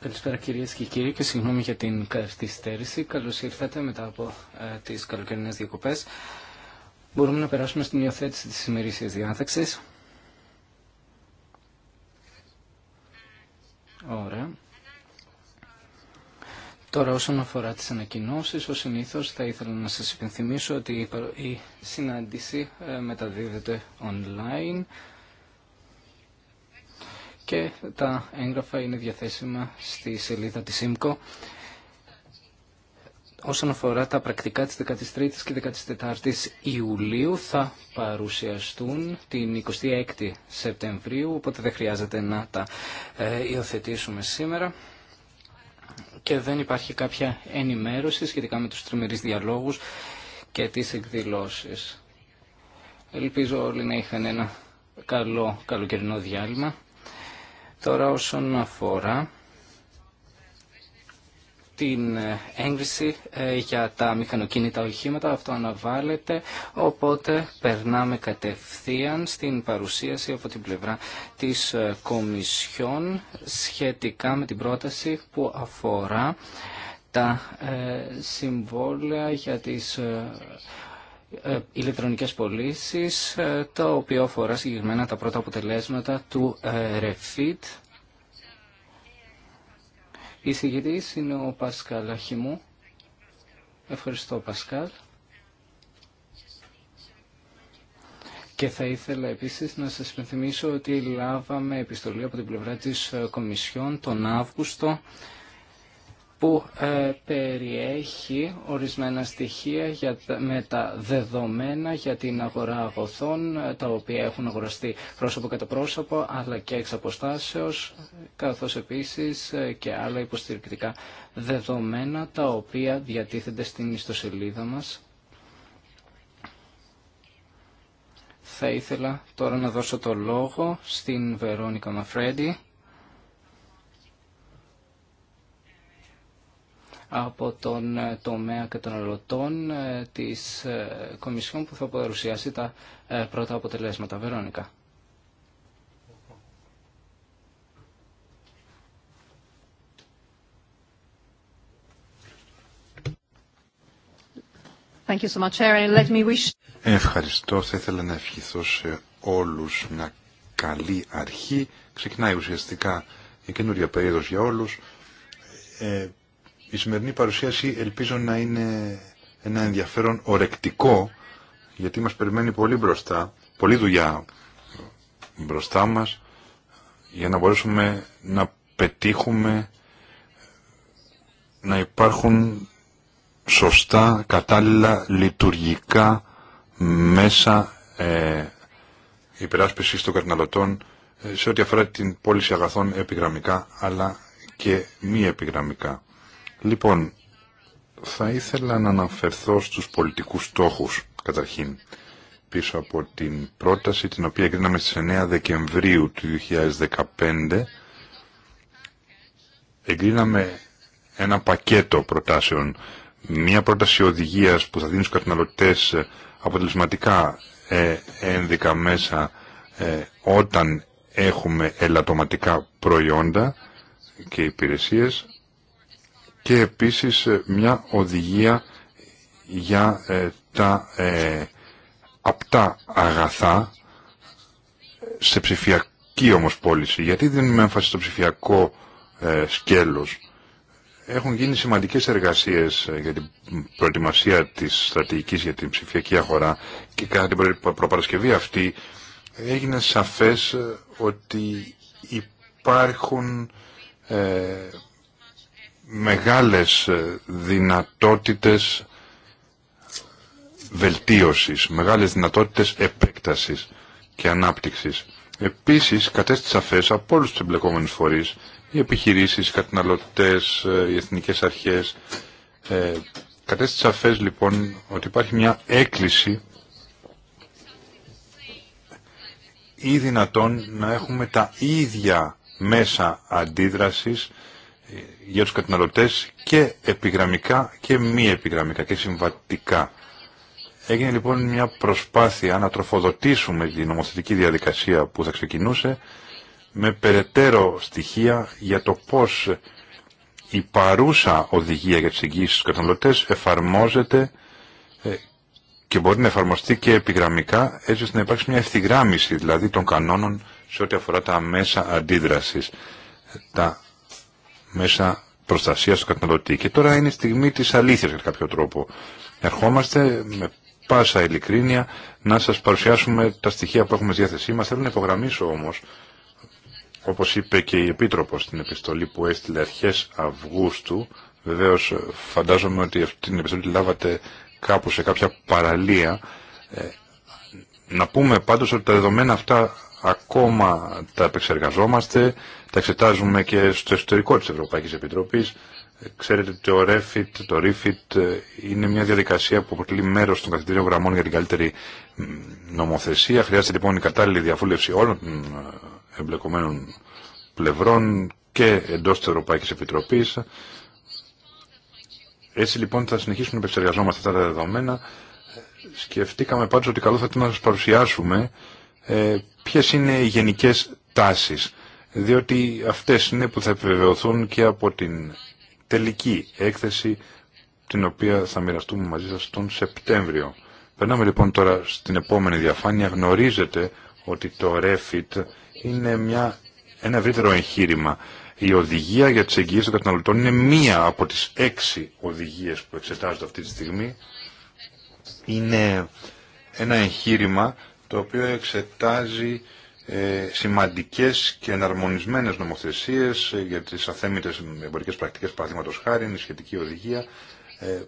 Καλησπέρα κυρίες και κύριοι και συγγνώμη για την καθυστέρηση. Καλώς ήρθατε μετά από ε, τις καλοκαιρινές διακοπές. Μπορούμε να περάσουμε στην υιοθέτηση της ημερήσιας διάταξης. Ωραία. Τώρα όσον αφορά τις ανακοινώσεις, ως συνήθως θα ήθελα να σας υπενθυμίσω ότι η συνάντηση ε, μεταδίδεται online και τα έγγραφα είναι διαθέσιμα στη σελίδα της ΣΥΜΚΟ. Όσον αφορά τα πρακτικά της 13ης και 14ης Ιουλίου θα παρουσιαστούν την 26η Σεπτεμβρίου, οπότε δεν χρειάζεται να τα ε, υιοθετήσουμε σήμερα. Και δεν υπάρχει κάποια ενημέρωση σχετικά με τους τριμερείς διαλόγους και τις εκδηλώσεις. Ελπίζω όλοι να είχαν ένα καλό καλοκαιρινό διάλειμμα. Τώρα όσον αφορά την ε, έγκριση ε, για τα μηχανοκίνητα οχήματα. Αυτό αναβάλλεται, οπότε περνάμε κατευθείαν στην παρουσίαση από την πλευρά της ε, Κομισιόν σχετικά με την πρόταση που αφορά τα συμβόλαια για τις ε, ηλεκτρονικές πωλήσει, ε, το οποίο αφορά συγκεκριμένα τα πρώτα αποτελέσματα του ε, Refit. Η συγκεκριτής είναι ο Πασκάλ Αχιμού. Ευχαριστώ Πασκάλ. Και θα ήθελα επίσης να σας υπενθυμίσω ότι λάβαμε επιστολή από την πλευρά της Κομισιόν τον Αύγουστο που ε, περιέχει ορισμένα στοιχεία για, με τα δεδομένα για την αγορά αγωθών, ε, τα οποία έχουν αγοραστεί πρόσωπο κατά πρόσωπο, αλλά και εξ αποστάσεως, καθώς επίσης ε, και άλλα υποστηρικτικά δεδομένα, τα οποία διατίθενται στην ιστοσελίδα μας. Θα ήθελα τώρα να δώσω το λόγο στην Βερόνικα Μαφρέντι από τον ε, τομέα και των ελωτών ε, της ε, Κομισιόν που θα παρουσιάσει τα πρώτα αποτελέσματα. Βερόνικα. Ευχαριστώ. Θα ήθελα να ευχηθώ σε όλους μια καλή αρχή. Ξεκινάει ουσιαστικά η καινούρια περίοδος για όλους. Η σημερινή παρουσίαση ελπίζω να είναι ένα ενδιαφέρον ορεκτικό, γιατί μας περιμένει πολύ μπροστά, πολλή δουλειά μπροστά μας, για να μπορέσουμε να πετύχουμε να υπάρχουν σωστά, κατάλληλα, λειτουργικά μέσα ε, υπεράσπιση των καρναλωτών ε, σε ό,τι αφορά την πώληση αγαθών επιγραμμικά αλλά και μη επιγραμμικά. Λοιπόν, θα ήθελα να αναφερθώ στους πολιτικούς στόχους, καταρχήν, πίσω από την πρόταση την οποία εγκρίναμε στις 9 Δεκεμβρίου του 2015. Εγκρίναμε ένα πακέτο προτάσεων, μια πρόταση οδηγίας που θα δίνει στους καταναλωτές ε, αποτελεσματικά ε, ένδικα μέσα ε, όταν έχουμε ελαττωματικά προϊόντα και υπηρεσίες και επίσης ε, μια οδηγία για ε, τα ε, απτά αγαθά σε ψηφιακή όμως πώληση. Γιατί δίνουμε έμφαση στο ψηφιακό σκέλος. Έχουν γίνει σημαντικές εργασίες για την προετοιμασία της στρατηγικής για την ψηφιακή αγορά και κατά την προπαρασκευή αυτή έγινε σαφές ότι υπάρχουν μεγάλες ε, δυνατότητες βελτίωσης, μεγάλες δυνατότητες επέκτασης και ανάπτυξης. Επίσης, κατέστησα σαφές από όλους τους εμπλεκόμενους φορείς, οι επιχειρήσεις, οι καταναλωτές, ε, οι εθνικές αρχές, ε, κατέστησε σαφές λοιπόν ότι υπάρχει μια έκκληση ή δυνατόν να έχουμε τα ίδια μέσα αντίδρασης για τους καταναλωτές και επιγραμμικά και μη επιγραμμικά και συμβατικά. Έγινε λοιπόν μια προσπάθεια να τροφοδοτήσουμε την νομοθετική διαδικασία που θα ξεκινούσε με περαιτέρω στοιχεία για το πώς η παρούσα οδηγία για τις εγγύησεις στους καταναλωτές εφαρμόζεται ε, και μπορεί να εφαρμοστεί και επιγραμμικά έτσι ώστε να υπάρξει μια ευθυγράμμιση δηλαδή των κανόνων σε ό,τι αφορά τα μέσα αντίδρασης. Τα μέσα προστασία του καταναλωτή. Και τώρα είναι η στιγμή της αλήθειας για κάποιο τρόπο. Ερχόμαστε με πάσα ειλικρίνεια να σας παρουσιάσουμε τα στοιχεία που έχουμε στη διάθεσή μα. Θέλω να υπογραμμίσω όμως, όπως είπε και η Επίτροπο στην επιστολή που έστειλε αρχές Αυγούστου, Βεβαίω φαντάζομαι ότι αυτή την επιστολή τη λάβατε κάπου σε κάποια παραλία, ε, να πούμε πάντως ότι τα δεδομένα αυτά ακόμα τα επεξεργαζόμαστε, τα εξετάζουμε και στο εσωτερικό της Ευρωπαϊκής Επιτροπής. Ξέρετε ότι το REFIT, το REFIT ε, είναι μια διαδικασία που αποτελεί μέρος των καθητήριων γραμμών για την καλύτερη νομοθεσία. Χρειάζεται λοιπόν η κατάλληλη διαφούλευση όλων των ε, εμπλεκομένων πλευρών και εντός της Ευρωπαϊκής Επιτροπής. Έτσι λοιπόν θα συνεχίσουμε να επεξεργαζόμαστε αυτά τα δεδομένα. Σκεφτήκαμε πάντως ότι καλό θα ήταν να σας παρουσιάσουμε ε, ποιες είναι οι γενικές τάσεις διότι αυτές είναι που θα επιβεβαιωθούν και από την τελική έκθεση την οποία θα μοιραστούμε μαζί σας τον Σεπτέμβριο. Περνάμε λοιπόν τώρα στην επόμενη διαφάνεια. Γνωρίζετε ότι το REFIT είναι μια, ένα ευρύτερο εγχείρημα. Η οδηγία για τις εγγύες των καταναλωτών είναι μία από τις έξι οδηγίες που εξετάζονται αυτή τη στιγμή. Είναι ένα εγχείρημα το οποίο εξετάζει ε, σημαντικές και εναρμονισμένες νομοθεσίες ε, για τις αθέμητες εμπορικές πρακτικές παραδείγματος χάρη, η σχετική οδηγία. Ε,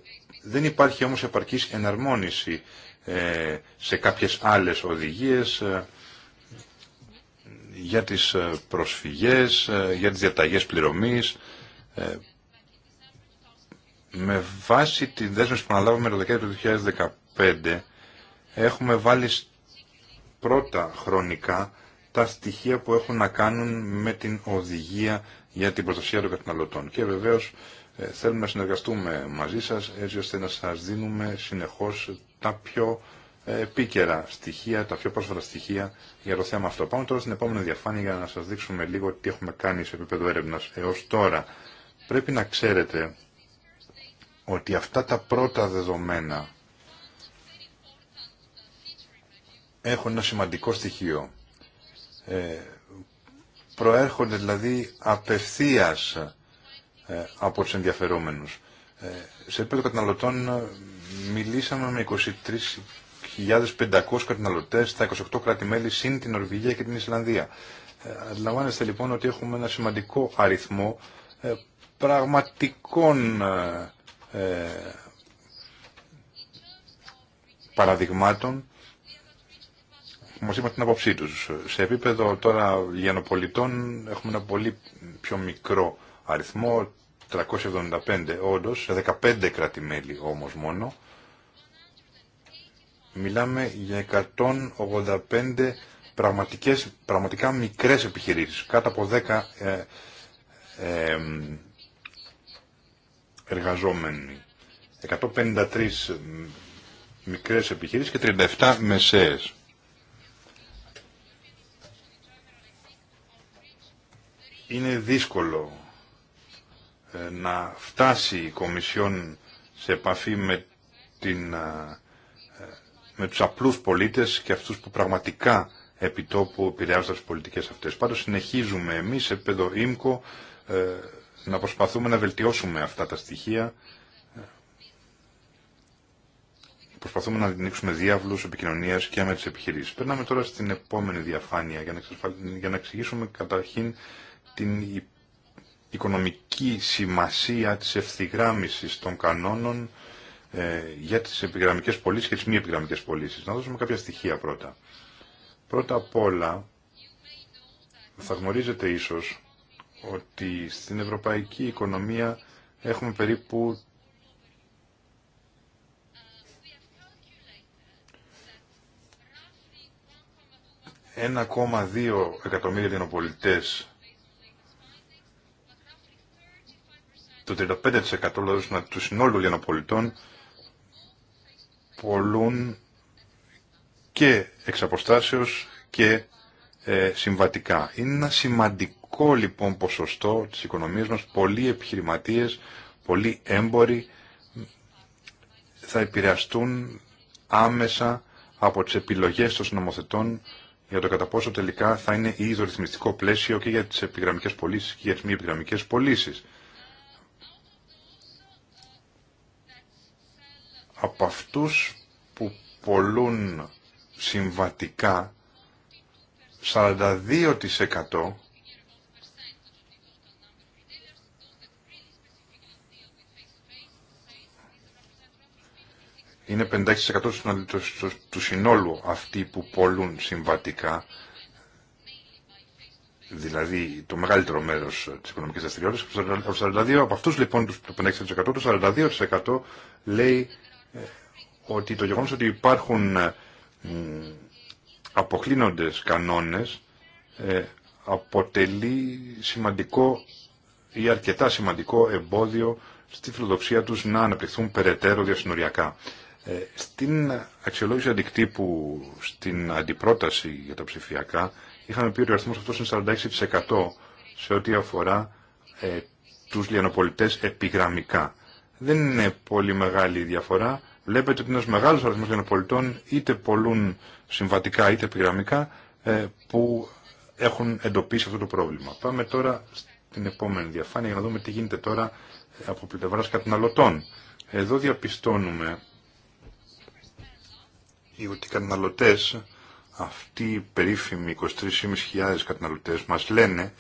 δεν υπάρχει όμως επαρκής εναρμόνιση ε, σε κάποιες άλλες οδηγίες για τις προσφυγές, για τις διαταγές πληρωμής. Με βάση τη δέσμευση που αναλάβαμε το δεκαετία του 2015 έχουμε βάλει πρώτα χρονικά τα στοιχεία που έχουν να κάνουν με την οδηγία για την προστασία των καταναλωτών. Και βεβαίως ε, θέλουμε να συνεργαστούμε μαζί σας έτσι ώστε να σας δίνουμε συνεχώς τα πιο ε, επίκαιρα στοιχεία, τα πιο πρόσφατα στοιχεία για το θέμα αυτό. Πάμε τώρα στην επόμενη διαφάνεια για να σας δείξουμε λίγο τι έχουμε κάνει σε επίπεδο έρευνα έως τώρα. Πρέπει να ξέρετε ότι αυτά τα πρώτα δεδομένα έχουν ένα σημαντικό στοιχείο. Ε, προέρχονται δηλαδή απευθείας ε, από τους ενδιαφερόμενους. Ε, σε επίπεδο καταναλωτών μιλήσαμε με 23.500 καταναλωτές στα 28 κράτη-μέλη συν την Ορβηγία και την Ισλανδία. Αντιλαμβάνεστε λοιπόν ότι έχουμε ένα σημαντικό αριθμό πραγματικών παραδειγμάτων που μας την άποψή τους. Σε επίπεδο τώρα γενοπολιτών έχουμε ένα πολύ πιο μικρό αριθμό, 375 όντως, σε 15 κρατη όμως μόνο. Μιλάμε για 185 πραγματικές, πραγματικά μικρές επιχειρήσεις, κάτω από 10 ε, ε, εργαζόμενοι. 153 μικρές επιχειρήσεις και 37 μεσαίες. είναι δύσκολο ε, να φτάσει η Κομισιόν σε επαφή με, την, ε, ε, με τους απλούς πολίτες και αυτούς που πραγματικά επιτόπου επηρεάζονται τις πολιτικές αυτές. Πάντως συνεχίζουμε εμείς σε επίπεδο ΙΜΚΟ να προσπαθούμε να βελτιώσουμε αυτά τα στοιχεία. Προσπαθούμε να ανοίξουμε διάβλους επικοινωνίας και με τι επιχειρήσεις. Περνάμε τώρα στην επόμενη διαφάνεια για να, για να εξηγήσουμε καταρχήν την οικονομική σημασία της ευθυγράμμισης των κανόνων ε, για τις επιγραμμικές πωλήσεις και τις μη επιγραμμικές πωλήσει. Να δώσουμε κάποια στοιχεία πρώτα. Πρώτα απ' όλα, θα γνωρίζετε ίσως ότι στην ευρωπαϊκή οικονομία έχουμε περίπου ...1,2 εκατομμύρια δινοπολιτές το 35% δηλαδή του συνόλου λιανοπολιτών πολλούν και εξ και ε, συμβατικά. Είναι ένα σημαντικό λοιπόν ποσοστό της οικονομίας μας, πολλοί επιχειρηματίες, πολλοί έμποροι θα επηρεαστούν άμεσα από τις επιλογές των νομοθετών για το κατά πόσο τελικά θα είναι ήδη ρυθμιστικό πλαίσιο και για τις επιγραμμικές πωλήσει και για τις μη επιγραμμικές πωλήσει. από αυτούς που πολλούν συμβατικά 42% είναι 56% του συνόλου αυτοί που πολλούν συμβατικά, δηλαδή το μεγαλύτερο μέρος της οικονομικής δραστηριότητας, από αυτούς λοιπόν το 56%, το 42% λέει ότι το γεγονός ότι υπάρχουν ε, αποκλίνοντες κανόνες ε, αποτελεί σημαντικό ή αρκετά σημαντικό εμπόδιο στη φιλοδοξία τους να αναπτυχθούν περαιτέρω διασυνοριακά. Ε, στην αξιολόγηση αντικτύπου στην αντιπρόταση για τα ψηφιακά είχαμε πει ότι ο αριθμός αυτός είναι 46% σε ό,τι αφορά τους λιανοπολιτές επιγραμμικά δεν είναι πολύ μεγάλη η διαφορά. Βλέπετε ότι είναι ένα μεγάλο αριθμό των πολιτών, είτε πολλούν συμβατικά είτε επιγραμμικά, ε, που έχουν εντοπίσει αυτό το πρόβλημα. Πάμε τώρα στην επόμενη διαφάνεια για να δούμε τι γίνεται τώρα από πλευρά καταναλωτών. Εδώ διαπιστώνουμε ότι οι καταναλωτέ, αυτοί οι περίφημοι 23.500 καταναλωτέ, μα λένε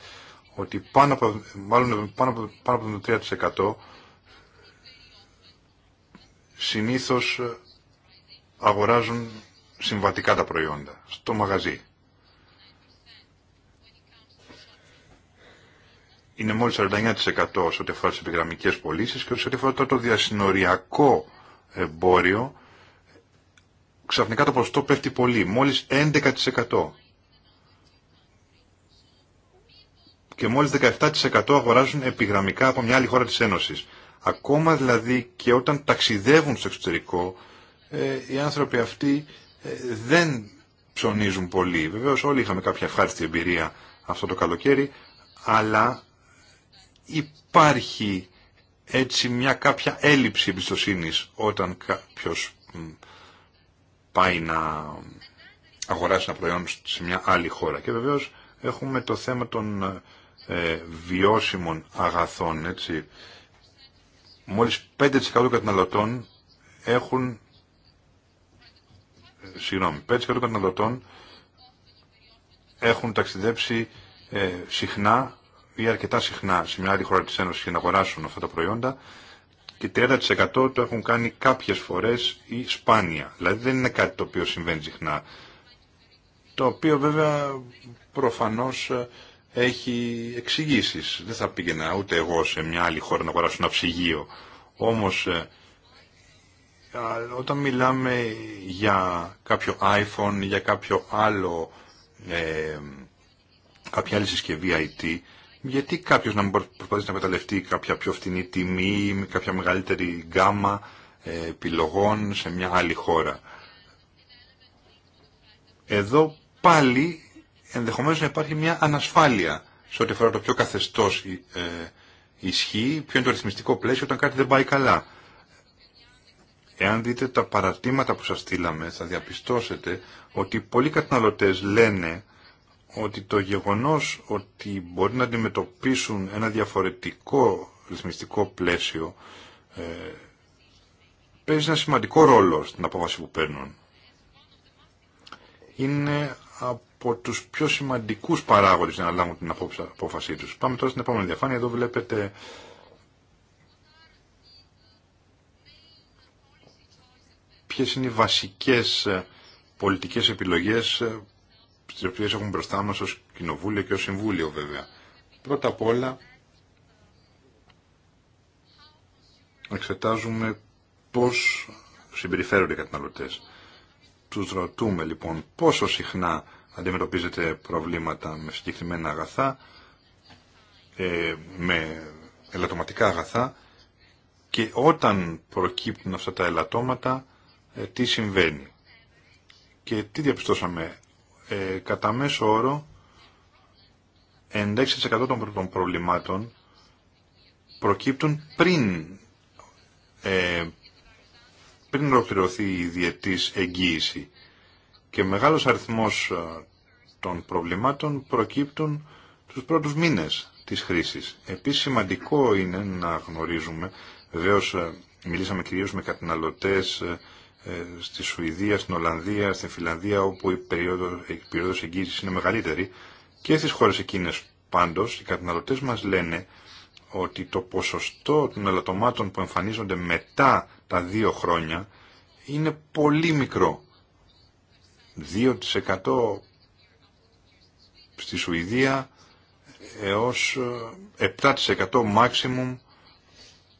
ότι πάνω μάλλον πάνω από, πάνω από το 3% συνήθως αγοράζουν συμβατικά τα προϊόντα στο μαγαζί. Είναι μόλις 49% σε ό,τι αφορά τις επιγραμμικές πωλήσει και σε ό,τι αφορά το διασυνοριακό εμπόριο ξαφνικά το ποσοστό πέφτει πολύ, μόλις 11%. Και μόλις 17% αγοράζουν επιγραμμικά από μια άλλη χώρα της Ένωσης. Ακόμα δηλαδή και όταν ταξιδεύουν στο εξωτερικό, ε, οι άνθρωποι αυτοί ε, δεν ψωνίζουν πολύ. Βεβαίως όλοι είχαμε κάποια ευχάριστη εμπειρία αυτό το καλοκαίρι, αλλά υπάρχει έτσι μια κάποια έλλειψη εμπιστοσύνη όταν κάποιος πάει να αγοράσει ένα προϊόν σε μια άλλη χώρα. Και βεβαίως έχουμε το θέμα των ε, βιώσιμων αγαθών, έτσι μόλις 5% καταναλωτών έχουν συγγνώμη, 5% καταναλωτών έχουν ταξιδέψει ε, συχνά ή αρκετά συχνά σε μια άλλη χώρα της Ένωσης για να αγοράσουν αυτά τα προϊόντα και 30% το έχουν κάνει κάποιες φορές ή σπάνια. Δηλαδή δεν είναι κάτι το οποίο συμβαίνει συχνά. Το οποίο βέβαια προφανώς ε, έχει εξηγήσει. Δεν θα πήγαινα ούτε εγώ σε μια άλλη χώρα να αγοράσω ένα ψυγείο. Όμως ε, όταν μιλάμε για κάποιο iPhone ή για κάποιο άλλο ε, κάποια άλλη συσκευή IT γιατί κάποιος να μην προσπαθήσει να μεταλλευτεί κάποια πιο φθηνή τιμή ή κάποια μεγαλύτερη γκάμα ε, επιλογών σε μια άλλη χώρα. Εδώ πάλι ενδεχομένως να υπάρχει μια ανασφάλεια σε ό,τι αφορά το ποιο καθεστώς ε, ισχύει, ποιο είναι το ρυθμιστικό πλαίσιο όταν κάτι δεν πάει καλά. Εάν δείτε τα παρατήματα που σας στείλαμε, θα διαπιστώσετε ότι πολλοί καταναλωτές λένε ότι το γεγονός ότι μπορεί να αντιμετωπίσουν ένα διαφορετικό ρυθμιστικό πλαίσιο ε, παίζει ένα σημαντικό ρόλο στην απόφαση που παίρνουν. Είναι από του πιο σημαντικούς παράγοντες να λάβουν την απόφασή τους. Πάμε τώρα στην επόμενη διαφάνεια. Εδώ βλέπετε Ποιε είναι οι βασικές ε, πολιτικές επιλογές ε, τις οποίε έχουν μπροστά μα ως Κοινοβούλιο και ω Συμβούλιο βέβαια. Πρώτα απ' όλα εξετάζουμε πώς συμπεριφέρονται οι καταναλωτές. Τους ρωτούμε λοιπόν πόσο συχνά αντιμετωπίζετε προβλήματα με συγκεκριμένα αγαθά, ε, με ελαττωματικά αγαθά και όταν προκύπτουν αυτά τα ελαττώματα, ε, τι συμβαίνει. Και τι διαπιστώσαμε. Ε, κατά μέσο όρο, 96% των προβλημάτων προκύπτουν πριν πριν ολοκληρωθεί η διετής εγγύηση και μεγάλος αριθμός ε, των προβλημάτων προκύπτουν τους πρώτους μήνες της χρήσης. Επίσης σημαντικό είναι να γνωρίζουμε, βεβαίω ε, μιλήσαμε κυρίως με καταναλωτές ε, στη Σουηδία, στην Ολλανδία, στην Φιλανδία όπου η περίοδος, η περίοδος εγγύησης είναι μεγαλύτερη και στις χώρες εκείνες πάντως οι καταναλωτές μας λένε ότι το ποσοστό των ελαττωμάτων που εμφανίζονται μετά τα δύο χρόνια είναι πολύ μικρό. 2% στη Σουηδία έως 7% ε, maximum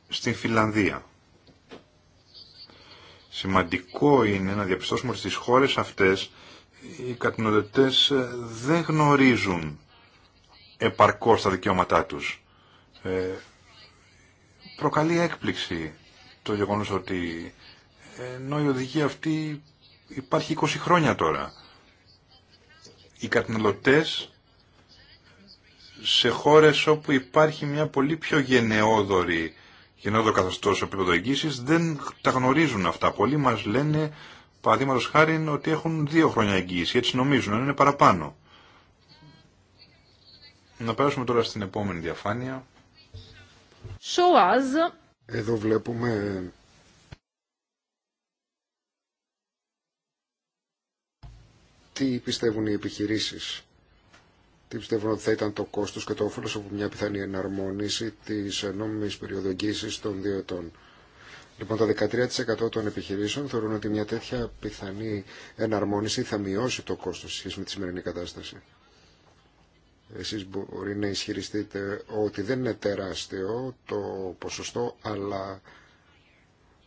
στην Φιλανδία. Σημαντικό είναι να διαπιστώσουμε ότι στις χώρες αυτές οι κατηνοδετές ε, δεν γνωρίζουν επαρκώς τα δικαιώματά τους. Ε, προκαλεί έκπληξη το γεγονός ότι ε, ενώ η οδηγία αυτή υπάρχει 20 χρόνια τώρα. Οι καταναλωτέ, σε χώρες όπου υπάρχει μια πολύ πιο γενναιόδορη γενναιόδορη καθεστώς σε επίπεδο δεν τα γνωρίζουν αυτά. Πολλοί μας λένε παραδείγματος χάρη ότι έχουν δύο χρόνια εγγύηση, έτσι νομίζουν, είναι παραπάνω. Να περάσουμε τώρα στην επόμενη διαφάνεια. Show us. Εδώ βλέπουμε τι πιστεύουν οι επιχειρήσεις. Τι πιστεύουν ότι θα ήταν το κόστος και το όφελος από μια πιθανή εναρμόνιση της νόμιμης περιοδογγίσης των δύο ετών. Λοιπόν, το 13% των επιχειρήσεων θεωρούν ότι μια τέτοια πιθανή εναρμόνιση θα μειώσει το κόστος σχέση με τη σημερινή κατάσταση. Εσείς μπορεί να ισχυριστείτε ότι δεν είναι τεράστιο το ποσοστό, αλλά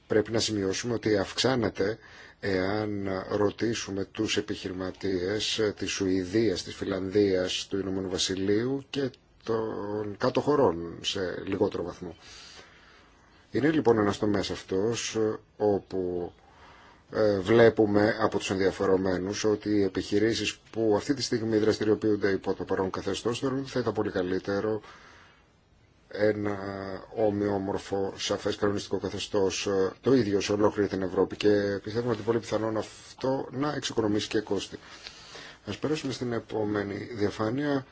πρέπει να σημειώσουμε ότι αυξάνεται εάν ρωτήσουμε τους επιχειρηματίες της Σουηδίας, της Φιλανδίας, του Ηνωμένου Βασιλείου και των κάτω χωρών σε λιγότερο βαθμό. Είναι λοιπόν ένας τομέας αυτός όπου ε, βλέπουμε από τους ενδιαφερομένους ότι οι επιχειρήσεις που αυτή τη στιγμή δραστηριοποιούνται υπό το παρόν καθεστώς θεωρούν ότι θα ήταν πολύ καλύτερο ένα ομοιόμορφο, σαφέ κανονιστικό καθεστώ ε, το ίδιο σε ολόκληρη την Ευρώπη και πιστεύουμε ότι πολύ πιθανόν αυτό να εξοικονομήσει και κόστη. Α περάσουμε στην επόμενη διαφάνεια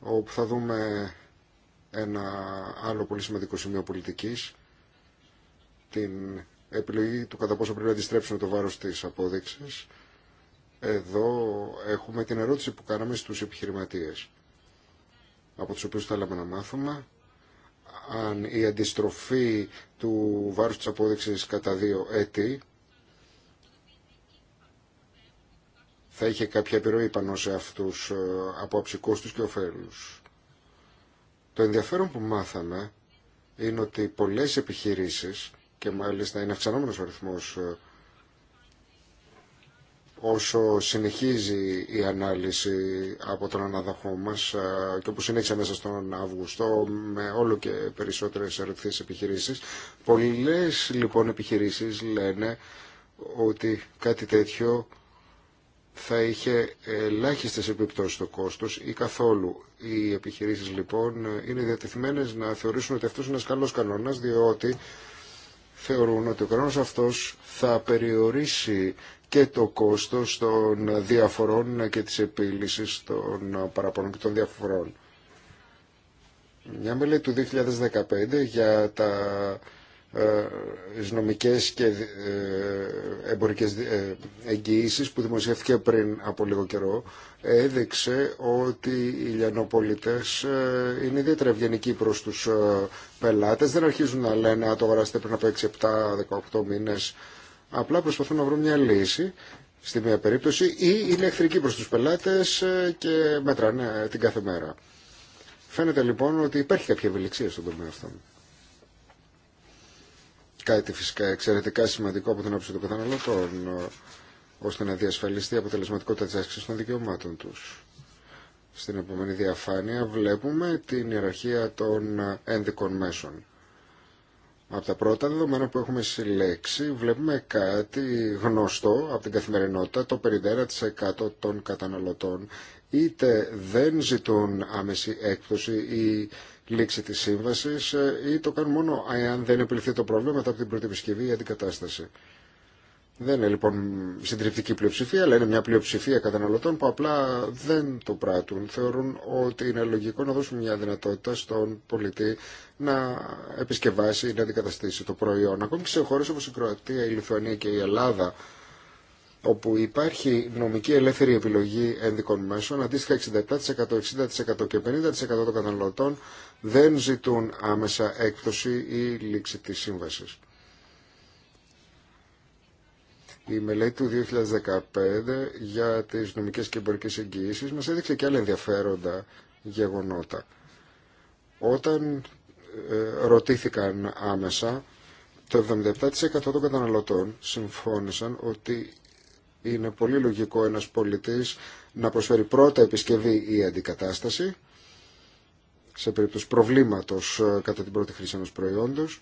όπου θα δούμε ένα άλλο πολύ σημαντικό σημείο πολιτική, την επιλογή του κατά πόσο πρέπει να αντιστρέψουμε το βάρο τη απόδειξη. Εδώ έχουμε την ερώτηση που κάναμε στους επιχειρηματίες από τους οποίους θέλαμε να μάθουμε αν η αντιστροφή του βάρους της απόδειξης κατά δύο έτη θα είχε κάποια επιρροή πάνω σε αυτούς ε, από αψικούς τους και ωφέλους. Το ενδιαφέρον που μάθαμε είναι ότι πολλές επιχειρήσεις και μάλιστα είναι αυξανόμενος ο αριθμός ε, όσο συνεχίζει η ανάλυση από τον αναδοχό μας ε, και όπως συνέχισε μέσα στον Αύγουστο με όλο και περισσότερες ερωτήσεις επιχειρήσεις. Πολλές λοιπόν επιχειρήσεις λένε ότι κάτι τέτοιο θα είχε ελάχιστες επιπτώσεις στο κόστος ή καθόλου. Οι επιχειρήσεις λοιπόν είναι διατεθειμένες να θεωρήσουν ότι αυτός είναι ένας καλός κανόνας διότι θεωρούν ότι ο κανόνας αυτός θα περιορίσει και το κόστος των διαφορών και της επίλυσης των παραπονών και των διαφορών. Μια μελέτη του 2015 για τα ε, νομικές και ε, εμπορικές ε, εγγυήσεις που δημοσιεύθηκε πριν από λίγο καιρό έδειξε ότι οι λιανοπολιτές είναι ιδιαίτερα ευγενικοί προς τους πελάτες. Δεν αρχίζουν να λένε «Α, το αγοράσετε πριν από 6-7-18 μήνες». Απλά προσπαθούν να βρουν μια λύση στη μία περίπτωση ή είναι εχθρικοί προς τους πελάτες και μετράνε την κάθε μέρα. Φαίνεται λοιπόν ότι υπάρχει κάποια ευελιξία στον τομέα αυτόν κάτι φυσικά εξαιρετικά σημαντικό από την άποψη των καταναλωτών, ε, ώστε να διασφαλιστεί η αποτελεσματικότητα της άσκησης των δικαιωμάτων τους. Στην επόμενη διαφάνεια βλέπουμε την ιεραρχία των ένδικων μέσων. Από τα πρώτα δεδομένα που έχουμε συλλέξει βλέπουμε κάτι γνωστό από την καθημερινότητα. Το 51% των καταναλωτών είτε δεν ζητούν άμεση έκπτωση ή λήξη τη σύμβαση ε, ή το κάνουν μόνο αν δεν επιληθεί το πρόβλημα μετά από την πρώτη επισκευή ή αντικατάσταση. Δεν είναι λοιπόν συντριπτική πλειοψηφία, αλλά είναι μια πλειοψηφία καταναλωτών που απλά δεν το πράττουν. Θεωρούν ότι είναι λογικό να δώσουν μια δυνατότητα στον πολιτή να επισκευάσει ή να αντικαταστήσει το προϊόν. Ακόμη και σε χώρε όπω η Κροατία, η Λιθουανία και η Ελλάδα, όπου υπάρχει νομική ελεύθερη επιλογή ένδικων μέσων, αντίστοιχα 67%, 60% και 50% των καταναλωτών δεν ζητούν άμεσα έκπτωση ή λήξη της σύμβασης. Η μελέτη του 2015 για τις νομικές και εμπορικές εγγυήσεις μας έδειξε και άλλα ενδιαφέροντα γεγονότα. Όταν ε, ρωτήθηκαν άμεσα, το 77% των καταναλωτών συμφώνησαν ότι είναι πολύ λογικό ένας πολιτής να προσφέρει πρώτα επισκευή ή αντικατάσταση σε περίπτωση προβλήματος ε, κατά την πρώτη χρήση ενός προϊόντος.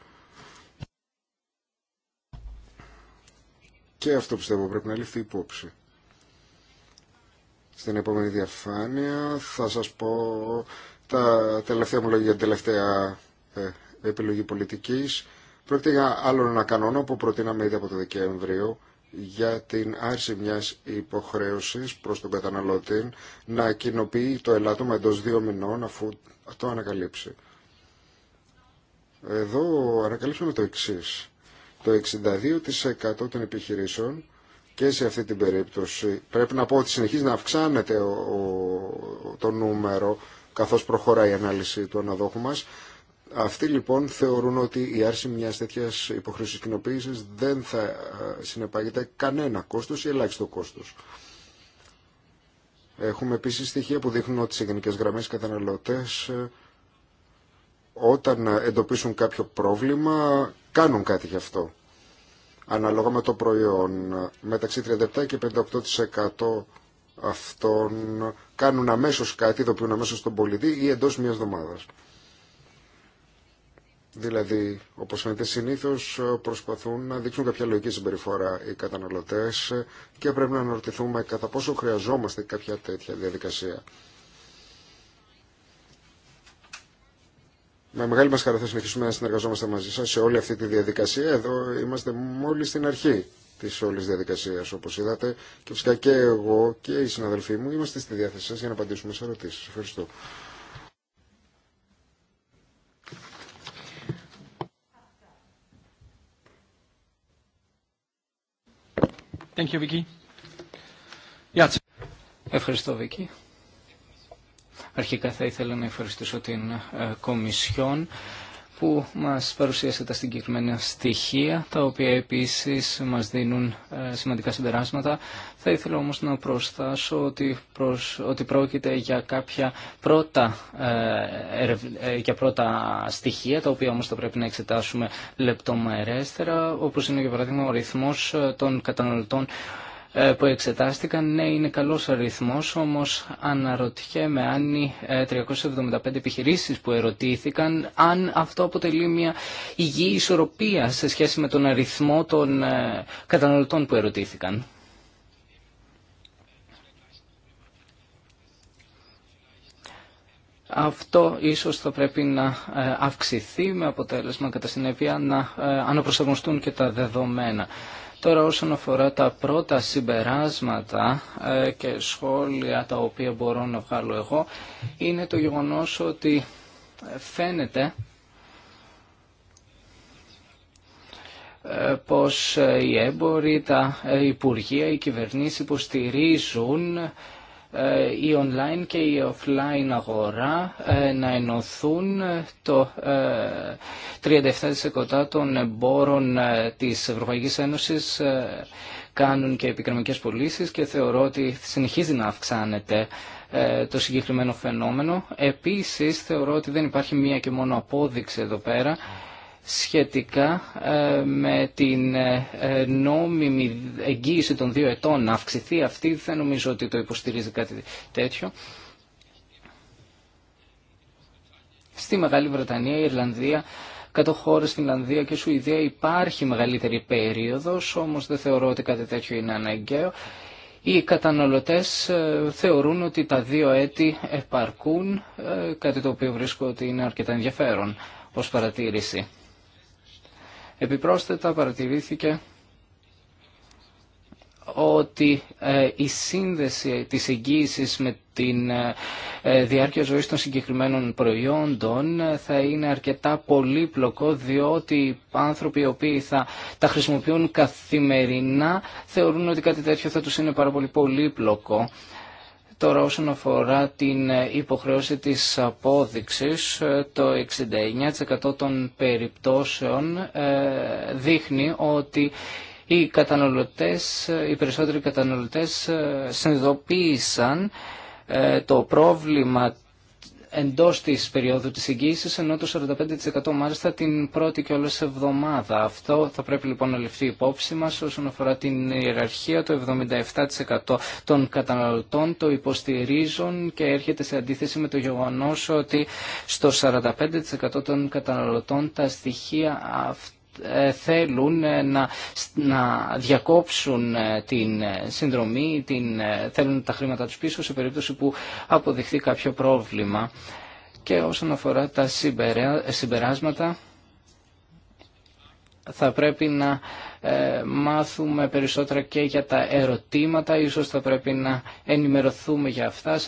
Και αυτό πιστεύω πρέπει να ληφθεί υπόψη. Στην επόμενη διαφάνεια θα σας πω τα τελευταία μου λόγια για την τελευταία ε, επιλογή πολιτικής. Πρόκειται για άλλο ένα κανόνα που προτείναμε ήδη από το Δεκέμβριο για την άρση μιας υποχρέωσης προς τον καταναλωτή να κοινοποιεί το ελάττωμα εντός δύο μηνών αφού το ανακαλύψει. Εδώ ανακαλύψαμε το εξής. Το 62% των επιχειρήσεων και σε αυτή την περίπτωση πρέπει να πω ότι συνεχίζει να αυξάνεται το νούμερο καθώς προχωράει η ανάλυση του αναδόχου μας αυτοί λοιπόν θεωρούν ότι η άρση μιας τέτοιας υποχρέωσης κοινοποίησης δεν θα ε, συνεπάγεται κανένα κόστος ή ελάχιστο κόστος. Έχουμε επίσης στοιχεία που δείχνουν ότι σε γενικές γραμμές οι καταναλωτές ε, όταν εντοπίσουν κάποιο πρόβλημα κάνουν κάτι γι' αυτό. Ανάλογα με το προϊόν, μεταξύ 37% και 58% αυτών κάνουν αμέσως κάτι, ειδοποιούν αμέσως τον πολιτή ή εντός μιας εβδομάδας. Δηλαδή, όπω φαίνεται, συνήθω ε, προσπαθούν να δείξουν κάποια λογική συμπεριφορά οι καταναλωτέ και πρέπει να αναρωτηθούμε κατά πόσο χρειαζόμαστε κάποια τέτοια διαδικασία. Με μεγάλη μα χαρά θα συνεχίσουμε να συνεργαζόμαστε μαζί σα σε όλη αυτή τη διαδικασία. Εδώ είμαστε μόλι στην αρχή τη όλη διαδικασία, όπω είδατε. Και φυσικά και εγώ και οι συναδελφοί μου είμαστε στη διάθεσή σα για να απαντήσουμε σε ερωτήσει. Ευχαριστώ. Thank you, Vicky. Ευχαριστώ, Βίκη. Αρχικά θα ήθελα να ευχαριστήσω την ε, Κομισιόν που μας παρουσίασε τα συγκεκριμένα στοιχεία, τα οποία επίσης μας δίνουν ε, σημαντικά συμπεράσματα. Θα ήθελα όμως να προστάσω ότι, προς, πρόκειται για κάποια πρώτα, ε, ε, για πρώτα στοιχεία, τα οποία όμως θα πρέπει να εξετάσουμε λεπτομερέστερα, όπως είναι για παράδειγμα ο ρυθμός των καταναλωτών ε, που εξετάστηκαν, ναι, είναι καλός αριθμός, όμως αναρωτιέμαι αν οι 375 ε, επιχειρήσεις που ερωτήθηκαν, αν αυτό αποτελεί μια υγιή ισορροπία σε σχέση με τον αριθμό των ε, καταναλωτών που ερωτήθηκαν. Αυτό ίσως θα πρέπει να αυξηθεί με αποτέλεσμα κατά συνέπεια να αναπροσαρμοστούν και τα δεδομένα. Τώρα όσον αφορά τα πρώτα συμπεράσματα ε, και σχόλια τα οποία μπορώ να βγάλω εγώ είναι το γεγονός ότι φαίνεται ε, πως ε, οι έμποροι, τα υπουργεία, οι κυβερνήσεις υποστηρίζουν ε, η online και η offline αγορά ε, να ενωθούν ε, το 37% των εμπόρων της Ευρωπαϊκής Ένωσης κάνουν και επικοινωνικές πωλήσει και θεωρώ ότι συνεχίζει να αυξάνεται το συγκεκριμένο φαινόμενο. Επίσης θεωρώ ότι δεν υπάρχει μία και μόνο απόδειξη εδώ πέρα σχετικά ε, με την ε, νόμιμη εγγύηση των δύο ετών να αυξηθεί αυτή δεν νομίζω ότι το υποστηρίζει κάτι τέτοιο. Στη Μεγάλη Βρετανία, η Ιρλανδία, κάτω χώρε Φινλανδία και Σουηδία υπάρχει μεγαλύτερη περίοδος, όμως δεν θεωρώ ότι κάτι τέτοιο είναι αναγκαίο. Οι καταναλωτές ε, θεωρούν ότι τα δύο έτη επαρκούν, κάτι το οποίο βρίσκω ότι είναι αρκετά ενδιαφέρον ως παρατήρηση. Επιπρόσθετα παρατηρήθηκε ότι ε, η σύνδεση της εγγύησης με την ε, διάρκεια ζωής των συγκεκριμένων προϊόντων ε, θα είναι αρκετά πολύπλοκο διότι οι άνθρωποι οι οποίοι θα τα χρησιμοποιούν καθημερινά θεωρούν ότι κάτι τέτοιο θα τους είναι πάρα πολύ πολύπλοκο. Τώρα όσον αφορά την ε, υποχρέωση της απόδειξης, ε, το 69% των περιπτώσεων ε, δείχνει ότι οι καταναλωτές, οι περισσότεροι καταναλωτές συνειδητοποίησαν το πρόβλημα εντός της περίοδου της εγγύηση, ενώ το 45% μάλιστα την πρώτη και όλες εβδομάδα. Αυτό θα πρέπει λοιπόν να ληφθεί υπόψη μας όσον αφορά την ιεραρχία. Το 77% των καταναλωτών το υποστηρίζουν και έρχεται σε αντίθεση με το γεγονό ότι στο 45% των καταναλωτών τα στοιχεία αυτά ε, θέλουν ε, να, διακόψουν ε, την συνδρομή, την, θέλουν τα χρήματα τους πίσω σε περίπτωση που αποδειχθεί κάποιο πρόβλημα. Και όσον αφορά τα συμπεράσματα, θα πρέπει να μάθουμε περισσότερα και για τα ερωτήματα. Ίσως θα πρέπει να ενημερωθούμε για αυτά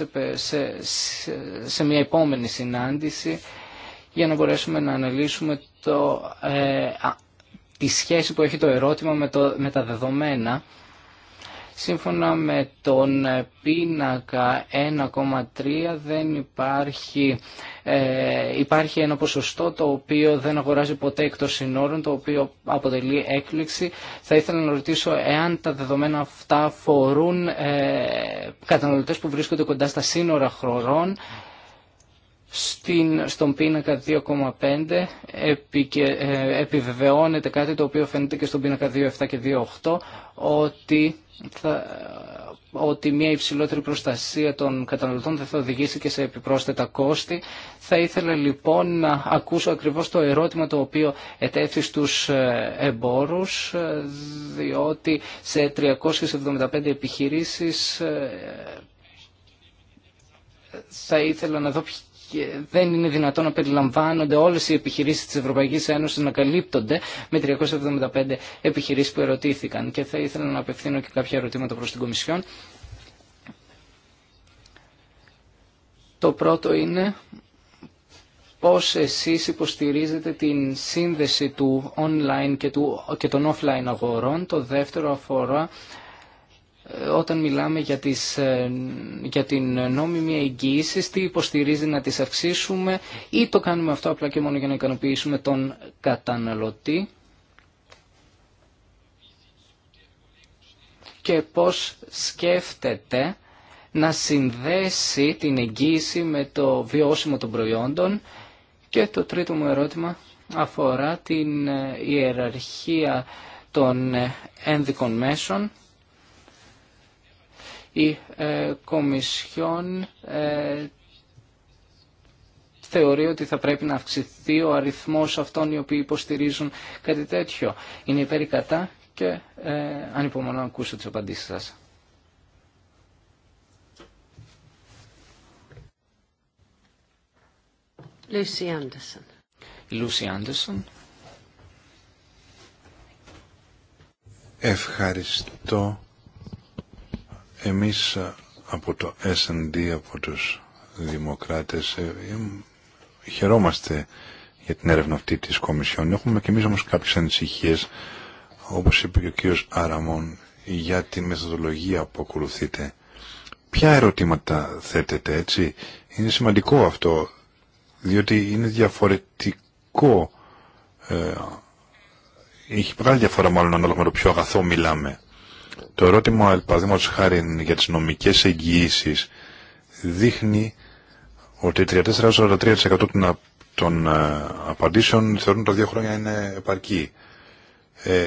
σε, μια επόμενη συνάντηση για να μπορέσουμε να αναλύσουμε το τη σχέση που έχει το ερώτημα με, το, με τα δεδομένα. Σύμφωνα με τον πίνακα 1,3 δεν υπάρχει, ε, υπάρχει ένα ποσοστό το οποίο δεν αγοράζει ποτέ εκτός συνόρων, το οποίο αποτελεί έκπληξη. Θα ήθελα να ρωτήσω εάν τα δεδομένα αυτά φορούν ε, καταναλωτές που βρίσκονται κοντά στα σύνορα χρόνων στην, στον πίνακα 2,5 ε, επιβεβαιώνεται κάτι το οποίο φαίνεται και στον πίνακα 2,7 και 2,8 ότι, ότι μια υψηλότερη προστασία των καταναλωτών δεν θα οδηγήσει και σε επιπρόσθετα κόστη. Θα ήθελα λοιπόν να ακούσω ακριβώς το ερώτημα το οποίο ετέθη στους ε, εμπόρους ε, διότι σε 375 επιχειρήσεις θα ήθελα να δω δεν είναι δυνατόν να περιλαμβάνονται όλε οι επιχειρήσει τη Ευρωπαϊκή Ένωση να καλύπτονται με 375 επιχειρήσει που ερωτήθηκαν. Και θα ήθελα να απευθύνω και κάποια ερωτήματα προ την Κομισιόν. Το πρώτο είναι πώς εσείς υποστηρίζετε την σύνδεση του online και, του, και των offline αγορών. Το δεύτερο αφορά ε, όταν μιλάμε για, τις, ε, για την νόμιμη εγγύηση, τι υποστηρίζει να τις αυξήσουμε ή το κάνουμε αυτό απλά και μόνο για να ικανοποιήσουμε τον καταναλωτή και πώς σκέφτεται να συνδέσει την εγγύηση με το βιώσιμο των προϊόντων και το τρίτο μου ερώτημα αφορά την ε, ιεραρχία των ένδικων μέσων η ε, Κομισιόν ε, θεωρεί ότι θα πρέπει να αυξηθεί ο αριθμός αυτών οι οποίοι υποστηρίζουν κάτι τέτοιο. Είναι υπέρ και ε, ανυπομονώ να ακούσω τις απαντήσεις σας. Lucy Anderson. Ευχαριστώ εμείς ε, από το S&D, από τους δημοκράτες, ε, χαιρόμαστε για την έρευνα αυτή της Κομισιόν. Έχουμε και εμείς όμως κάποιες ανησυχίες, όπως είπε και ο κύριος Άραμον, για τη μεθοδολογία που ακολουθείτε. Ποια ερωτήματα θέτετε έτσι. Είναι σημαντικό αυτό, διότι είναι διαφορετικό. Ε, έχει μεγάλη διαφορά μάλλον ανάλογα με το ποιο αγαθό μιλάμε. Το ερώτημα, παραδείγματος χάρη για τις νομικές εγγυήσεις, δείχνει ότι 34-43% των ε, απαντήσεων θεωρούν τα δύο χρόνια είναι επαρκή. Ε,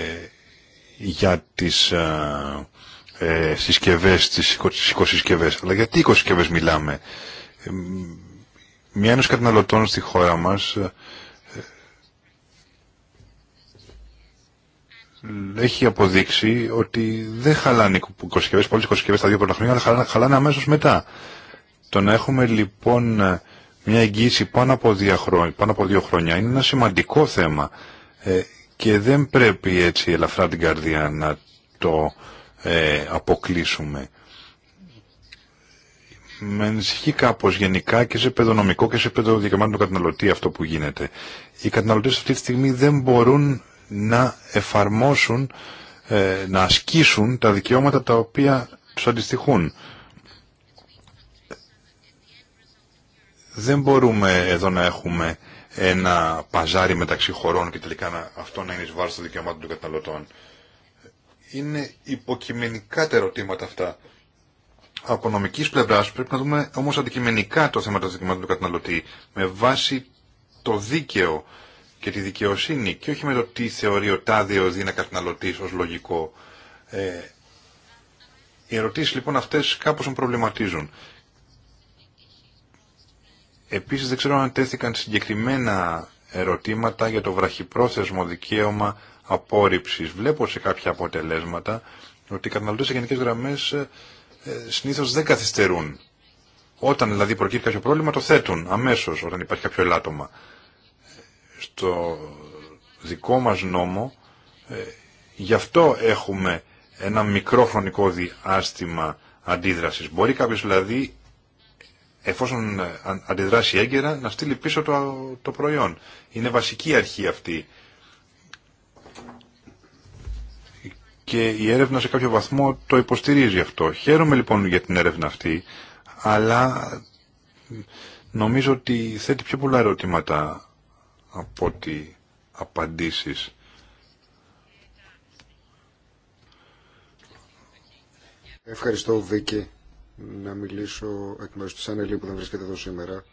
για τις ε, ε συσκευές, τις συσκευές. Αλλά γιατί συσκευές μιλάμε. Ε, μια ένωση καταναλωτών στη χώρα μας έχει αποδείξει ότι δεν χαλάνε οι κοσκευέ, πολλές τα δύο πρώτα χρόνια, αλλά χαλάνε, χαλάνε αμέσως μετά. Το να έχουμε λοιπόν μια εγγύηση πάνω από, δύο χρόνια, πάνω από δύο χρόνια είναι ένα σημαντικό θέμα ε, και δεν πρέπει έτσι ελαφρά την καρδία να το ε, αποκλείσουμε. Με ενσυχεί κάπω γενικά και σε παιδονομικό και σε παιδοδικαιωμάτων του καταναλωτή αυτό που γίνεται. Οι καταναλωτέ αυτή τη στιγμή δεν μπορούν να εφαρμόσουν, ε, να ασκήσουν τα δικαιώματα τα οποία τους αντιστοιχούν. Δεν μπορούμε εδώ να έχουμε ένα παζάρι μεταξύ χωρών και τελικά να, αυτό να είναι εις των δικαιωμάτων των καταναλωτών. Είναι υποκειμενικά τα ερωτήματα αυτά. Από νομική πλευρά πρέπει να δούμε όμω αντικειμενικά το θέμα των δικαιωμάτων του καταναλωτή με βάση το δίκαιο και τη δικαιοσύνη και όχι με το τι θεωρεί ο τάδε ο δίνα ως λογικό. Ε, οι ερωτήσεις λοιπόν αυτές κάπως τον προβληματίζουν. Επίσης δεν ξέρω αν τέθηκαν συγκεκριμένα ερωτήματα για το βραχυπρόθεσμο δικαίωμα απόρριψης. Βλέπω σε κάποια αποτελέσματα ότι οι καταναλωτέ σε γενικές γραμμές ε, ε, συνήθως δεν καθυστερούν. Όταν δηλαδή προκύπτει κάποιο πρόβλημα το θέτουν αμέσως όταν υπάρχει κάποιο ελάττωμα. Το δικό μας νόμο, ε, γι' αυτό έχουμε ένα μικρό χρονικό διάστημα αντίδρασης. Μπορεί κάποιος δηλαδή, εφόσον ε, αντιδράσει έγκαιρα, να στείλει πίσω το, το προϊόν. Είναι βασική αρχή αυτή. Και η έρευνα σε κάποιο βαθμό το υποστηρίζει αυτό. Χαίρομαι λοιπόν για την έρευνα αυτή, αλλά νομίζω ότι θέτει πιο πολλά ερωτήματα από ότι απαντήσεις. Ευχαριστώ Βίκη να μιλήσω εκ μέρους της Ανελή που δεν βρίσκεται εδώ σήμερα.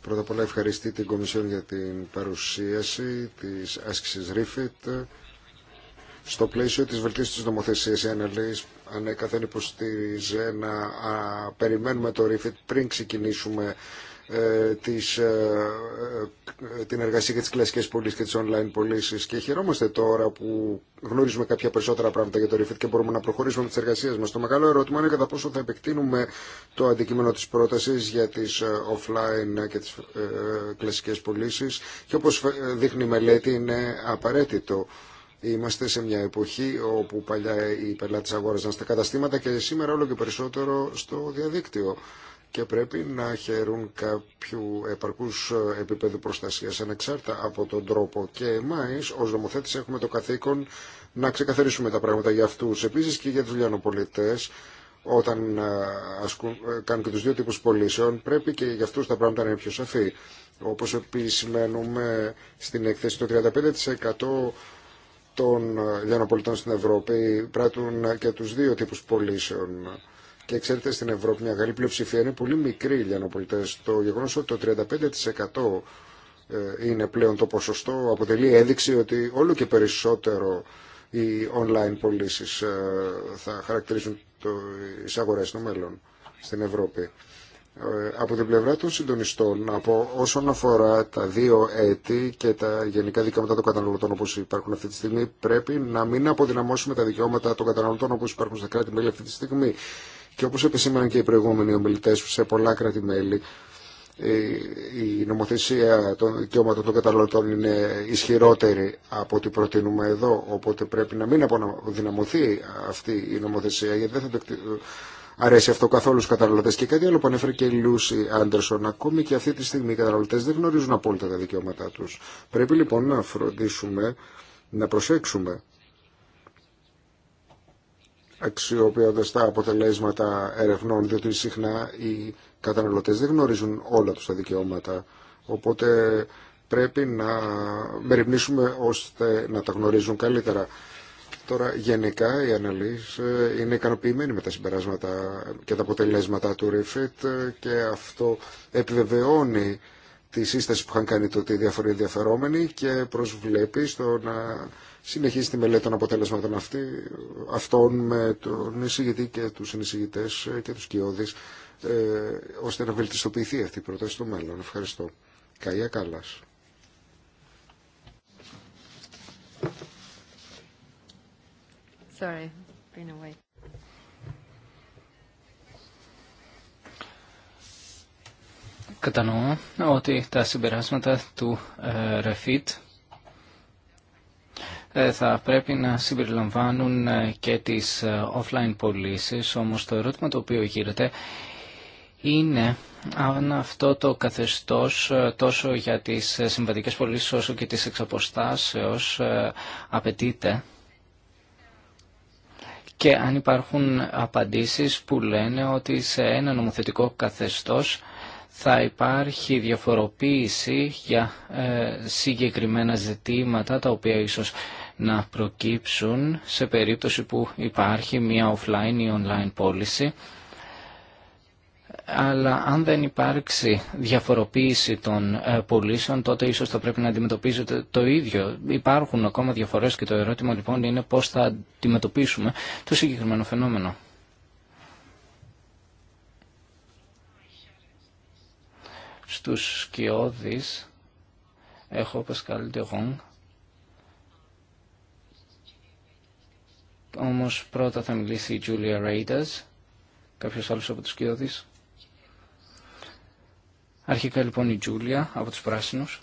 Πρώτα απ' όλα ευχαριστεί την Κομισιόν για την παρουσίαση της άσκησης REFIT. Στο πλαίσιο της βελτίωσης της νομοθεσίας η Ανελής ανέκαθεν υποστήριζε να περιμένουμε το REFIT πριν ξεκινήσουμε ε, τις, ε, ε, την εργασία και τις κλασικές πωλήσει και τις online πωλήσει. και χαιρόμαστε τώρα που γνωρίζουμε κάποια περισσότερα πράγματα για το Refit και μπορούμε να προχωρήσουμε με τις εργασίες μας. Το μεγάλο ερώτημα είναι κατά πόσο θα επεκτείνουμε το αντικείμενο της πρότασης για τις offline και τις κλασικές πωλήσει και όπως δείχνει η μελέτη είναι απαραίτητο. Είμαστε σε μια εποχή όπου παλιά οι πελάτες αγόραζαν στα καταστήματα και σήμερα όλο και περισσότερο στο διαδίκτυο και πρέπει να χαιρούν κάποιου επαρκούς επίπεδου προστασίας ανεξάρτητα από τον τρόπο. Και εμάς, ως νομοθέτης έχουμε το καθήκον να ξεκαθαρίσουμε τα πράγματα για αυτούς. Επίσης και για τους λιανοπολιτές όταν ε, ε, κάνουν και τους δύο τύπους πωλήσεων πρέπει και για αυτούς τα πράγματα να είναι πιο σαφή. Όπως επισημαίνουμε στην εκθέση το 35% των ε, λιανοπολιτών στην Ευρώπη πράττουν και τους δύο τύπους πωλήσεων και ξέρετε, στην Ευρώπη μια μεγάλη πλειοψηφία είναι πολύ μικροί λιανοπολιτέ. Το γεγονό ότι το 35% ε, είναι πλέον το ποσοστό αποτελεί έδειξη ότι όλο και περισσότερο οι online πωλήσει ε, θα χαρακτηρίζουν τι αγορέ στο μέλλον στην Ευρώπη. Ε, από την πλευρά των συντονιστών, από όσον αφορά τα δύο έτη και τα γενικά δικαιώματα των καταναλωτών όπως υπάρχουν αυτή τη στιγμή, πρέπει να μην αποδυναμώσουμε τα δικαιώματα των καταναλωτών όπως υπάρχουν στα κράτη-μέλη αυτή τη στιγμή. Και όπως επισήμαναν και οι προηγούμενοι ομιλητές σε πολλά κράτη-μέλη, ε, η νομοθεσία των δικαιώματων των καταναλωτών είναι ισχυρότερη από ό,τι προτείνουμε εδώ, οπότε πρέπει να μην αποδυναμωθεί αυτή η νομοθεσία, γιατί δεν θα αρέσει αυτό καθόλου στου καταναλωτέ. Και κάτι άλλο που ανέφερε και η Λούση Άντερσον, ακόμη και αυτή τη στιγμή οι καταναλωτέ δεν γνωρίζουν απόλυτα τα δικαιώματά του. Πρέπει λοιπόν να φροντίσουμε, να προσέξουμε αξιοποιώντα τα αποτελέσματα ερευνών, διότι συχνά οι καταναλωτέ δεν γνωρίζουν όλα του τα δικαιώματα. Οπότε πρέπει να μεριμνήσουμε ώστε να τα γνωρίζουν καλύτερα. Τώρα γενικά οι αναλύση ε, είναι ικανοποιημένοι με τα συμπεράσματα και τα αποτελέσματα του Refit ε, και αυτό επιβεβαιώνει τη σύσταση που είχαν κάνει τότε οι διάφοροι ενδιαφερόμενοι και προσβλέπει στο να Συνεχίζει τη μελέτη των αποτελεσμάτων αυτή, αυτών με τον εισηγητή και τους συνεισηγητές και τους κοιόδης ε, ώστε να βελτιστοποιηθεί αυτή η πρόταση στο μέλλον. Ευχαριστώ. Καία Καλάς. Sorry, been away. Κατανοώ ότι τα συμπεράσματα του ε, Ρεφίτ ε, θα πρέπει να συμπεριλαμβάνουν ε, και τις ε, offline πωλήσει, όμως το ερώτημα το οποίο γίνεται είναι αν αυτό το καθεστώς τόσο για τις συμβατικές πωλήσει όσο και τις εξαποστάσεως απαιτείται και αν υπάρχουν απαντήσεις που λένε ότι σε ένα νομοθετικό καθεστώς θα υπάρχει διαφοροποίηση για συγκεκριμένα ζητήματα τα οποία ίσως να προκύψουν σε περίπτωση που υπάρχει μία offline ή online πώληση. Αλλά αν δεν υπάρξει διαφοροποίηση των ε, πωλήσεων, τότε ίσως θα πρέπει να αντιμετωπίζετε το ίδιο. Υπάρχουν ακόμα διαφορές και το ερώτημα λοιπόν είναι πώς θα αντιμετωπίσουμε το συγκεκριμένο φαινόμενο. Στους σκιώδεις έχω Πασκάλ τεγόν. Όμως πρώτα θα μιλήσει η Τζούλια Ρέιντας, κάποιος άλλος από τους κοιόδης. Αρχικά λοιπόν η Τζούλια από τους Πράσινους.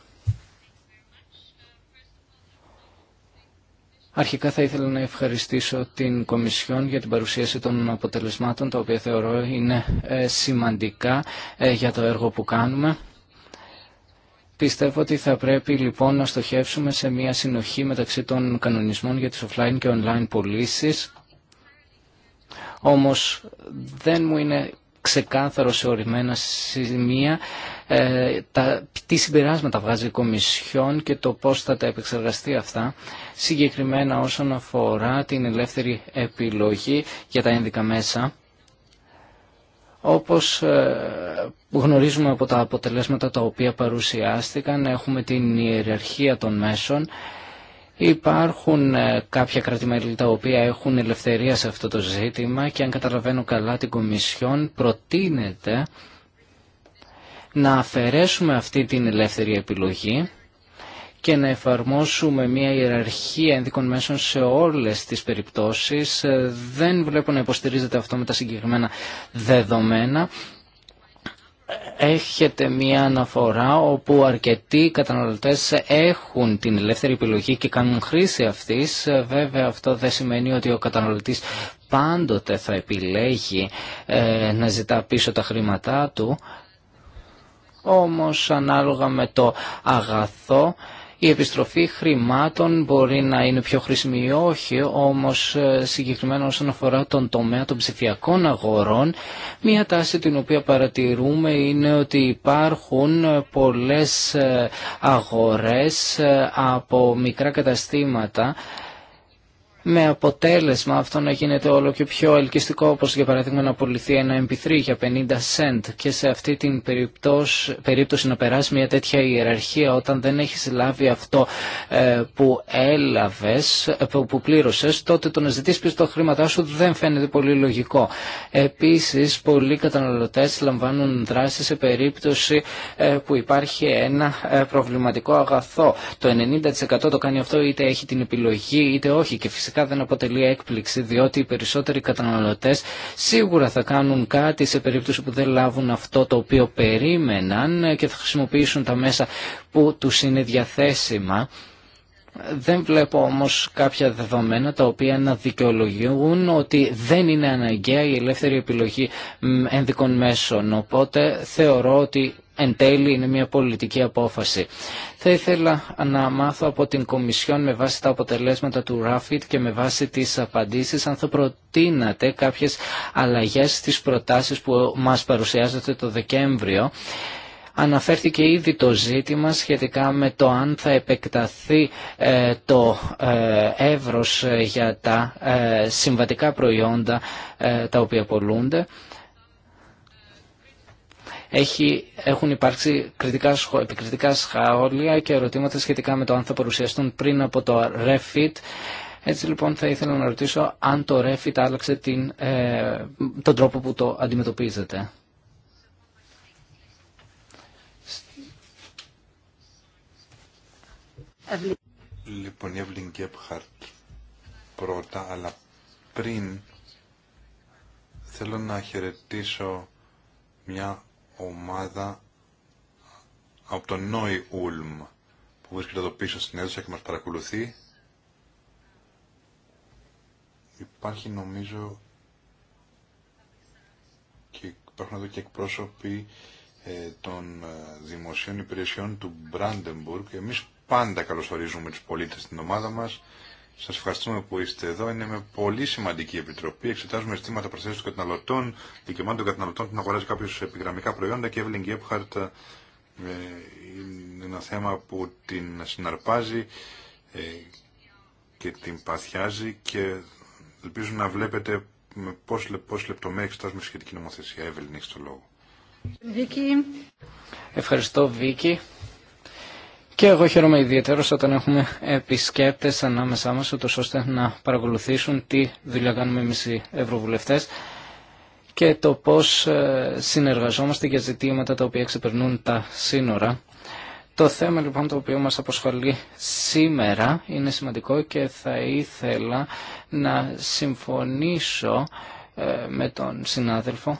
Αρχικά θα ήθελα να ευχαριστήσω την Κομισιόν για την παρουσίαση των αποτελεσμάτων, τα οποία θεωρώ είναι ε, σημαντικά ε, για το έργο που κάνουμε. Πιστεύω ότι θα πρέπει λοιπόν να στοχεύσουμε σε μια συνοχή μεταξύ των κανονισμών για τις offline και online πωλήσει. Όμως δεν μου είναι ξεκάθαρο σε ορισμένα σημεία ε, τα, τι συμπεράσματα βγάζει η Κομισιόν και το πώς θα τα επεξεργαστεί αυτά συγκεκριμένα όσον αφορά την ελεύθερη επιλογή για τα ένδικα μέσα όπως ε, γνωρίζουμε από τα αποτελέσματα τα οποία παρουσιάστηκαν, έχουμε την ιεραρχία των μέσων. Υπάρχουν ε, κάποια κρατημέλη τα οποία έχουν ελευθερία σε αυτό το ζήτημα και αν καταλαβαίνω καλά την Κομισιόν προτείνεται να αφαιρέσουμε αυτή την ελεύθερη επιλογή και να εφαρμόσουμε μια ιεραρχία ενδικών μέσων σε όλες τις περιπτώσεις. Ε, δεν βλέπω να υποστηρίζεται αυτό με τα συγκεκριμένα δεδομένα. Έχετε μία αναφορά όπου αρκετοί καταναλωτές έχουν την ελεύθερη επιλογή και κάνουν χρήση αυτής. Ε, βέβαια αυτό δεν σημαίνει ότι ο καταναλωτής πάντοτε θα επιλέγει ε, να ζητά πίσω τα χρήματά του. Όμως ανάλογα με το αγαθό η επιστροφή χρημάτων μπορεί να είναι πιο χρήσιμη ή όχι, όμως ε, συγκεκριμένα όσον αφορά τον τομέα των ψηφιακών αγορών, μια τάση την οποία παρατηρούμε είναι ότι υπάρχουν ε, πολλές ε, αγορές από μικρά καταστήματα με αποτέλεσμα αυτό να γίνεται όλο και πιο ελκυστικό, όπως για παράδειγμα να πουληθεί ένα MP3 για 50 cent και σε αυτή την περίπτωση, περίπτωση να περάσει μια τέτοια ιεραρχία όταν δεν έχεις λάβει αυτό ε, που έλαβες, ε, που πλήρωσες, τότε το να ζητήσεις πίσω τα χρήματά σου δεν φαίνεται πολύ λογικό. Επίσης, πολλοί καταναλωτές λαμβάνουν δράση σε περίπτωση ε, που υπάρχει ένα προβληματικό αγαθό. Το 90% το κάνει αυτό είτε έχει την επιλογή είτε όχι και φυσικά φυσικά δεν αποτελεί έκπληξη διότι οι περισσότεροι καταναλωτές σίγουρα θα κάνουν κάτι σε περίπτωση που δεν λάβουν αυτό το οποίο περίμεναν και θα χρησιμοποιήσουν τα μέσα που τους είναι διαθέσιμα δεν βλέπω όμως κάποια δεδομένα τα οποία να δικαιολογούν ότι δεν είναι αναγκαία η ελεύθερη επιλογή ενδικών μέσων. Οπότε θεωρώ ότι εν τέλει είναι μια πολιτική απόφαση. Θα ήθελα να μάθω από την Κομισιόν με βάση τα αποτελέσματα του Ράφιτ και με βάση τις απαντήσεις αν θα προτείνατε κάποιες αλλαγές στις προτάσεις που μας παρουσιάζεται το Δεκέμβριο Αναφέρθηκε ήδη το ζήτημα σχετικά με το αν θα επεκταθεί ε, το ε, εύρος για τα ε, συμβατικά προϊόντα τα οποία πολλούνται. Έχει, έχουν υπάρξει κριτικά, επικριτικά σχόλια και ερωτήματα σχετικά με το αν θα παρουσιαστούν πριν από το REFIT. Έτσι λοιπόν θα ήθελα να ρωτήσω αν το REFIT άλλαξε την, τον τρόπο που το αντιμετωπίζετε. Λοιπόν, η Evelyn Gebhardt πρώτα, αλλά πριν θέλω να χαιρετήσω μια ομάδα από τον Νόι Ούλμ που βρίσκεται εδώ πίσω στην αίθουσα και μας παρακολουθεί. Υπάρχει νομίζω και υπάρχουν εδώ και εκπρόσωποι ε, των ε, δημοσίων υπηρεσιών του Μπράντεμπουργκ. Εμείς πάντα καλωσορίζουμε τους πολίτες στην ομάδα μας. Σας ευχαριστούμε που είστε εδώ. Είναι με πολύ σημαντική επιτροπή. Εξετάζουμε ζητήματα προστασία των καταναλωτών, δικαιωμάτων των καταναλωτών που να αγοράζει κάποιο επιγραμμικά προϊόντα και η Evelyn Gebhardt ε, είναι ένα θέμα που την συναρπάζει ε, και την παθιάζει και ελπίζω να βλέπετε με πόσε πώς λεπτομέρειε εξετάζουμε σχετική νομοθεσία. Evelyn, έχει το λόγο. Ευχαριστώ, Βίκη. Και εγώ χαίρομαι ιδιαίτερως όταν έχουμε επισκέπτες ανάμεσά μας, ώστε να παρακολουθήσουν τι δουλειά κάνουμε εμείς οι ευρωβουλευτές και το πώς ε, συνεργαζόμαστε για ζητήματα τα οποία ξεπερνούν τα σύνορα. Το θέμα λοιπόν το οποίο μας αποσχολεί σήμερα είναι σημαντικό και θα ήθελα να συμφωνήσω ε, με τον συνάδελφο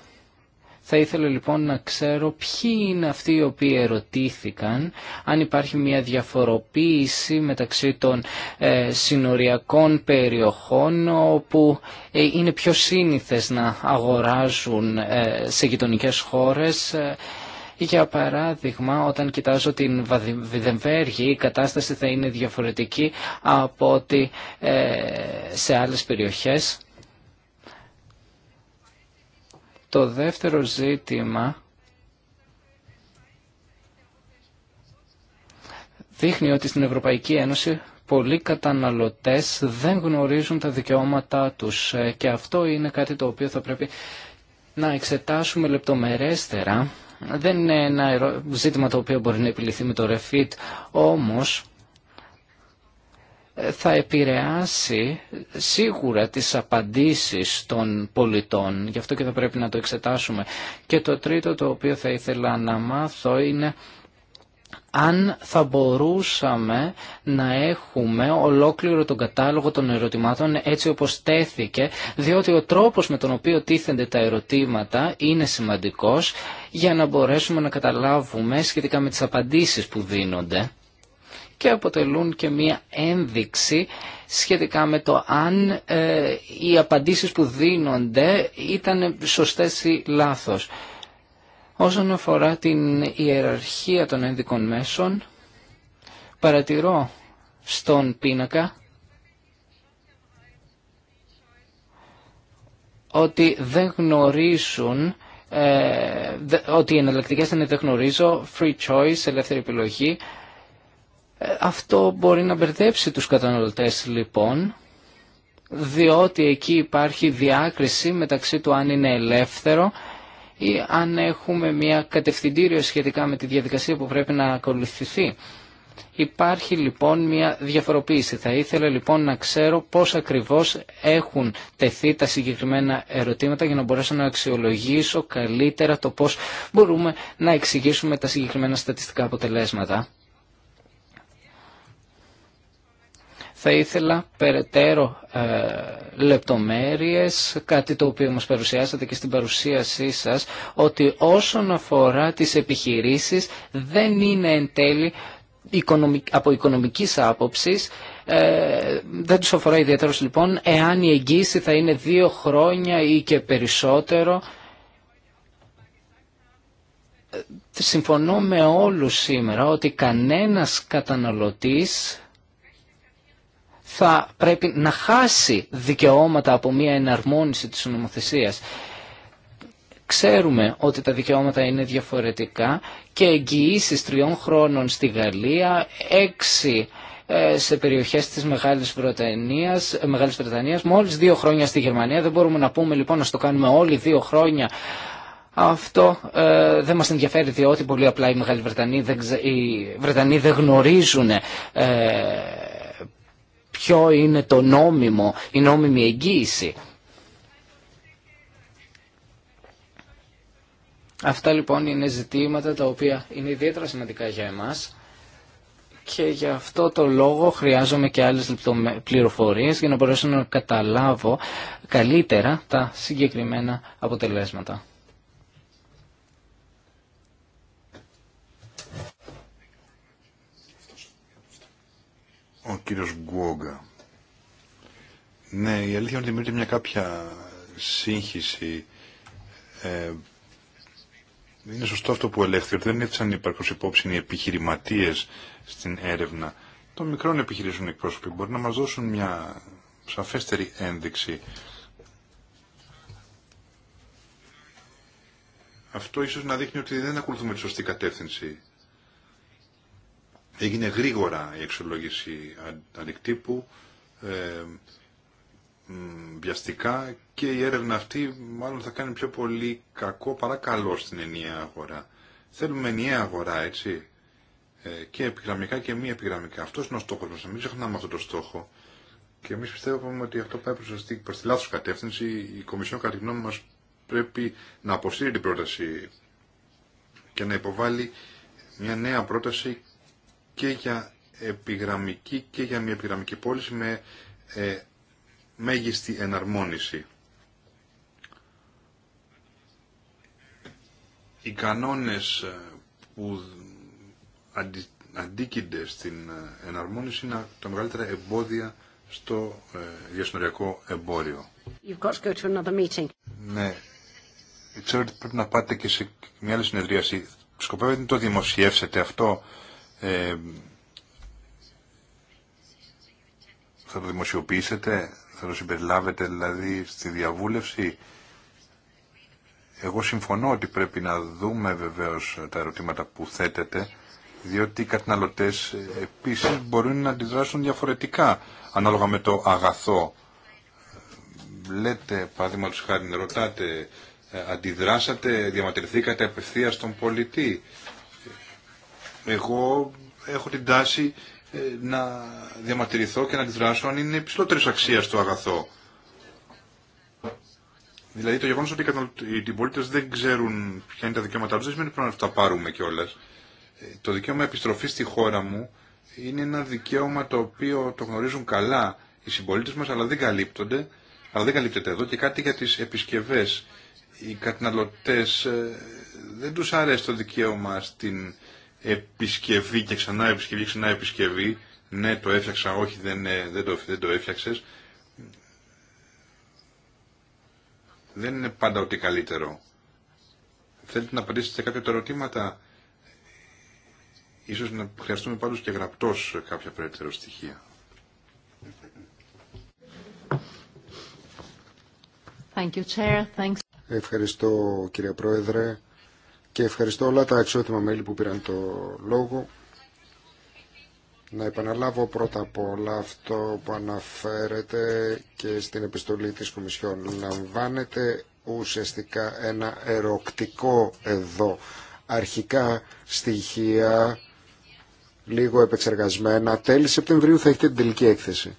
θα ήθελα λοιπόν να ξέρω ποιοι είναι αυτοί οι οποίοι ερωτήθηκαν, αν υπάρχει μια διαφοροποίηση μεταξύ των ε, συνοριακών περιοχών όπου ε, είναι πιο σύνηθες να αγοράζουν ε, σε γειτονικέ χώρες για παράδειγμα, όταν κοιτάζω την Βιδεμβέργη, η κατάσταση θα είναι διαφορετική από ότι σε άλλες περιοχές. Το δεύτερο ζήτημα δείχνει ότι στην Ευρωπαϊκή Ένωση πολλοί καταναλωτές δεν γνωρίζουν τα δικαιώματά τους και αυτό είναι κάτι το οποίο θα πρέπει να εξετάσουμε λεπτομερέστερα. Δεν είναι ένα ζήτημα το οποίο μπορεί να επιληθεί με το Refit, όμως θα επηρεάσει σίγουρα τις απαντήσεις των πολιτών. Γι' αυτό και θα πρέπει να το εξετάσουμε. Και το τρίτο το οποίο θα ήθελα να μάθω είναι αν θα μπορούσαμε να έχουμε ολόκληρο τον κατάλογο των ερωτημάτων έτσι όπως τέθηκε, διότι ο τρόπος με τον οποίο τίθενται τα ερωτήματα είναι σημαντικός για να μπορέσουμε να καταλάβουμε σχετικά με τις απαντήσεις που δίνονται και αποτελούν και μία ένδειξη σχετικά με το αν ε, οι απαντήσεις που δίνονται ήταν σωστές ή λάθος. Όσον αφορά την ιεραρχία των ένδικων μέσων, παρατηρώ στον πίνακα ότι δεν γνωρίζουν ε, ότι οι εναλλακτικές είναι δεν γνωρίζω, free choice, ελεύθερη επιλογή, ε, αυτό μπορεί να μπερδέψει τους καταναλωτές λοιπόν, διότι εκεί υπάρχει διάκριση μεταξύ του αν είναι ελεύθερο ή αν έχουμε μια κατευθυντήριο σχετικά με τη διαδικασία που πρέπει να ακολουθηθεί. Υπάρχει λοιπόν μια διαφοροποίηση. Θα ήθελα λοιπόν να ξέρω πώς ακριβώς έχουν τεθεί τα συγκεκριμένα ερωτήματα για να μπορέσω να αξιολογήσω καλύτερα το πώς μπορούμε να εξηγήσουμε τα συγκεκριμένα στατιστικά αποτελέσματα. Θα ήθελα περαιτέρω ε, λεπτομέρειες, κάτι το οποίο μας παρουσιάσατε και στην παρουσίασή σας, ότι όσον αφορά τις επιχειρήσεις δεν είναι εν τέλει από οικονομικής άποψης ε, δεν τους αφορά ιδιαίτερος λοιπόν εάν η εγγύηση θα είναι δύο χρόνια ή και περισσότερο ε, συμφωνώ με όλους σήμερα ότι κανένας καταναλωτής θα πρέπει να χάσει δικαιώματα από μια εναρμόνιση της νομοθεσίας. Ξέρουμε ότι τα δικαιώματα είναι διαφορετικά και εγγυήσει τριών χρόνων στη Γαλλία, έξι ε, σε περιοχές της Μεγάλης Βρετανίας, ε, Μεγάλης Βρετανίας, μόλις δύο χρόνια στη Γερμανία. Δεν μπορούμε να πούμε λοιπόν να στο κάνουμε όλοι δύο χρόνια αυτό ε, δεν μας ενδιαφέρει διότι πολύ απλά οι Μεγάλοι Βρετανοί δεν, οι Βρετανοί δεν γνωρίζουν ποιο είναι το νόμιμο, η νόμιμη εγγύηση. Αυτά λοιπόν είναι ζητήματα τα οποία είναι ιδιαίτερα σημαντικά για εμάς και γι' αυτό το λόγο χρειάζομαι και άλλες πληροφορίες για να μπορέσω να καταλάβω καλύτερα τα συγκεκριμένα αποτελέσματα. Ο κύριος Γκουόγκα. Ναι, η αλήθεια είναι ότι δημιουργείται μια κάποια σύγχυση. Ε, είναι σωστό αυτό που ελέγχθη, ότι δεν έφτασαν υπαρκώς υπόψη οι επιχειρηματίες στην έρευνα. Των μικρών επιχειρήσεων εκπρόσωποι μπορεί να μας δώσουν μια σαφέστερη ένδειξη. Αυτό ίσως να δείχνει ότι δεν ακολουθούμε τη σωστή κατεύθυνση Έγινε γρήγορα η εξολόγηση αντικτύπου, ε, βιαστικά και η έρευνα αυτή μάλλον θα κάνει πιο πολύ κακό παρά καλό στην ενιαία αγορά. Θέλουμε ενιαία αγορά, έτσι, ε, και επιγραμμικά και μη επιγραμμικά. Αυτό είναι ο στόχο μα. Μην ξεχνάμε αυτό το στόχο. Και εμεί πιστεύουμε ότι αυτό πάει προ τη λάθο κατεύθυνση. Η Κομισιόν, κατά τη γνώμη μα, πρέπει να αποσύρει την πρόταση και να υποβάλει μια νέα πρόταση και για επιγραμμική και για μη επιγραμμική πώληση με ε, μέγιστη εναρμόνιση. Οι κανόνες ε, που αντι, αντίκυνται στην ε, εναρμόνιση είναι τα μεγαλύτερα εμπόδια στο διασυνοριακό εμπόριο. Ναι, ξέρω ότι πρέπει να πάτε και σε μια άλλη συνεδρίαση. Σκοπεύετε να το δημοσιεύσετε αυτό ε, θα το δημοσιοποιήσετε, θα το συμπεριλάβετε δηλαδή στη διαβούλευση. Εγώ συμφωνώ ότι πρέπει να δούμε βεβαίως τα ερωτήματα που θέτετε, διότι οι καταναλωτές επίσης μπορούν να αντιδράσουν διαφορετικά ανάλογα με το αγαθό. Λέτε, παραδείγματος χάρη, ρωτάτε, ε, αντιδράσατε, διαμαρτυρηθήκατε απευθεία στον πολιτή. Εγώ έχω την τάση ε, να διαμαρτυρηθώ και να αντιδράσω αν είναι υψηλότερη αξία το αγαθό. Δηλαδή το γεγονό ότι οι πολίτε δεν ξέρουν ποια είναι τα δικαιώματά του δεν σημαίνει πρέπει να τα πάρουμε κιόλα. Ε, το δικαίωμα επιστροφή στη χώρα μου είναι ένα δικαίωμα το οποίο το γνωρίζουν καλά οι συμπολίτε μα αλλά δεν καλύπτονται. Αλλά δεν καλύπτεται εδώ και κάτι για τι επισκευέ. Οι καταναλωτέ ε, δεν του αρέσει το δικαίωμα στην επισκευή και ξανά επισκευή, ξανά επισκευή, ναι το έφτιαξα, όχι δεν, ναι, δεν, το, δεν το έφτιαξες, δεν είναι πάντα ότι καλύτερο. Θέλετε να απαντήσετε κάποια τα ερωτήματα, ίσως να χρειαστούμε πάντως και γραπτός κάποια περαιτέρω στοιχεία. Thank you, Chair. Thanks. Ευχαριστώ κύριε Πρόεδρε και ευχαριστώ όλα τα αξιότιμα μέλη που πήραν το λόγο. Να επαναλάβω πρώτα απ' όλα αυτό που αναφέρεται και στην επιστολή της Κομισιόν. Λαμβάνεται ουσιαστικά ένα ερωκτικό εδώ. Αρχικά στοιχεία λίγο επεξεργασμένα. Τέλη Σεπτεμβρίου θα έχετε την τελική έκθεση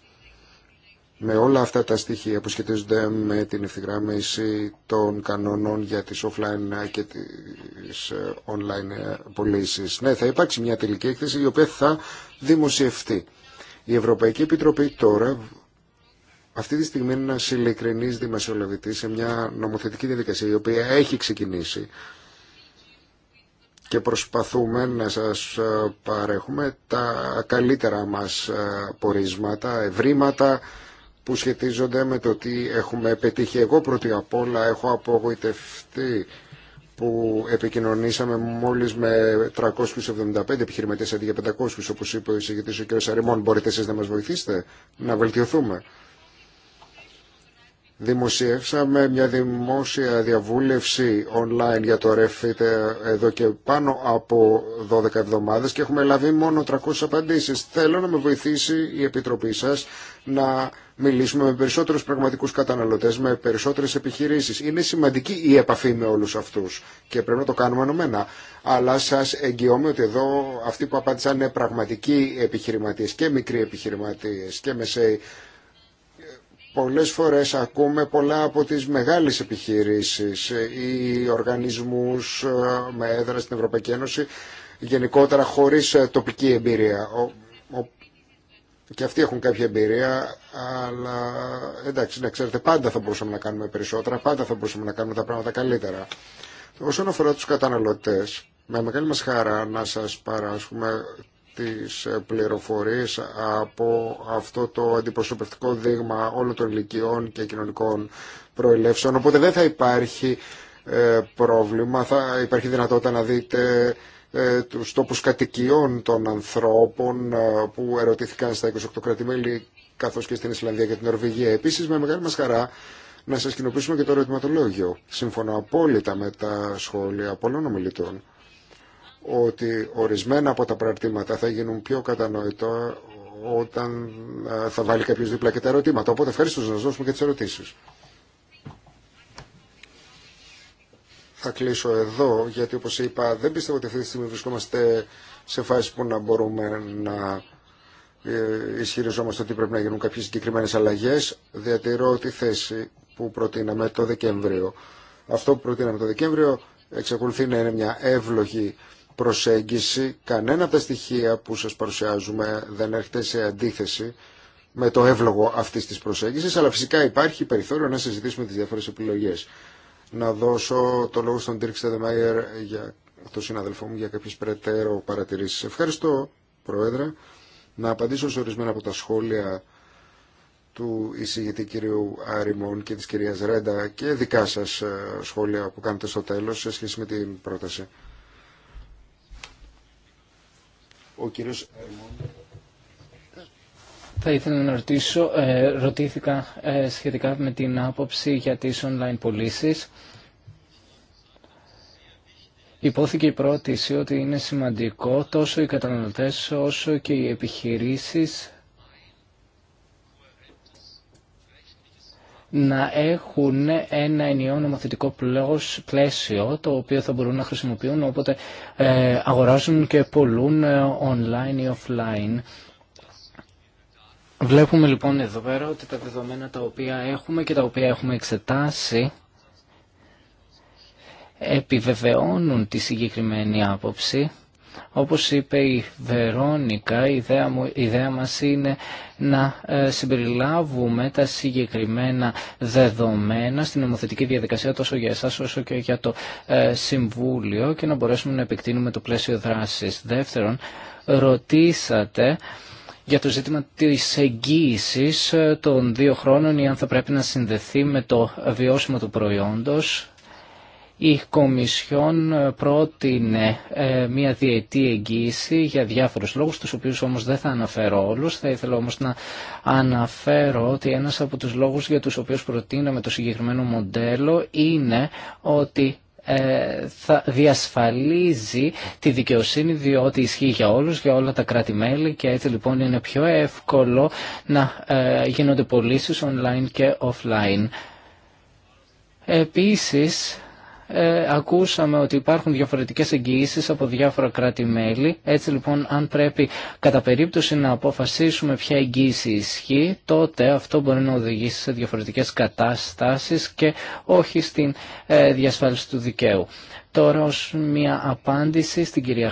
με όλα αυτά τα στοιχεία που σχετίζονται με την ευθυγράμμιση των κανόνων για τις offline και τις ε, online ε, πωλήσει. Ναι, θα υπάρξει μια τελική έκθεση η οποία θα δημοσιευτεί. Η Ευρωπαϊκή Επιτροπή τώρα αυτή τη στιγμή είναι ένας ειλικρινής δημοσιολογητής σε μια νομοθετική διαδικασία η οποία έχει ξεκινήσει και προσπαθούμε να σας ε, παρέχουμε τα καλύτερα μας πορίσματα, ευρήματα που σχετίζονται με το τι έχουμε πετύχει. Εγώ πρώτη απ' όλα έχω απογοητευτεί που επικοινωνήσαμε μόλις με 375 επιχειρηματίες αντί για 500, όπως είπε ο εισηγητής ο κ. Σαρημών. Μπορείτε εσείς να μας βοηθήσετε να βελτιωθούμε. Δημοσιεύσαμε μια δημόσια διαβούλευση online για το REFIT ε, εδώ και πάνω από 12 εβδομάδες και έχουμε λάβει μόνο 300 απαντήσεις. Θέλω να με βοηθήσει η Επιτροπή σας να μιλήσουμε με περισσότερους πραγματικούς καταναλωτές, με περισσότερες επιχειρήσεις. Είναι σημαντική η επαφή με όλους αυτούς και πρέπει να το κάνουμε ενωμένα. Αλλά σας εγγυώμαι ότι εδώ αυτοί που απάντησαν είναι πραγματικοί επιχειρηματίες και μικροί επιχειρηματίε και μεσαίοι. Πολλές φορές ακούμε πολλά από τις μεγάλε επιχειρήσει ή οργανισμού ε, με έδρα στην Ευρωπαϊκή Ένωση γενικότερα χωρίς ε, τοπική εμπειρία και αυτοί έχουν κάποια εμπειρία, αλλά εντάξει, να ξέρετε, πάντα θα μπορούσαμε να κάνουμε περισσότερα, πάντα θα μπορούσαμε να κάνουμε τα πράγματα καλύτερα. Όσον αφορά τους καταναλωτές, με μεγάλη μας χαρά να σας παράσχουμε τις πληροφορίες από αυτό το αντιπροσωπευτικό δείγμα όλων των ηλικιών και κοινωνικών προελεύσεων. Οπότε δεν θα υπάρχει ε, πρόβλημα, θα υπάρχει δυνατότητα να δείτε ε, τους τόπους κατοικιών των ανθρώπων ε, που ερωτήθηκαν στα 28 κρατημέλη καθώς και στην Ισλανδία και την Νορβηγία. Επίσης με μεγάλη μας χαρά να σας κοινοποιήσουμε και το ερωτηματολόγιο. Σύμφωνα απόλυτα με τα σχόλια πολλών ομιλητών ότι ορισμένα από τα προαρτήματα θα γίνουν πιο κατανοητά όταν ε, θα βάλει κάποιος δίπλα και τα ερωτήματα. Οπότε ευχαριστώ να σας δώσουμε και τις ερωτήσεις. θα κλείσω εδώ, γιατί όπως είπα δεν πιστεύω ότι αυτή τη στιγμή βρισκόμαστε σε φάση που να μπορούμε να ε, ισχυριζόμαστε ότι πρέπει να γίνουν κάποιες συγκεκριμένες αλλαγές. Διατηρώ τη θέση που προτείναμε το Δεκέμβριο. Αυτό που προτείναμε το Δεκέμβριο εξακολουθεί να είναι μια εύλογη προσέγγιση. Κανένα από τα στοιχεία που σας παρουσιάζουμε δεν έρχεται σε αντίθεση με το εύλογο αυτής της προσέγγισης, αλλά φυσικά υπάρχει περιθώριο να συζητήσουμε τις διάφορες επιλογές να δώσω το λόγο στον Τύρξ Τεδεμάιερ για τον συναδελφό μου για κάποιε περαιτέρω παρατηρήσει. Ευχαριστώ, Πρόεδρε. Να απαντήσω σε ορισμένα από τα σχόλια του εισηγητή κυρίου Άριμον και της κυρίας Ρέντα και δικά σας ε, σχόλια που κάνετε στο τέλος σε σχέση με την πρόταση. Ο κύριος θα ήθελα να ρωτήσω, ε, ρωτήθηκα ε, σχετικά με την άποψη για τις online πωλήσει. Υπόθηκε η πρόταση ότι είναι σημαντικό τόσο οι καταναλωτές όσο και οι επιχειρήσεις να έχουν ένα ενιαίο νομοθετικό πλαίσιο το οποίο θα μπορούν να χρησιμοποιούν όποτε ε, αγοράζουν και πολλούν online ή offline. Βλέπουμε λοιπόν εδώ πέρα ότι τα δεδομένα τα οποία έχουμε και τα οποία έχουμε εξετάσει επιβεβαιώνουν τη συγκεκριμένη άποψη. Όπως είπε η Βερόνικα, η ιδέα, μου, η ιδέα μας είναι να ε, συμπεριλάβουμε τα συγκεκριμένα δεδομένα στην νομοθετική διαδικασία τόσο για εσάς όσο και για το ε, Συμβούλιο και να μπορέσουμε να επεκτείνουμε το πλαίσιο δράσης. Δεύτερον, ρωτήσατε για το ζήτημα της εγγύησης ε, των δύο χρόνων ή αν θα πρέπει να συνδεθεί με το βιώσιμο του προϊόντος. Η Κομισιόν ε, πρότεινε ε, μια διετή εγγύηση για διάφορους λόγους, τους οποίους όμως δεν θα αναφέρω όλους. Θα ήθελα όμως να αναφέρω ότι ένας από τους λόγους για τους οποίους προτείναμε το συγκεκριμένο μοντέλο είναι ότι ε, θα διασφαλίζει τη δικαιοσύνη διότι ισχύει για όλους, για όλα τα κράτη-μέλη και έτσι λοιπόν είναι πιο εύκολο να ε, γίνονται πωλήσει online και offline. Επίσης, ε, ακούσαμε ότι υπάρχουν διαφορετικές εγγυήσεις από διάφορα κράτη-μέλη. Έτσι λοιπόν αν πρέπει κατά περίπτωση να αποφασίσουμε ποια εγγύηση ισχύει, τότε αυτό μπορεί να οδηγήσει σε διαφορετικές κατάστασεις και όχι στην ε, διασφάλιση του δικαίου. Τώρα ως μια απάντηση στην κυρία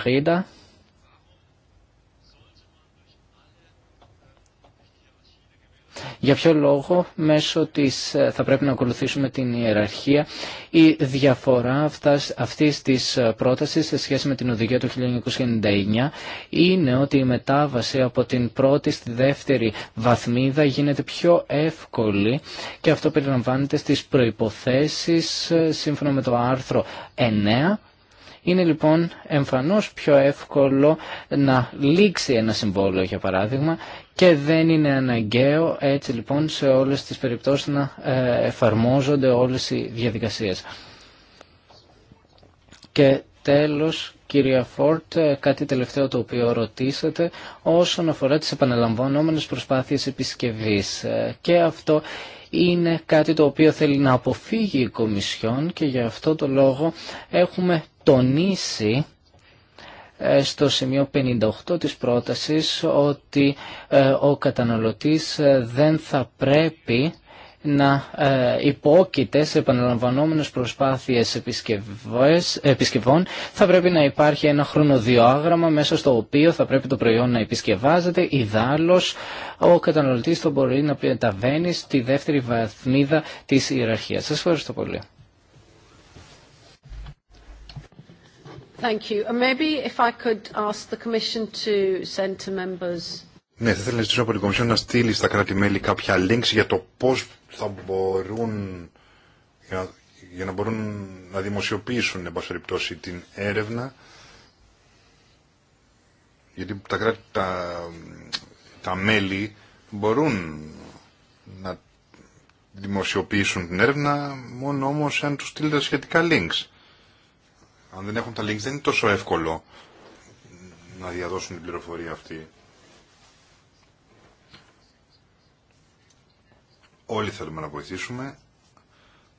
Για ποιο λόγο μέσω της, ε, θα πρέπει να ακολουθήσουμε την ιεραρχία η διαφορά αυτής της ε, πρότασης σε σχέση με την οδηγία του 1999 είναι ότι η μετάβαση από την πρώτη στη δεύτερη βαθμίδα γίνεται πιο εύκολη και αυτό περιλαμβάνεται στις προϋποθέσεις ε, σύμφωνα με το άρθρο 9 είναι λοιπόν εμφανώς πιο εύκολο να λήξει ένα συμβόλαιο για παράδειγμα και δεν είναι αναγκαίο έτσι λοιπόν σε όλες τις περιπτώσεις να ε, εφαρμόζονται όλες οι διαδικασίες. Και τέλος, κυρία Φόρτ, ε, κάτι τελευταίο το οποίο ρωτήσατε όσον αφορά τις επαναλαμβανόμενες προσπάθειες επισκευής. Ε, και αυτό είναι κάτι το οποίο θέλει να αποφύγει η Κομισιόν και γι' αυτό το λόγο έχουμε τονίσει ε, στο σημείο 58 της πρότασης ότι ε, ο καταναλωτής ε, δεν θα πρέπει να υπόκειται σε επαναλαμβανόμενες προσπάθειες επισκευών. Θα πρέπει να υπάρχει ένα χρονοδιάγραμμα μέσα στο οποίο θα πρέπει το προϊόν να επισκευάζεται. Ιδάλλως ο καταναλωτής θα μπορεί να μεταβαίνει στη δεύτερη βαθμίδα της ιεραρχίας. Σας ευχαριστώ πολύ. Thank you. And maybe if I could ask the Commission to send to members. Ναι, θα ήθελα να ζητήσω από την Κομισιόν να στείλει στα κράτη-μέλη κάποια links για το πώς θα μπορούν για να, για να μπορούν να δημοσιοποιήσουν εν την έρευνα γιατί τα, κράτη, τα, μέλη μπορούν να δημοσιοποιήσουν την έρευνα μόνο όμως αν τους τα σχετικά links αν δεν έχουν τα links δεν είναι τόσο εύκολο να διαδώσουν την πληροφορία αυτή. Όλοι θέλουμε να βοηθήσουμε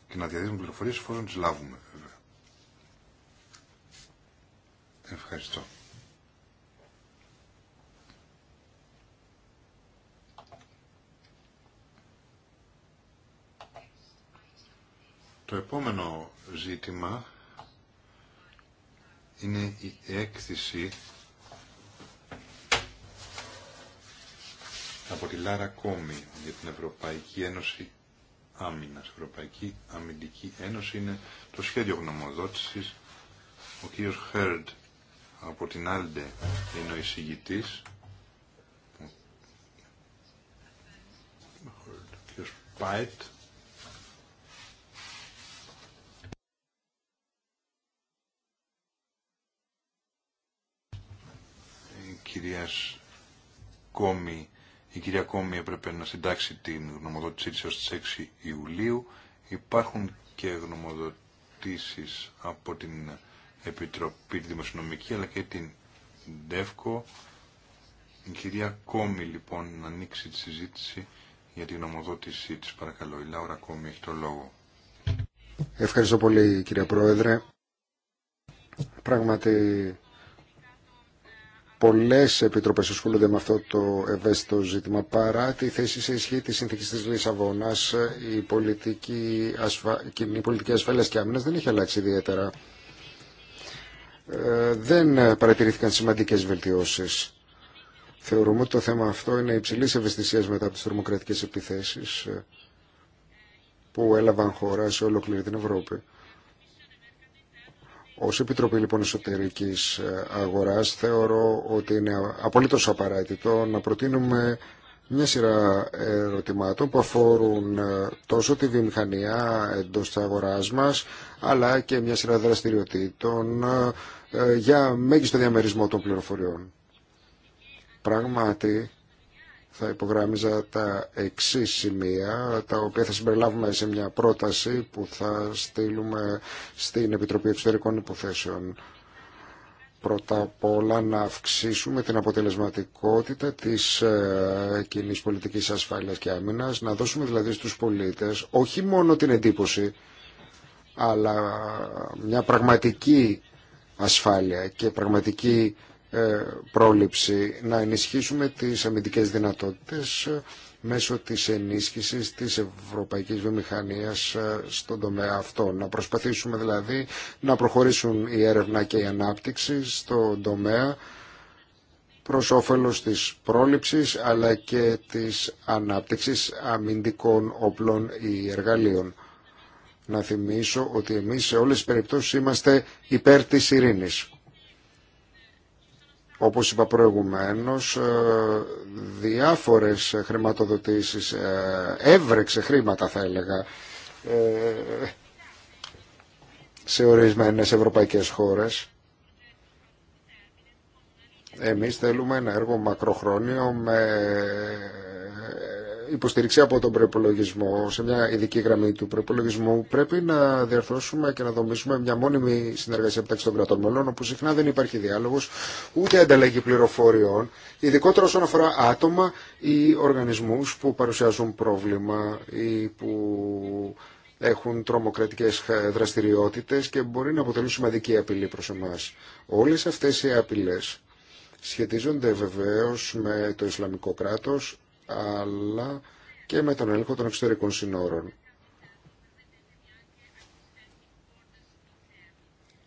και να διαδίδουμε πληροφορίες εφόσον τις λάβουμε Ευχαριστώ. Το επόμενο ζήτημα είναι η έκθεση από τη Λάρα Κόμη για την Ευρωπαϊκή Ένωση Άμυνας. Ευρωπαϊκή Αμυντική Ένωση είναι το σχέδιο γνωμοδότησης. Ο κ. Χέρντ από την Άλντε είναι ο εισηγητής. Ο κ. Πάιτ κυρίας Κόμη. Η κυρία Κόμη έπρεπε να συντάξει την γνωμοδότησή της ως τις 6 Ιουλίου. Υπάρχουν και γνωμοδοτήσεις από την Επιτροπή Δημοσιονομική αλλά και την ΔΕΦΚΟ. Η κυρία Κόμη λοιπόν να ανοίξει τη συζήτηση για την γνωμοδότησή της παρακαλώ. Η Λάουρα Κόμη έχει το λόγο. Ευχαριστώ πολύ κύριε Πρόεδρε. Πράγματι Πολλέ επιτροπές ασχολούνται με αυτό το ευαίσθητο ζήτημα. Παρά τη θέση σε ισχύ τη συνθήκη τη Λισαβόνα, η πολιτική, ασφα... πολιτική ασφάλειας και άμυνα δεν έχει αλλάξει ιδιαίτερα. Ε, δεν παρατηρήθηκαν σημαντικέ βελτιώσεις. Θεωρούμε ότι το θέμα αυτό είναι υψηλή ευαισθησία μετά από τι τρομοκρατικέ επιθέσει ε, που έλαβαν χώρα σε ολόκληρη την Ευρώπη. Ως Επιτροπή λοιπόν Εσωτερικής ε, Αγοράς θεωρώ ότι είναι απολύτω απαραίτητο να προτείνουμε μια σειρά ερωτημάτων που αφορούν ε, τόσο τη βιομηχανία εντός της αγοράς μας αλλά και μια σειρά δραστηριοτήτων ε, για μέγιστο διαμερισμό των πληροφοριών. Πράγματι θα υπογράμμιζα τα εξή σημεία, τα οποία θα συμπεριλάβουμε σε μια πρόταση που θα στείλουμε στην Επιτροπή Εξωτερικών Υποθέσεων. Πρώτα απ' όλα να αυξήσουμε την αποτελεσματικότητα της ε, κοινής πολιτικής ασφάλειας και άμυνας, να δώσουμε δηλαδή στους πολίτες όχι μόνο την εντύπωση, αλλά μια πραγματική ασφάλεια και πραγματική ε, πρόληψη, να ενισχύσουμε τις αμυντικές δυνατότητες ε, μέσω της ενίσχυσης της ευρωπαϊκής βιομηχανίας ε, στον τομέα αυτό. Να προσπαθήσουμε δηλαδή να προχωρήσουν η έρευνα και η ανάπτυξη στον τομέα προς όφελος της πρόληψης αλλά και της ανάπτυξης αμυντικών όπλων ή εργαλείων. Να θυμίσω ότι εμείς σε όλες τις περιπτώσεις είμαστε υπέρ της ειρήνης. Όπως είπα προηγουμένως, ε, διάφορες χρηματοδοτήσεις, ε, έβρεξε χρήματα θα έλεγα, ε, σε ορισμένες ευρωπαϊκές χώρες. Εμείς θέλουμε ένα έργο μακροχρόνιο με υποστήριξη από τον προπολογισμό, σε μια ειδική γραμμή του προπολογισμού, πρέπει να διαρθώσουμε και να δομήσουμε μια μόνιμη συνεργασία μεταξύ των κρατών μελών, όπου συχνά δεν υπάρχει διάλογο ούτε ανταλλαγή πληροφοριών, ειδικότερα όσον αφορά άτομα ή οργανισμού που παρουσιάζουν πρόβλημα ή που έχουν τρομοκρατικέ δραστηριότητε και μπορεί να αποτελούν σημαντική απειλή προ εμά. Όλε αυτέ οι απειλέ σχετίζονται βεβαίως με το Ισλαμικό κράτος, αλλά και με τον έλεγχο των εξωτερικών συνόρων.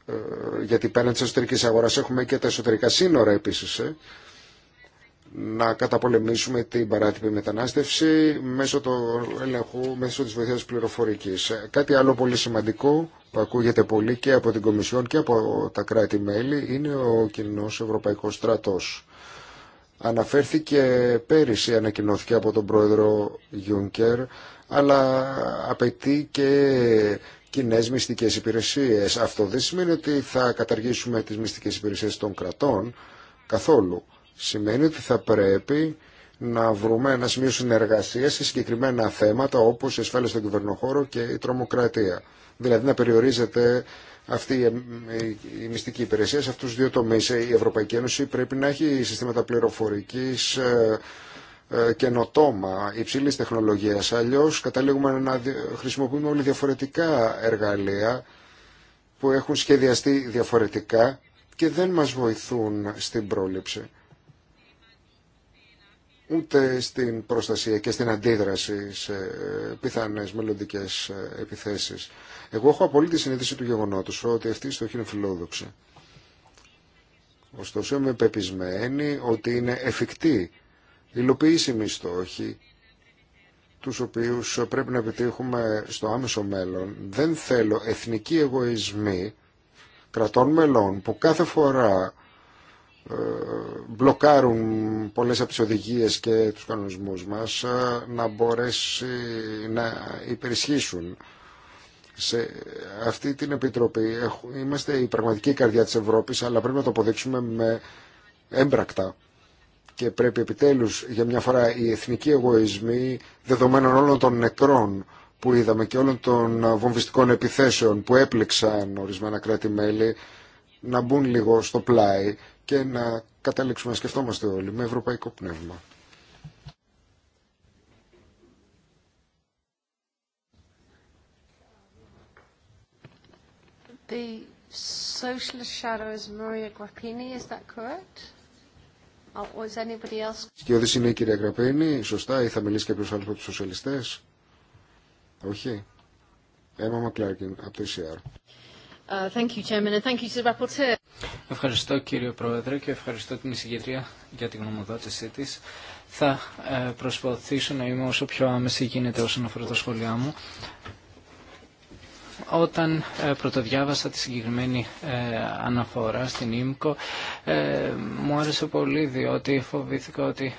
Ε, γιατί πέραν της εσωτερικής αγοράς έχουμε και τα εσωτερικά σύνορα επίσης, ε. να καταπολεμήσουμε την παράτυπη μετανάστευση μέσω, του ελεγχού, μέσω της βοήθειας πληροφορικής. Ε, κάτι άλλο πολύ σημαντικό που ακούγεται πολύ και από την Κομισιόν και από τα κράτη-μέλη είναι ο κοινό Ευρωπαϊκός Στρατός. Αναφέρθηκε πέρυσι, ανακοινώθηκε από τον πρόεδρο Γιούνκερ, αλλά απαιτεί και κοινέ μυστικές υπηρεσίες. Αυτό δεν σημαίνει ότι θα καταργήσουμε τις μυστικές υπηρεσίες των κρατών καθόλου. Σημαίνει ότι θα πρέπει να βρούμε ένα σημείο συνεργασίας σε συγκεκριμένα θέματα όπως η ασφάλεια στον κυβερνοχώρο και η τρομοκρατία. Δηλαδή να περιορίζεται αυτή η μυστική υπηρεσία σε αυτούς τους δύο τομείς. Ε, η Ευρωπαϊκή Ένωση πρέπει να έχει συστήματα πληροφορικής ε, ε, καινοτόμα υψηλής τεχνολογίας. Αλλιώς καταλήγουμε να χρησιμοποιούμε όλοι διαφορετικά εργαλεία που έχουν σχεδιαστεί διαφορετικά και δεν μας βοηθούν στην πρόληψη ούτε στην προστασία και στην αντίδραση σε πιθανές μελλοντικές επιθέσεις. Εγώ έχω απολύτη συνείδηση του γεγονότος ότι αυτή η στόχη είναι φιλόδοξη. Ωστόσο είμαι πεπισμένη ότι είναι εφικτή, υλοποιήσιμη στόχη, τους οποίους πρέπει να επιτύχουμε στο άμεσο μέλλον. Δεν θέλω εθνικοί εγωισμοί κρατών μελών που κάθε φορά ε, μπλοκάρουν πολλές από τις οδηγίες και τους κανονισμούς μας ε, να μπορέσει να υπερισχύσουν σε αυτή την Επιτροπή είμαστε η πραγματική καρδιά της Ευρώπης αλλά πρέπει να το αποδείξουμε με έμπρακτα και πρέπει επιτέλους για μια φορά οι εθνικοί εγωισμοί δεδομένων όλων των νεκρών που είδαμε και όλων των βομβιστικών επιθέσεων που έπληξαν ορισμένα κράτη-μέλη να μπουν λίγο στο πλάι και να καταλήξουμε να σκεφτόμαστε όλοι με ευρωπαϊκό πνεύμα. The socialist shadow is Maria Grappini, is that correct? Or is anybody else? Σκιώδης είναι η κυρία Γραπίνη, σωστά, ή θα μιλήσει κάποιος άλλος από τους σοσιαλιστές. Όχι. Έμα Μακλάρκιν, από το uh, ECR. Ευχαριστώ κύριε Πρόεδρε και ευχαριστώ την εισηγητρία για την γνωμοδότησή της. Θα ε, προσπαθήσω να είμαι όσο πιο άμεση γίνεται όσον αφορά τα σχόλιά μου όταν ε, πρωτοδιάβασα τη συγκεκριμένη ε, αναφορά στην ΙΜΚΟ ε, μου άρεσε πολύ διότι φοβήθηκα ότι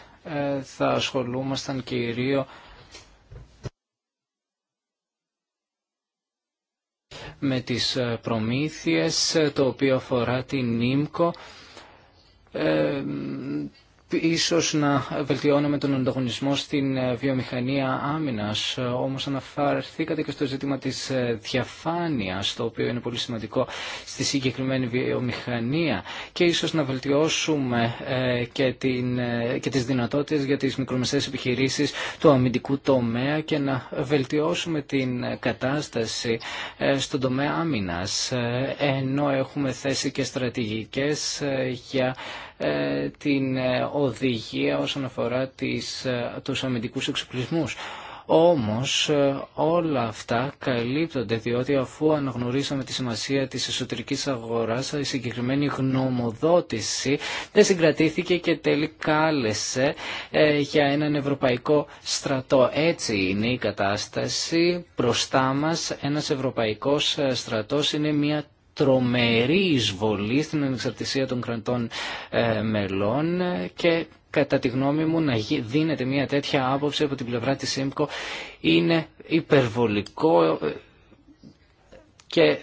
θα ασχολούμασταν κυρίως με τις προμήθειες το οποίο αφορά την ΙΜΚΟ ίσως να βελτιώνουμε τον ανταγωνισμό στην ε, βιομηχανία άμυνας. Όμως αναφερθήκατε και στο ζήτημα της ε, διαφάνειας, το οποίο είναι πολύ σημαντικό στη συγκεκριμένη βιομηχανία και ίσως να βελτιώσουμε ε, και, την, και τις δυνατότητες για τις μικρομεσαίες επιχειρήσεις του αμυντικού τομέα και να βελτιώσουμε την κατάσταση στον τομέα άμυνας, ενώ έχουμε θέσει και στρατηγικές για ε, την ε, οδηγία όσον αφορά τις, ε, τους αμυντικούς εξοπλισμούς. Όμως όλα αυτά καλύπτονται διότι αφού αναγνωρίσαμε τη σημασία της εσωτερικής αγοράς η συγκεκριμένη γνωμοδότηση δεν συγκρατήθηκε και τελικά κάλεσε για έναν ευρωπαϊκό στρατό. Έτσι είναι η κατάσταση. Μπροστά μας ένας ευρωπαϊκός στρατός είναι μια τρομερή εισβολή στην ανεξαρτησία των κρατών ε, μελών και κατά τη γνώμη μου να δίνεται μια τέτοια άποψη από την πλευρά της ΣΥΜΚΟ είναι υπερβολικό ε, και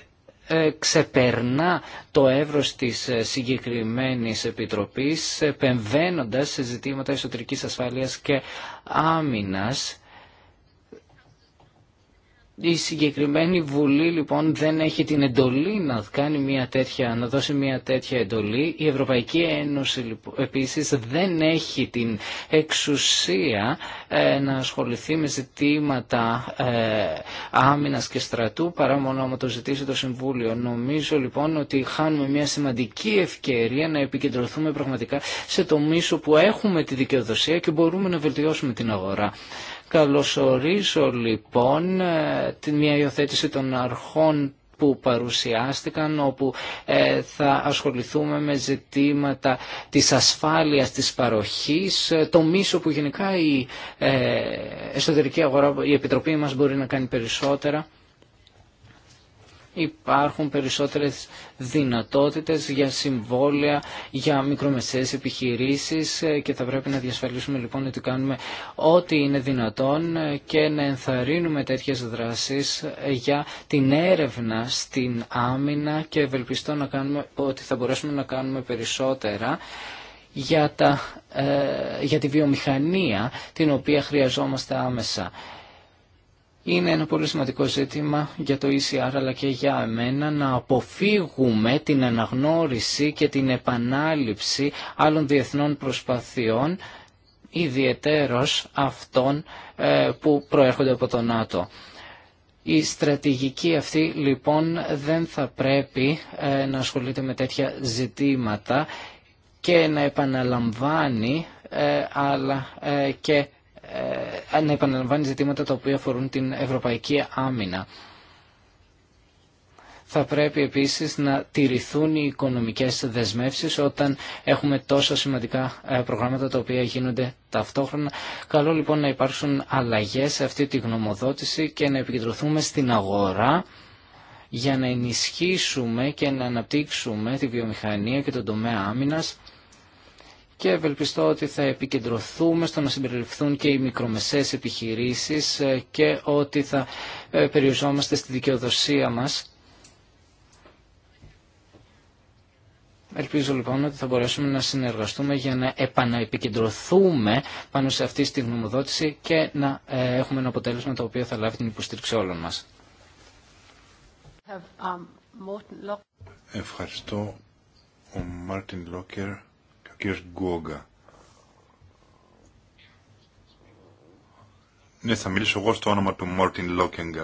ε, ξεπερνά το εύρος της συγκεκριμένης επιτροπής επεμβαίνοντας σε ζητήματα εσωτερικής ασφάλειας και άμυνας η συγκεκριμένη Βουλή λοιπόν δεν έχει την εντολή να, κάνει μια τέτοια, να δώσει μια τέτοια εντολή. Η Ευρωπαϊκή Ένωση λοιπόν, επίσης δεν έχει την εξουσία ε, να ασχοληθεί με ζητήματα ε, άμυνας και στρατού παρά μόνο άμα το ζητήσει το Συμβούλιο. Νομίζω λοιπόν ότι χάνουμε μια σημαντική ευκαιρία να επικεντρωθούμε πραγματικά σε το μίσο που έχουμε τη δικαιοδοσία και μπορούμε να βελτιώσουμε την αγορά. Καλωσορίζω λοιπόν ε, την μια υιοθέτηση των αρχών που παρουσιάστηκαν όπου ε, θα ασχοληθούμε με ζητήματα της ασφάλειας, της παροχής, ε, το μίσο που γενικά η εσωτερική αγορά, η Επιτροπή μας μπορεί να κάνει περισσότερα υπάρχουν περισσότερες δυνατότητες για συμβόλαια, για μικρομεσαίες επιχειρήσεις ε, και θα πρέπει να διασφαλίσουμε λοιπόν ότι κάνουμε ό,τι είναι δυνατόν ε, και να ενθαρρύνουμε τέτοιες δράσεις ε, για την έρευνα στην άμυνα και ευελπιστώ να κάνουμε, ότι θα μπορέσουμε να κάνουμε περισσότερα για, τα, για τη βιομηχανία την οποία χρειαζόμαστε άμεσα. Είναι ένα πολύ σημαντικό ζήτημα για το ECR αλλά και για εμένα να αποφύγουμε την αναγνώριση και την επανάληψη άλλων διεθνών προσπαθειών ιδιαιτέρως αυτών ε, που προέρχονται από το ΝΑΤΟ. Η στρατηγική αυτή λοιπόν δεν θα πρέπει ε, να ασχολείται με τέτοια ζητήματα και να επαναλαμβάνει ε, αλλά και ε, να επαναλαμβάνει ζητήματα τα οποία αφορούν την ευρωπαϊκή άμυνα. Θα πρέπει επίσης να τηρηθούν οι οικονομικές δεσμεύσεις όταν έχουμε τόσα σημαντικά ε, προγράμματα τα οποία γίνονται ταυτόχρονα. Καλό λοιπόν να υπάρξουν αλλαγές σε αυτή τη γνωμοδότηση και να επικεντρωθούμε στην αγορά για να ενισχύσουμε και να αναπτύξουμε τη βιομηχανία και τον τομέα άμυνας και ευελπιστώ ότι θα επικεντρωθούμε στο να συμπεριληφθούν και οι μικρομεσαίες επιχειρήσεις ε, και ότι θα ε, περιοριζόμαστε στη δικαιοδοσία μας. Ελπίζω λοιπόν ότι θα μπορέσουμε να συνεργαστούμε για να επαναεπικεντρωθούμε πάνω σε αυτή τη γνωμοδότηση και να ε, έχουμε ένα αποτέλεσμα το οποίο θα λάβει την υποστήριξη όλων μας. Um, Ευχαριστώ ο Μάρτιν Λόκερ Κύριος Ναι, θα μιλήσω εγώ στο όνομα του Μόρτιν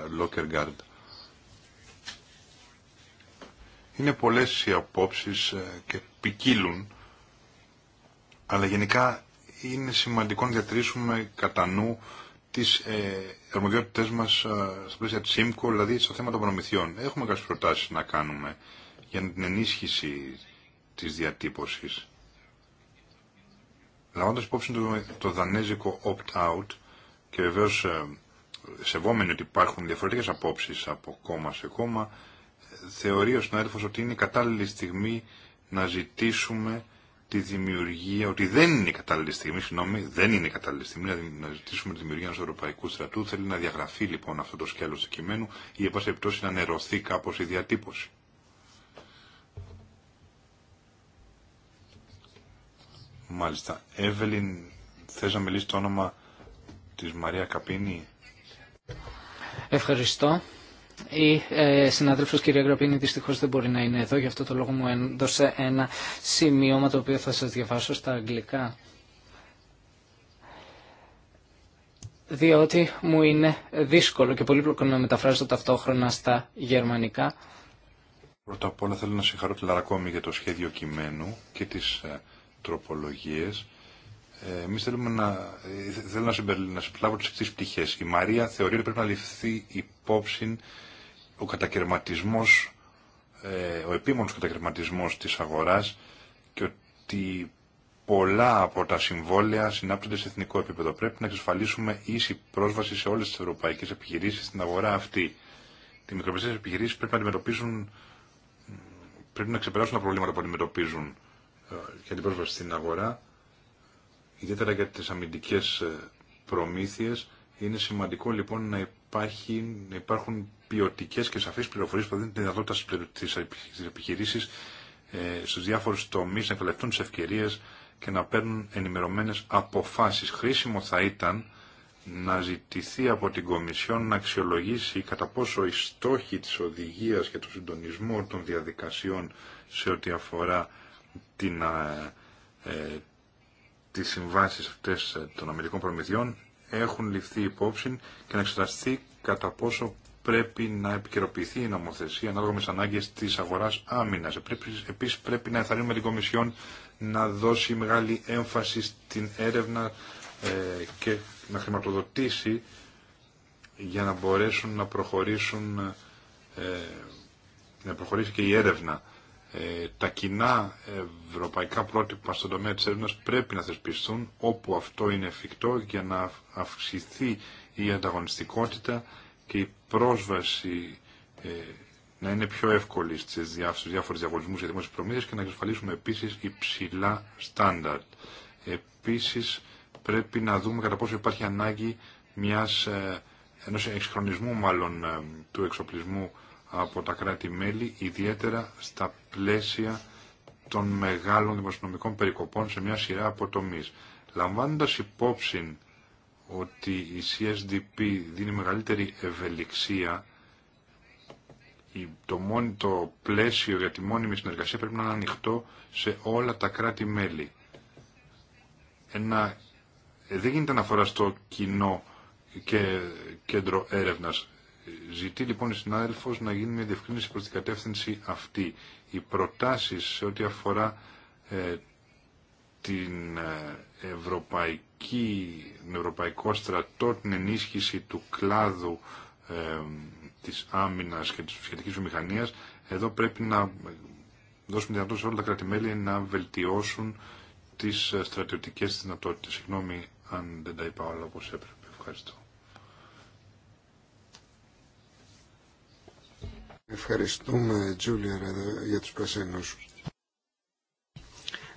Λόκεργαρντ. Είναι πολλές οι απόψεις ε, και ποικίλουν, αλλά γενικά είναι σημαντικό να διατηρήσουμε κατά νου τις ε, μας ε, στα πλαίσια της ΣΥΜΚΟ, δηλαδή στο θέμα των προμηθειών. Έχουμε κάποιες προτάσεις να κάνουμε για την ενίσχυση της διατύπωσης. Λαμβάνοντας υπόψη το, το δανέζικο opt-out και βεβαίως ε, σεβόμενοι ότι υπάρχουν διαφορετικές απόψεις από κόμμα σε κόμμα, θεωρεί ο συνάδελφος ότι είναι η κατάλληλη στιγμή να ζητήσουμε τη δημιουργία, ότι δεν είναι η κατάλληλη στιγμή, συγγνώμη, δεν είναι η κατάλληλη στιγμή να ζητήσουμε τη δημιουργία ενός Ευρωπαϊκού στρατού. Θέλει να διαγραφεί λοιπόν αυτό το σκέλος του κειμένου ή, εν πάση περιπτώσει, να νερωθεί κάπω η εν να νερωθει καπω η διατυπωση Μάλιστα. Εύελιν, θες να μιλήσει το όνομα της Μαρία Καπίνη. Ευχαριστώ. Η ε, συνάδελφο κυρία Γραπίνη δυστυχώ δεν μπορεί να είναι εδώ, γι' αυτό το λόγο μου έδωσε ένα σημείωμα το οποίο θα σα διαβάσω στα αγγλικά. Διότι μου είναι δύσκολο και πολύπλοκο να μεταφράζω ταυτόχρονα στα γερμανικά. Πρώτα απ' όλα θέλω να συγχαρώ τη Λαρακόμη για το σχέδιο κειμένου και τις ε, τροπολογίες. Ε, Εμεί θέλουμε να, ε, θέλω να, συμπερι, να συμπλάβω τι εξή πτυχέ. Η Μαρία θεωρεί ότι πρέπει να ληφθεί υπόψη ο κατακαιρματισμό, ε, ο επίμονο κατακαιρματισμό τη αγορά και ότι πολλά από τα συμβόλαια συνάπτονται σε εθνικό επίπεδο. Πρέπει να εξασφαλίσουμε ίση πρόσβαση σε όλε τι ευρωπαϊκέ επιχειρήσει στην αγορά αυτή. Οι μικροπιστέ επιχειρήσει πρέπει να αντιμετωπίσουν πρέπει να ξεπεράσουν τα προβλήματα που αντιμετωπίζουν για την πρόσβαση στην αγορά, ιδιαίτερα για τις αμυντικές ε, προμήθειες, είναι σημαντικό λοιπόν να, να υπάρχουν ποιοτικές και σαφείς πληροφορίες που δίνουν τη δυνατότητα στις επιχειρήσεις ε, στους διάφορους τομείς να εκλεπτούν τις ευκαιρίες και να παίρνουν ενημερωμένες αποφάσεις. Χρήσιμο θα ήταν να ζητηθεί από την Κομισιόν να αξιολογήσει κατά πόσο οι στόχοι της οδηγίας και του συντονισμό των διαδικασιών σε ό,τι αφορά την, ε, ε, τις συμβάσεις αυτές ε, των αμερικών προμηθειών έχουν ληφθεί υπόψη και να εξεταστεί κατά πόσο πρέπει να επικαιροποιηθεί η νομοθεσία ανάλογα με τι ανάγκε τη αγορά άμυνα. Επίση, πρέπει να εθαρρύνουμε την Κομισιόν να δώσει μεγάλη έμφαση στην έρευνα ε, και να χρηματοδοτήσει για να μπορέσουν να προχωρήσουν να προχωρήσει και η έρευνα ε, τα κοινά ευρωπαϊκά πρότυπα στον τομέα της έρευνας πρέπει να θεσπιστούν όπου αυτό είναι εφικτό για να αυξηθεί η ανταγωνιστικότητα και η πρόσβαση ε, να είναι πιο εύκολη στις διάφορες διαγωνισμούς για δημόσιες προμήθειες και να εξασφαλίσουμε επίσης υψηλά στάνταρτ. Επίσης πρέπει να δούμε κατά πόσο υπάρχει ανάγκη μιας, ε, ενός εξχρονισμού μάλλον του εξοπλισμού από τα κράτη-μέλη, ιδιαίτερα στα πλαίσια των μεγάλων δημοσιονομικών περικοπών σε μια σειρά από τομείς. Λαμβάνοντας υπόψη ότι η CSDP δίνει μεγαλύτερη ευελιξία, το, το πλαίσιο για τη μόνιμη συνεργασία πρέπει να είναι ανοιχτό σε όλα τα κράτη-μέλη. Ένα, δεν γίνεται αναφορά στο κοινό και κέντρο έρευνας. Ζητεί λοιπόν η συνάδελφος να γίνει μια διευκρίνηση προς την κατεύθυνση αυτή. Οι προτάσεις σε ό,τι αφορά ε, την, ε, ευρωπαϊκή, τον ευρωπαϊκό στρατό, την ενίσχυση του κλάδου ε, της άμυνας και της σχετικής βιομηχανίας, εδώ πρέπει να δώσουμε δυνατότητα σε όλα τα κρατη να βελτιώσουν τις στρατιωτικές δυνατότητες. Συγγνώμη αν δεν τα είπα όλα όπως έπρεπε. Ευχαριστώ. Ευχαριστούμε, Τζούλια, για τους πρασίνους.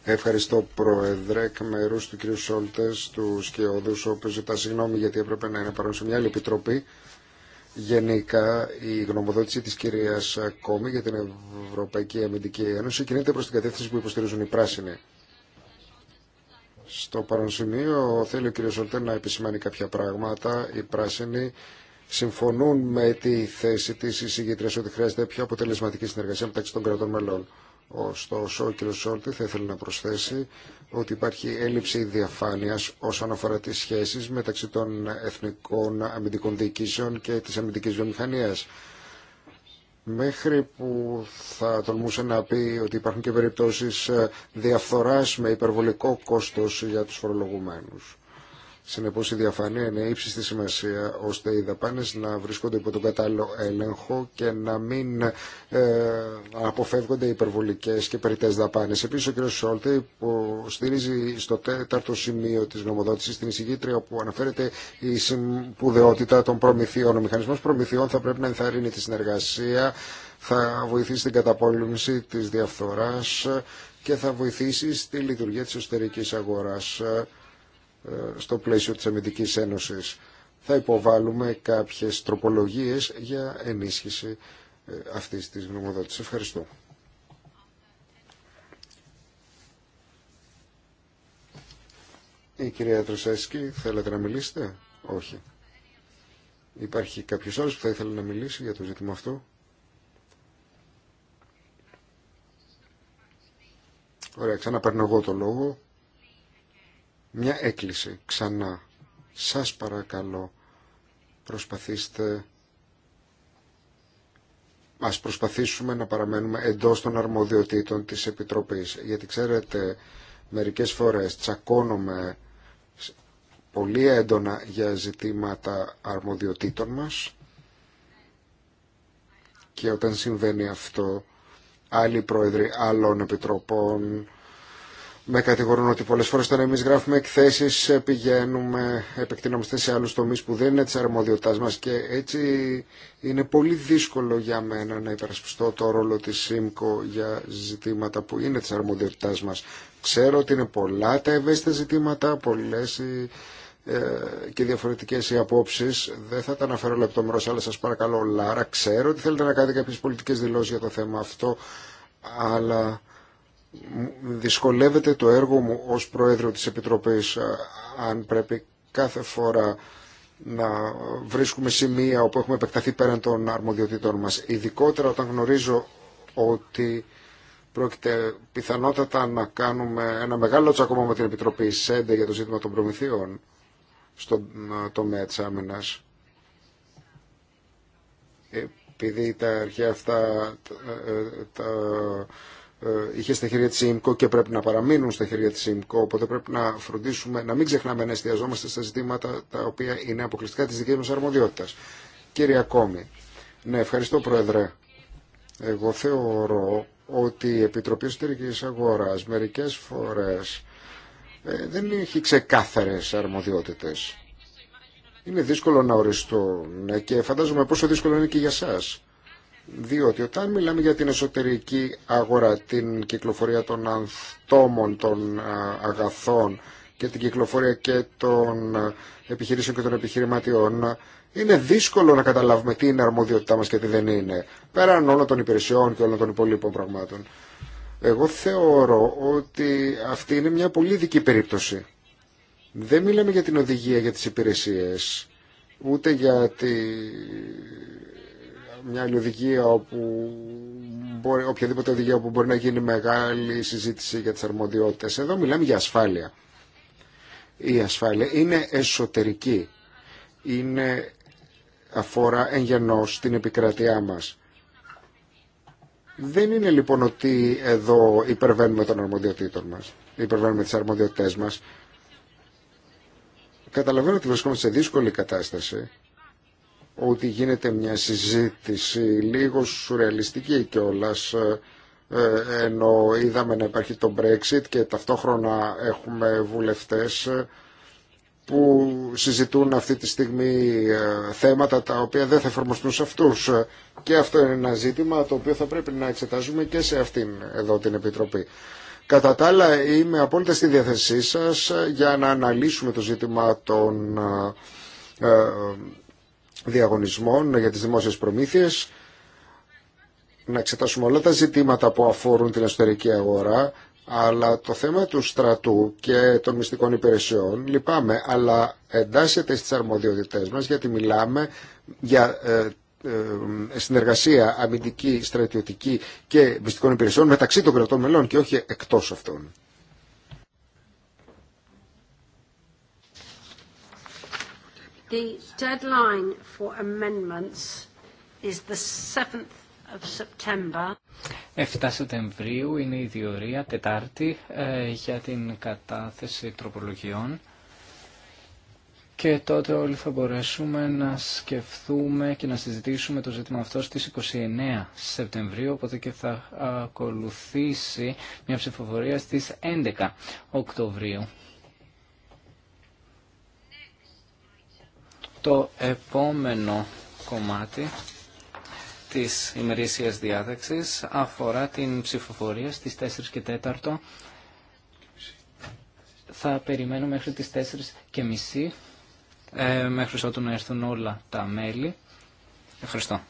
Ευχαριστώ, Πρόεδρε, εκ μέρου του κ. Σόλτε, του Σκιώδου, ο οποίο ζητά συγγνώμη γιατί έπρεπε να είναι παρόν σε μια άλλη επιτροπή. Γενικά, η γνωμοδότηση τη κυρία Κόμη για την Ευρωπαϊκή Αμυντική Ένωση κινείται προ την κατεύθυνση που υποστηρίζουν οι πράσινοι. Στο παρόν σημείο, θέλει ο κ. Σόλτε να επισημάνει κάποια πράγματα. Οι πράσινοι συμφωνούν με τη θέση τη εισηγήτρια ότι χρειάζεται πιο αποτελεσματική συνεργασία μεταξύ των κρατών μελών. Ωστόσο, ο κ. Σόλτη θα ήθελε να προσθέσει ότι υπάρχει έλλειψη διαφάνεια όσον αφορά τι σχέσει μεταξύ των εθνικών αμυντικών διοικήσεων και τη αμυντική βιομηχανία. Μέχρι που θα τολμούσε να πει ότι υπάρχουν και περιπτώσεις διαφθοράς με υπερβολικό κόστος για τους φορολογουμένους. Συνεπώ η διαφάνεια είναι ύψη στη σημασία ώστε οι δαπάνε να βρίσκονται υπό τον κατάλληλο έλεγχο και να μην ε, αποφεύγονται υπερβολικέ και περιττέ δαπάνε. Επίση ο κ. Σόλτε υποστηρίζει στο τέταρτο σημείο τη νομοδότηση την εισηγήτρια όπου αναφέρεται η συμπουδαιότητα των προμηθειών. Ο μηχανισμό προμηθειών θα πρέπει να ενθαρρύνει τη συνεργασία, θα βοηθήσει την καταπόλεμηση τη διαφθορά και θα βοηθήσει στη λειτουργία τη εσωτερική αγορά. Ε, στο πλαίσιο της Αμυντικής Ένωσης. Θα υποβάλουμε κάποιες τροπολογίες για ενίσχυση ε, αυτής της γνωμοδότησης. Ευχαριστώ. Η κυρία Τροσέσκη, θέλετε να μιλήσετε? Όχι. Υπάρχει κάποιος άλλος που θα ήθελε να μιλήσει για το ζήτημα αυτό? Ωραία, ξαναπαίρνω εγώ το λόγο μια έκκληση ξανά. Σας παρακαλώ προσπαθήστε ας προσπαθήσουμε να παραμένουμε εντός των αρμοδιοτήτων της Επιτροπής. Γιατί ξέρετε, μερικές φορές τσακώνομαι πολύ έντονα για ζητήματα αρμοδιοτήτων μας και όταν συμβαίνει αυτό άλλοι πρόεδροι άλλων επιτροπών με κατηγορούν ότι πολλές φορές όταν εμείς γράφουμε εκθέσεις ε, πηγαίνουμε, επεκτείνομαστε σε άλλους τομείς που δεν είναι της αρμοδιότητάς μας και έτσι είναι πολύ δύσκολο για μένα να υπερασπιστώ το ρόλο της ΣΥΜΚΟ για ζητήματα που είναι της αρμοδιότητάς μας. Ξέρω ότι είναι πολλά τα ευαίσθητα ζητήματα, πολλές ε, και διαφορετικές οι απόψεις. Δεν θα τα αναφέρω λεπτομερώς, αλλά σας παρακαλώ Λάρα, ξέρω ότι θέλετε να κάνετε κάποιες πολιτικές δηλώσεις για το θέμα αυτό, αλλά δυσκολεύεται το έργο μου ως Πρόεδρο της Επιτροπής ε, αν πρέπει κάθε φορά να βρίσκουμε σημεία όπου έχουμε επεκταθεί πέραν των αρμοδιοτήτων μας. Ειδικότερα όταν γνωρίζω ότι πρόκειται πιθανότατα να κάνουμε ένα μεγάλο τσακωμό με την Επιτροπή ΣΕΝΤΕ για το ζήτημα των προμηθείων στον ε, τομέα της άμυνας. Επειδή τα αρχαία αυτά ε, ε, είχε στα χέρια τη ΣΥΜΚΟ και πρέπει να παραμείνουν στα χέρια τη ΣΥΜΚΟ. Οπότε πρέπει να φροντίσουμε να μην ξεχνάμε να εστιαζόμαστε στα ζητήματα τα οποία είναι αποκλειστικά τη δική μα αρμοδιότητα. Κύριε Ακόμη, ναι, ευχαριστώ Πρόεδρε. Εγώ θεωρώ ότι η Επιτροπή Εσωτερική Αγορά μερικέ φορέ ε, δεν έχει ξεκάθαρε αρμοδιότητε. Είναι δύσκολο να οριστούν και φαντάζομαι πόσο δύσκολο είναι και για σας διότι όταν μιλάμε για την εσωτερική αγορά, την κυκλοφορία των ανθόμων, των αγαθών και την κυκλοφορία και των επιχειρήσεων και των επιχειρηματιών, είναι δύσκολο να καταλάβουμε τι είναι αρμοδιότητά μας και τι δεν είναι, πέραν όλων των υπηρεσιών και όλων των υπολείπων πραγμάτων. Εγώ θεωρώ ότι αυτή είναι μια πολύ δική περίπτωση. Δεν μιλάμε για την οδηγία για τις υπηρεσίες, ούτε για τη μια άλλη οδηγία όπου μπορεί, οποιαδήποτε οδηγία όπου μπορεί να γίνει μεγάλη συζήτηση για τις αρμοδιότητες. Εδώ μιλάμε για ασφάλεια. Η ασφάλεια είναι εσωτερική. Είναι αφορά εν γενός την επικρατειά μας. Δεν είναι λοιπόν ότι εδώ υπερβαίνουμε των αρμοδιοτήτων μας, υπερβαίνουμε τις αρμοδιότητές μας. Καταλαβαίνω ότι βρισκόμαστε σε δύσκολη κατάσταση ότι γίνεται μια συζήτηση λίγο σουρεαλιστική κιόλα ε, ενώ είδαμε να υπάρχει το Brexit και ταυτόχρονα έχουμε βουλευτές που συζητούν αυτή τη στιγμή ε, θέματα τα οποία δεν θα εφαρμοστούν σε αυτούς. Και αυτό είναι ένα ζήτημα το οποίο θα πρέπει να εξετάζουμε και σε αυτήν εδώ την Επιτροπή. Κατά τα άλλα είμαι απόλυτα στη διάθεσή σας για να αναλύσουμε το ζήτημα των ε, διαγωνισμών για τις δημόσιες προμήθειες, να εξετάσουμε όλα τα ζητήματα που αφορούν την εσωτερική αγορά, αλλά το θέμα του στρατού και των μυστικών υπηρεσιών, λυπάμαι, αλλά εντάσσεται στις αρμοδιότητές μας γιατί μιλάμε για ε, ε, συνεργασία αμυντική, στρατιωτική και μυστικών υπηρεσιών μεταξύ των κρατών μελών και όχι εκτός αυτών. The deadline for amendments is the 7th of September. 7 Σεπτεμβρίου είναι η διορία Τετάρτη ε, για την κατάθεση τροπολογιών και τότε όλοι θα μπορέσουμε να σκεφτούμε και να συζητήσουμε το ζήτημα αυτό στις 29 Σεπτεμβρίου, οπότε και θα ακολουθήσει μια ψηφοφορία στις 11 Οκτωβρίου. Το επόμενο κομμάτι της ημερήσιας διάταξης αφορά την ψηφοφορία στις 4 και 4. Θα περιμένω μέχρι τις 4 και μισή, ε, μέχρι ότου να έρθουν όλα τα μέλη. Ευχαριστώ.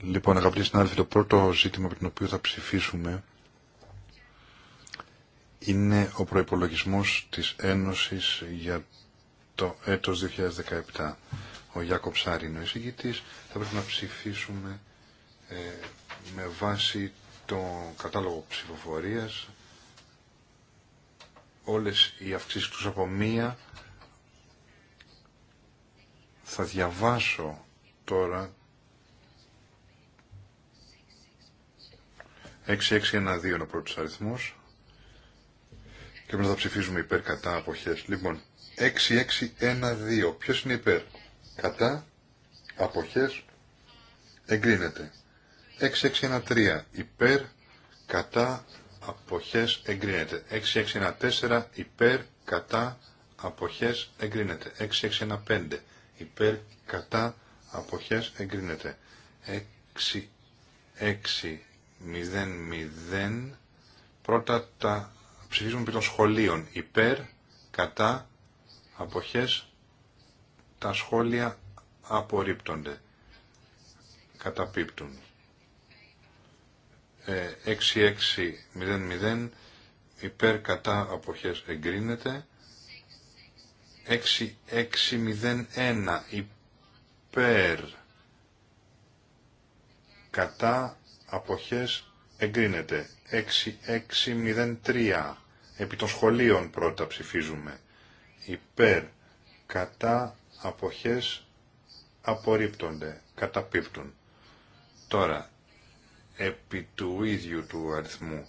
Λοιπόν, αγαπητοί συνάδελφοι, το πρώτο ζήτημα με το οποίο θα ψηφίσουμε είναι ο προϋπολογισμός της Ένωσης για το έτος 2017. Ο Γιάκο Ψάρη είναι ο εισηγητής. Θα πρέπει να ψηφίσουμε ε, με βάση το κατάλογο ψηφοφορίας όλες οι αυξήσεις τους από μία θα διαβάσω τώρα 6612 είναι ο πρώτος αριθμός και μετά θα ψηφίζουμε υπέρ κατά αποχές. Λοιπόν, 6612. Ποιος είναι υπέρ. Κατά αποχές εγκρίνεται. 6613 υπέρ κατά αποχές εγκρίνεται. 6614 υπέρ κατά αποχές εγκρίνεται. 6615 υπέρ κατά αποχές εγκρίνεται 6 6 0 0 πρώτα τα ψηφίζουμε επί των σχολείων υπέρ κατά αποχές τα σχόλια απορρίπτονται καταπίπτουν Υπέρ ε, υπέρ κατά αποχές εγκρίνεται 6601 υπέρ κατά αποχές εγκρίνεται 6603 επί των σχολείων πρώτα ψηφίζουμε υπέρ κατά αποχές απορρίπτονται καταπίπτουν τώρα επί του ίδιου του αριθμού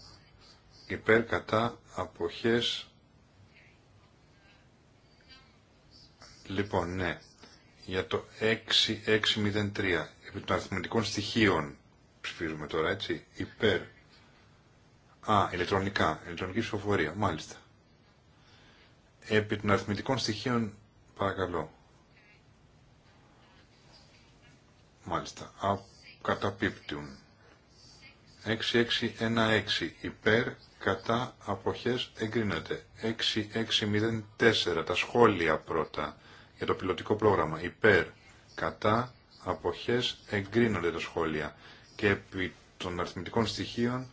υπέρ κατά αποχές Λοιπόν, ναι, για το 6603, επί των αριθμητικών στοιχείων ψηφίζουμε τώρα, έτσι, υπέρ. Α, ηλεκτρονικά, ηλεκτρονική ψηφοφορία, μάλιστα. Επί των αριθμητικών στοιχείων, παρακαλώ. Μάλιστα, α, καταπίπτουν. 6616, υπέρ, κατά, αποχές, εγκρίνεται. 6604, τα σχόλια πρώτα για το πιλωτικό πρόγραμμα υπέρ κατά αποχές εγκρίνονται τα σχόλια και επί των αριθμητικών στοιχείων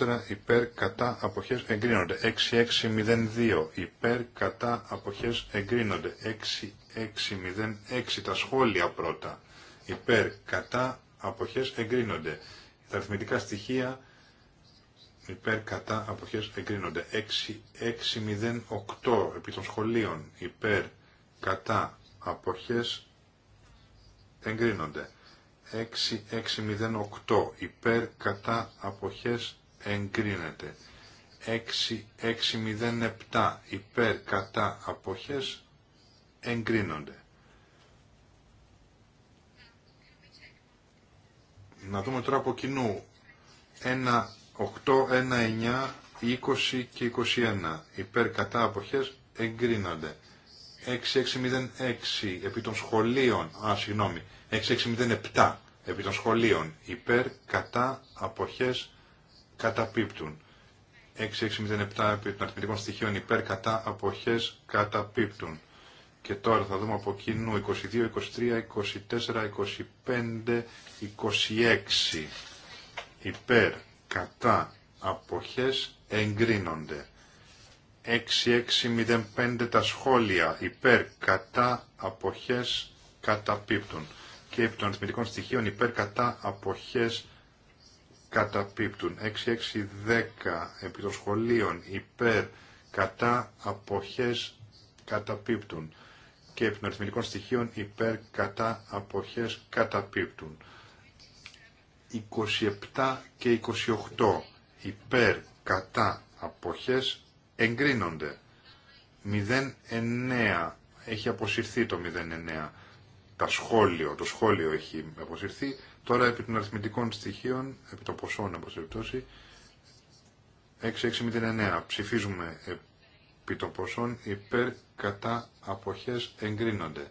6604 υπέρ κατά αποχές εγκρίνονται 6602 υπέρ κατά αποχές εγκρίνονται 6606 τα σχόλια πρώτα υπέρ κατά αποχές εγκρίνονται τα αριθμητικά στοιχεία υπέρ κατά αποχές εγκρίνονται. 6.08 επί των σχολείων υπέρ κατά αποχές εγκρίνονται. 6.608 υπέρ κατά αποχές εγκρίνεται. 6.607 υπέρ κατά αποχές εγκρίνονται. Να δούμε τώρα από κοινού ένα 8, 1, 9, 20 και 21. Υπέρ κατά αποχές εγκρίνονται. 6606 επί των σχολείων, α, συγγνώμη, 6607 επί των σχολείων, υπέρ, κατά, αποχές, καταπίπτουν. 6607 επί των αριθμητικών στοιχείων, υπέρ, κατά, αποχές, καταπίπτουν. Και τώρα θα δούμε από κοινού 22, 23, 24, 25, 26, υπέρ, κατά αποχές εγκρίνονται. 6605 τα σχόλια υπέρ κατά αποχές καταπίπτουν και επί των αριθμητικών στοιχείων υπέρ κατά αποχές καταπίπτουν. 6610 επί των σχολείων υπέρ κατά αποχές καταπίπτουν και επί των αριθμητικών στοιχείων υπέρ κατά αποχές καταπίπτουν. 27 και 28 υπέρ κατά αποχές εγκρίνονται. 09 έχει αποσυρθεί το 09. Τα σχόλιο, το σχόλιο έχει αποσυρθεί. Τώρα επί των αριθμητικών στοιχείων, επί των ποσών όπως περιπτώσει, 6609 ψηφίζουμε επί των ποσών υπέρ κατά αποχές εγκρίνονται.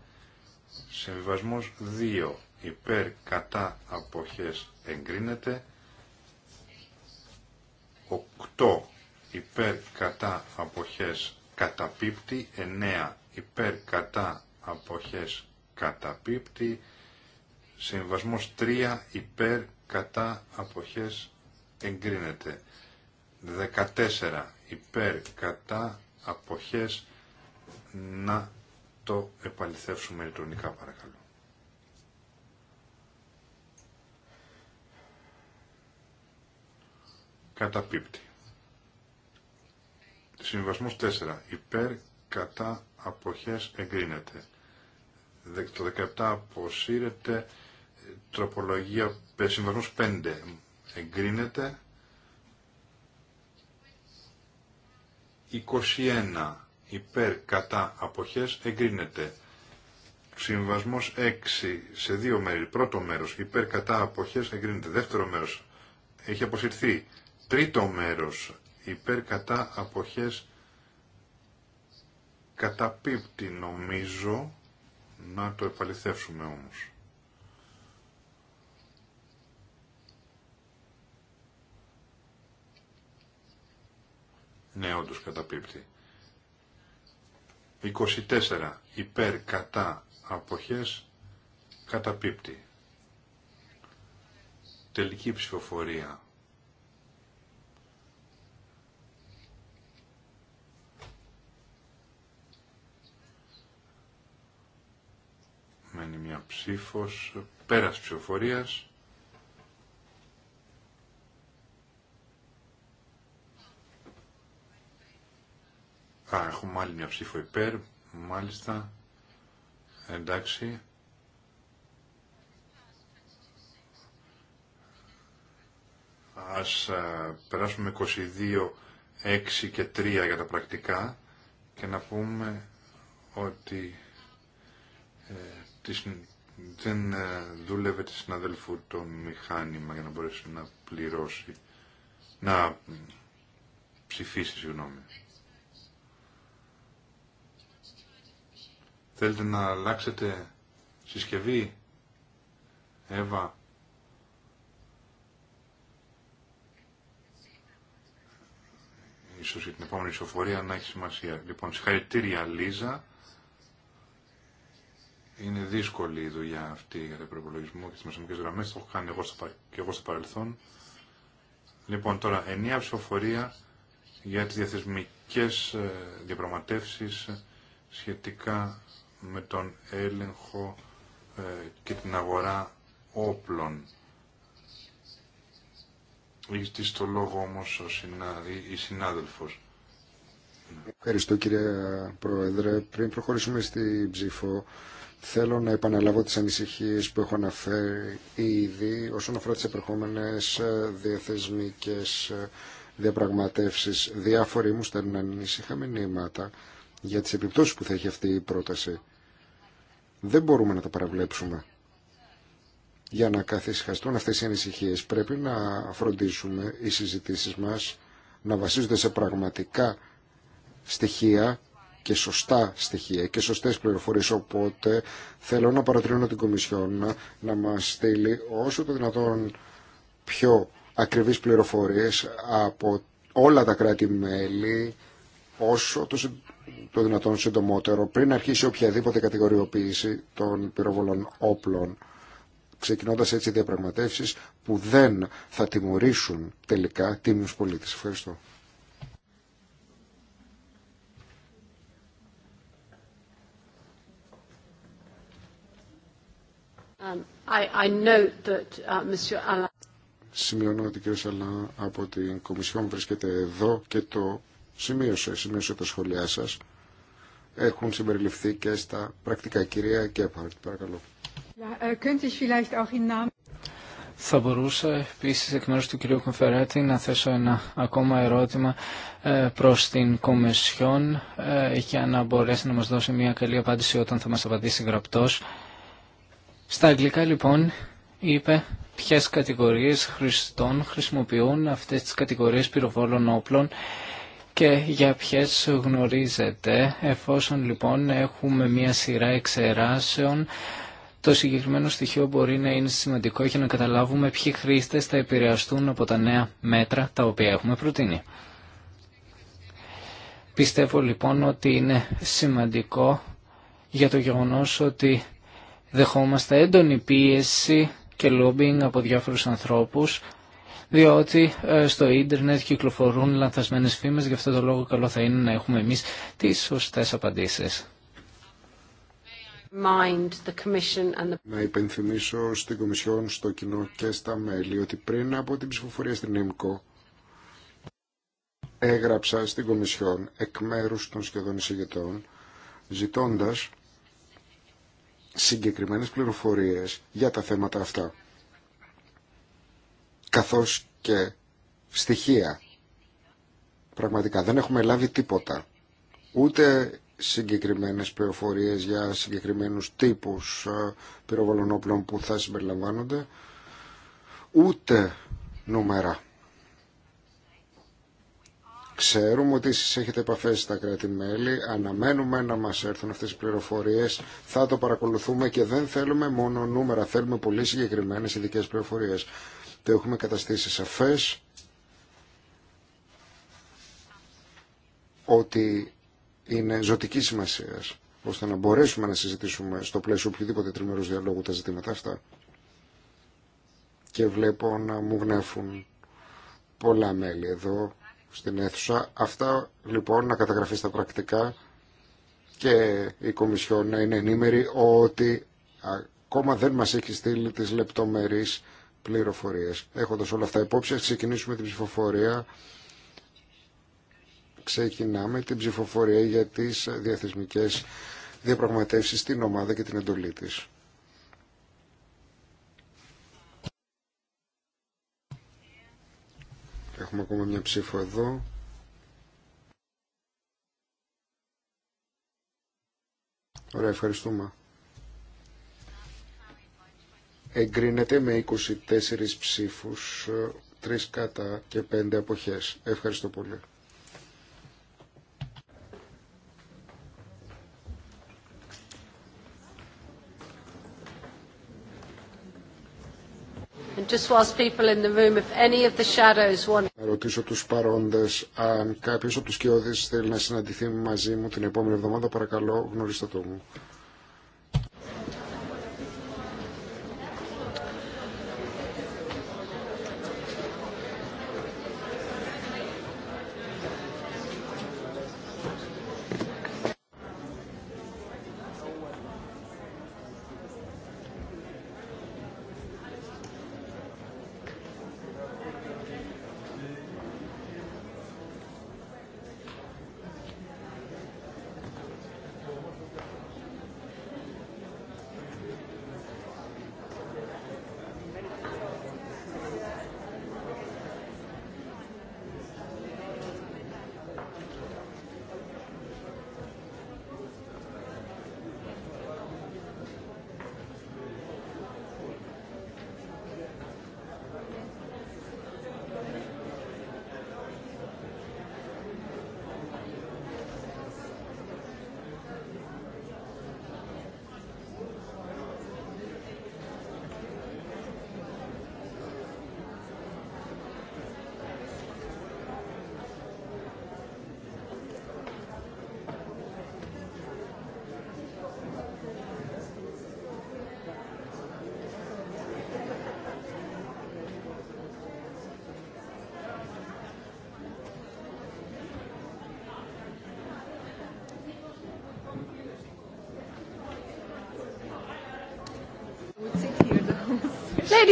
Συμβιβασμός 2 υπέρ κατά αποχές εγκρίνεται. 8 υπέρ κατά αποχές καταπίπτει. 9 υπέρ κατά αποχές καταπίπτει. Συμβασμός 3 υπέρ κατά αποχές εγκρίνεται. 14 υπέρ κατά αποχές να το επαληθεύσουμε ηλεκτρονικά παρακαλώ. Καταπίπτει. Συμβασμός 4. Υπέρ κατά αποχές εγκρίνεται. Το 17 αποσύρεται. Τροπολογία ε, συμβασμός 5 εγκρίνεται. 21 υπέρ κατά αποχές εγκρίνεται. Συμβασμός 6 σε δύο μέρη. Πρώτο μέρος υπέρ κατά αποχές εγκρίνεται. Δεύτερο μέρος έχει αποσυρθεί. Τρίτο μέρος υπέρ κατά αποχές καταπίπτει νομίζω να το επαληθεύσουμε όμως. Ναι, όντως καταπίπτει. 24 υπέρ κατά αποχές καταπίπτει. Τελική ψηφοφορία. Μένει μια ψήφος πέρας ψηφοφορίας. Α, έχουμε άλλη μια ψήφο υπέρ. Μάλιστα. Εντάξει. Ας α, ε, περάσουμε 22, 6 και 3 για τα πρακτικά και να πούμε ότι ε, τις, δεν ε, δούλευε τη συναδέλφου το μηχάνημα για να μπορέσει να πληρώσει, να ψηφίσει, συγγνώμη. Θέλετε να αλλάξετε συσκευή, Εύα. Ίσως για την επόμενη ισοφορία να έχει σημασία. Λοιπόν, συγχαρητήρια Λίζα. Είναι δύσκολη η δουλειά αυτή για τον προπολογισμό και τι μεσονομικέ γραμμέ. Το έχω κάνει εγώ στο, και εγώ στο παρελθόν. Λοιπόν, τώρα ενιαία ψηφοφορία για τι διαθεσμικέ ε, διαπραγματεύσει σχετικά με τον έλεγχο ε, και την αγορά όπλων. Είστε στο λόγο όμως ο συνάδη, η συνάδελφος. Ευχαριστώ κύριε Πρόεδρε. Πριν προχωρήσουμε στη ψήφο, θέλω να επαναλάβω τις ανησυχίες που έχω αναφέρει ήδη όσον αφορά τις επερχόμενες ε, διαθεσμικές ε, διαπραγματεύσεις. Διάφοροι μου στέλνουν ανησυχά για τις επιπτώσεις που θα έχει αυτή η πρόταση δεν μπορούμε να τα παραβλέψουμε. Για να καθυσχαστούν αυτές οι ανησυχίες πρέπει να φροντίσουμε οι συζητήσεις μας να βασίζονται σε πραγματικά στοιχεία και σωστά στοιχεία και σωστές πληροφορίες. Οπότε θέλω να παρατηρήσω την Κομισιόν να μας στείλει όσο το δυνατόν πιο ακριβείς πληροφορίες από όλα τα κράτη-μέλη όσο το το δυνατόν συντομότερο πριν αρχίσει οποιαδήποτε κατηγοριοποίηση των πυροβολών όπλων ξεκινώντας έτσι διαπραγματεύσεις που δεν θα τιμωρήσουν τελικά τίμιους πολίτες. Ευχαριστώ. Um, uh, Σημειώνω ότι ο κ. Αλά από την Κομισιόν βρίσκεται εδώ και το σημείωσε, σημείωσε τα σχόλιά σα. έχουν συμπεριληφθεί και στα πρακτικά. Κυρία Κέπαρτ, παρακαλώ. Ε, θα μπορούσα επίση εκ μέρου του κυρίου Κονφεράτη να θέσω ένα ακόμα ερώτημα ε, προ την Κομισιόν ε, για να μπορέσει να μα δώσει μια καλή απάντηση όταν θα μα απαντήσει γραπτό. Στα αγγλικά λοιπόν είπε ποιε κατηγορίε χρηστών χρησιμοποιούν αυτέ τι κατηγορίε πυροβόλων όπλων και για ποιες γνωρίζετε. Εφόσον λοιπόν έχουμε μία σειρά εξεράσεων, το συγκεκριμένο στοιχείο μπορεί να είναι σημαντικό για να καταλάβουμε ποιοι χρήστες θα επηρεαστούν από τα νέα μέτρα τα οποία έχουμε προτείνει. Πιστεύω λοιπόν ότι είναι σημαντικό για το γεγονός ότι δεχόμαστε έντονη πίεση και lobbying από διάφορους ανθρώπους διότι ε, στο ίντερνετ κυκλοφορούν λανθασμένες φήμες, γι' αυτό το λόγο καλό θα είναι να έχουμε εμείς τις σωστές απαντήσεις. Να υπενθυμίσω στην Κομισιόν, στο κοινό και στα μέλη ότι πριν από την ψηφοφορία στην ΕΜΚΟ έγραψα στην Κομισιόν εκ μέρους των σχεδόν εισηγητών ζητώντας συγκεκριμένες πληροφορίες για τα θέματα αυτά καθώς και στοιχεία. Πραγματικά δεν έχουμε λάβει τίποτα. Ούτε συγκεκριμένες πληροφορίε για συγκεκριμένους τύπους ε, πυροβολών που θα συμπεριλαμβάνονται, ούτε νούμερα. Ξέρουμε ότι εσείς έχετε επαφές στα κράτη-μέλη, αναμένουμε να μας έρθουν αυτές οι πληροφορίες, θα το παρακολουθούμε και δεν θέλουμε μόνο νούμερα, θέλουμε πολύ συγκεκριμένες ειδικές πληροφορίες. Το έχουμε καταστήσει σαφές ότι είναι ζωτική σημασία ώστε να μπορέσουμε να συζητήσουμε στο πλαίσιο οποιοδήποτε τριμερούς διαλόγου τα ζητήματα αυτά. Και βλέπω να μου γνέφουν πολλά μέλη εδώ στην αίθουσα. Αυτά λοιπόν να καταγραφεί στα πρακτικά και η Κομισιόν να είναι ενήμερη ότι ακόμα δεν μας έχει στείλει τις λεπτομερείς πληροφορίες. Έχοντας όλα αυτά υπόψη, ας ξεκινήσουμε την ψηφοφορία. Ξεκινάμε την ψηφοφορία για τις διαθεσμικές διαπραγματεύσεις στην ομάδα και την εντολή της. Έχουμε ακόμα μια ψήφο εδώ. Ωραία, ευχαριστούμε εγκρίνεται με 24 ψήφους, 3 ε, κατά και 5 αποχές. Ευχαριστώ πολύ. Να ρωτήσω τους παρόντες αν κάποιος από τους κοιόδης θέλει να συναντηθεί μαζί μου την επόμενη εβδομάδα παρακαλώ γνωρίστε το μου.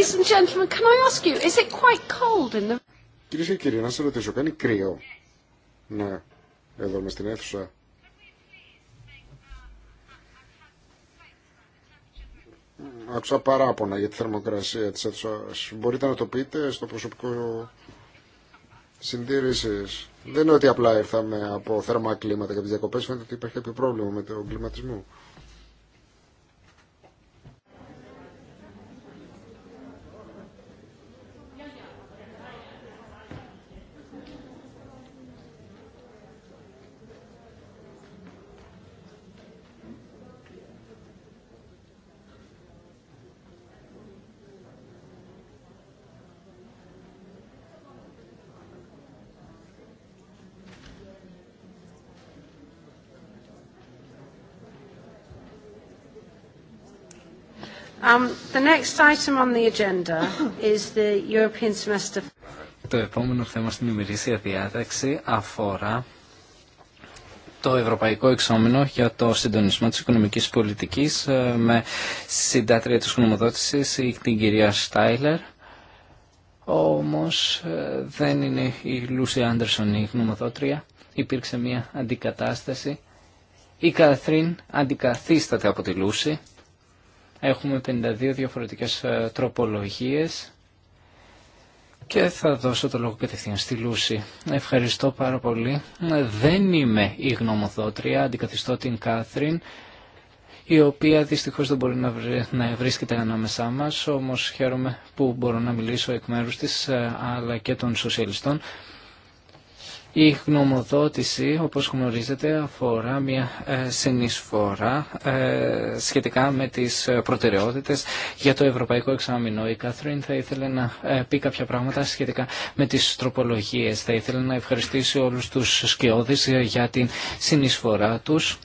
Ladies can I ask you, is it quite cold in the... Κυρίες και κύριοι, να σας ρωτήσω, κάνει κρύο. Ναι, εδώ μες στην αίθουσα. Άκουσα παράπονα για τη θερμοκρασία της αίθουσας. Μπορείτε να το πείτε στο προσωπικό συντήρησης. Δεν είναι ότι απλά ήρθαμε από θερμά κλίματα και από τις διακοπές. Φαίνεται ότι υπάρχει κάποιο πρόβλημα με τον κλιματισμό. Το επόμενο θέμα στην ημερήσια διάταξη αφορά το Ευρωπαϊκό Εξόμενο για το Συντονισμό της Οικονομικής Πολιτικής ε, με συντάτρια της γνωμοδότησης την κυρία Στάιλερ. Όμως ε, δεν είναι η Λούση Άντερσον η γνωμοδότρια. Υπήρξε μια αντικατάσταση. Η Καθρίν αντικαθίσταται από τη Λούση. Έχουμε 52 διαφορετικές ε, τροπολογίες και θα δώσω το λόγο κατευθείαν στη Λούση. Ευχαριστώ πάρα πολύ. Ε, δεν είμαι η γνωμοδότρια, αντικαθιστώ την Κάθριν, η οποία δυστυχώς δεν μπορεί να, να βρίσκεται ανάμεσά μας, όμως χαίρομαι που μπορώ να μιλήσω εκ μέρους της, ε, αλλά και των σοσιαλιστών. Η γνωμοδότηση, όπως γνωρίζετε, αφορά μια ε, συνεισφορά ε, σχετικά με τις ε, προτεραιότητες για το Ευρωπαϊκό Εξάμεινο. Η Κάθριν θα ήθελε να πει κάποια πράγματα σχετικά με τις τροπολογίες. Θα ήθελε να ευχαριστήσει όλους τους σκιώδεις για την συνεισφορά τους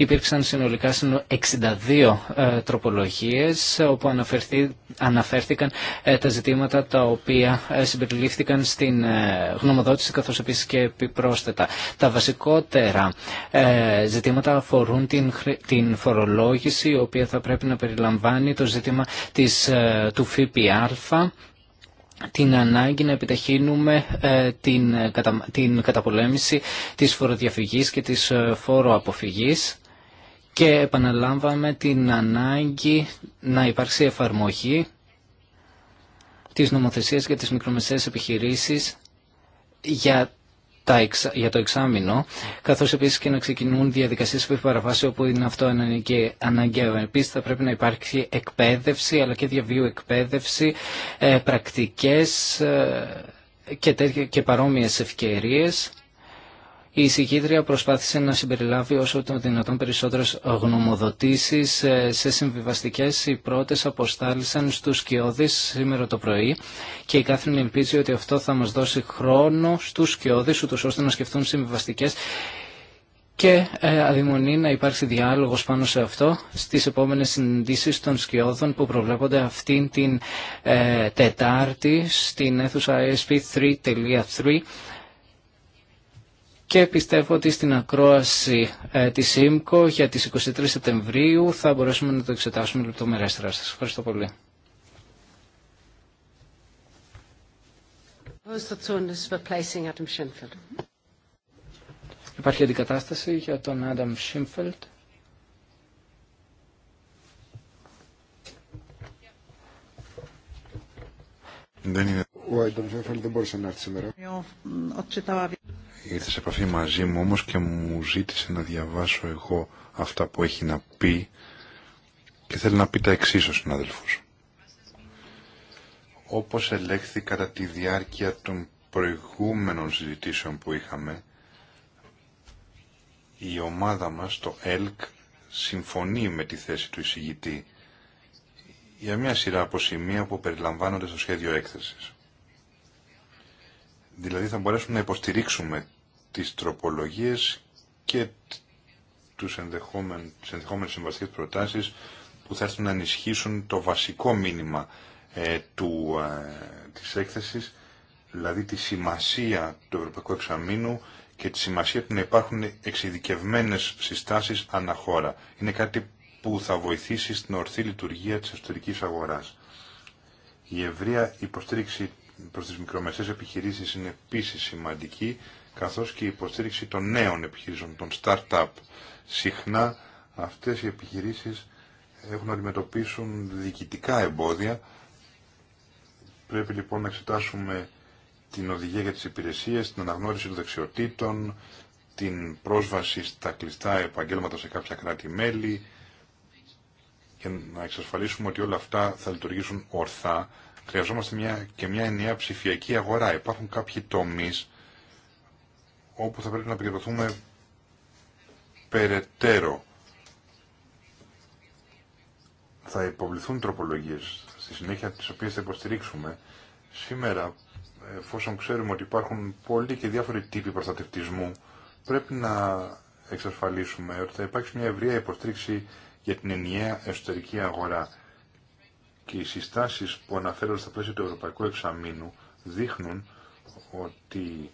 Υπήρξαν συνολικά 62 ε, τροπολογίες όπου αναφέρθηκαν ε, τα ζητήματα τα οποία ε, συμπεριλήφθηκαν στην γνωμοδότηση καθώς επίσης και επιπρόσθετα. Τα βασικότερα ζητήματα αφορούν την φορολόγηση η οποία θα πρέπει να περιλαμβάνει το ζήτημα της, του ΦΠΑ την ανάγκη να επιταχύνουμε την καταπολέμηση της φοροδιαφυγής και της φόροαποφυγής και επαναλάμβαμε την ανάγκη να υπάρξει εφαρμογή της νομοθεσίας για τις μικρομεσαίες επιχειρήσεις για για το εξάμεινο, καθώς επίσης και να ξεκινούν διαδικασίες που παραβάσει όπου είναι αυτό αναγκαίο. Επίσης θα πρέπει να υπάρξει εκπαίδευση αλλά και διαβίου εκπαίδευση, ε, πρακτικές ε, και, τέτοια, και παρόμοιες ευκαιρίες η εισηγήτρια προσπάθησε να συμπεριλάβει όσο το δυνατόν περισσότερε γνωμοδοτήσει ε, σε συμβιβαστικέ Οι πρώτε αποστάλησαν στου Σκιώδης σήμερα το πρωί και η Κάθριν ελπίζει ότι αυτό θα μα δώσει χρόνο στου Σκιώδης ούτω ώστε να σκεφτούν συμβιβαστικέ και ε, αδειμονεί να υπάρξει διάλογος πάνω σε αυτό στις επόμενες συνδύσεις των σκιώδων που προβλέπονται αυτήν την ε, Τετάρτη στην αίθουσα ASP 3.3 και πιστεύω ότι στην ακρόαση ε, της ΣΥΜΚΟ για τις 23 Σεπτεμβρίου θα μπορέσουμε να το εξετάσουμε λεπτομερέστερα. Σας ευχαριστώ πολύ. Υπάρχει αντικατάσταση για τον Άνταμ Σίμφελτ. Δεν είναι. Ο Άνταμ Σίμφελτ δεν μπορούσε να έρθει σήμερα ήρθε σε επαφή μαζί μου όμως και μου ζήτησε να διαβάσω εγώ αυτά που έχει να πει και θέλει να πει τα εξής ο συνάδελφος. Όπως ελέγχθη κατά τη διάρκεια των προηγούμενων συζητήσεων που είχαμε, η ομάδα μας, το ΕΛΚ, συμφωνεί με τη θέση του εισηγητή για μια σειρά από σημεία που περιλαμβάνονται στο σχέδιο έκθεσης. Δηλαδή θα μπορέσουμε να υποστηρίξουμε τις τροπολογίες και τους ενδεχόμενες, τις ενδεχόμενες συμβαστικές προτάσεις που θα έρθουν να ενισχύσουν το βασικό μήνυμα ε, του, ε, της έκθεσης, δηλαδή τη σημασία του Ευρωπαϊκού Εξαμήνου και τη σημασία του να υπάρχουν εξειδικευμένες συστάσεις αναχώρα. Είναι κάτι που θα βοηθήσει στην ορθή λειτουργία της εσωτερικής αγοράς. Η ευρεία υποστήριξη προς τις μικρομεσαίες επιχειρήσεις είναι επίσης σημαντική καθώς και η υποστήριξη των νέων επιχειρήσεων, των start-up. Συχνά αυτές οι επιχειρήσεις έχουν να αντιμετωπίσουν διοικητικά εμπόδια. Πρέπει λοιπόν να εξετάσουμε την οδηγία για τις υπηρεσίες, την αναγνώριση των δεξιοτήτων, την πρόσβαση στα κλειστά επαγγέλματα σε κάποια κράτη-μέλη και να εξασφαλίσουμε ότι όλα αυτά θα λειτουργήσουν ορθά. Χρειαζόμαστε μια, και μια ενιαία ψηφιακή αγορά. Υπάρχουν κάποιοι τομείς όπου θα πρέπει να επικεντρωθούμε περαιτέρω. Θα υποβληθούν τροπολογίες στη συνέχεια τις οποίες θα υποστηρίξουμε. Σήμερα, εφόσον ξέρουμε ότι υπάρχουν πολλοί και διάφοροι τύποι προστατευτισμού, πρέπει να εξασφαλίσουμε ότι θα υπάρξει μια ευρεία υποστήριξη για την ενιαία εσωτερική αγορά. Και οι συστάσεις που αναφέρονται στα πλαίσια του Ευρωπαϊκού Εξαμήνου δείχνουν ότι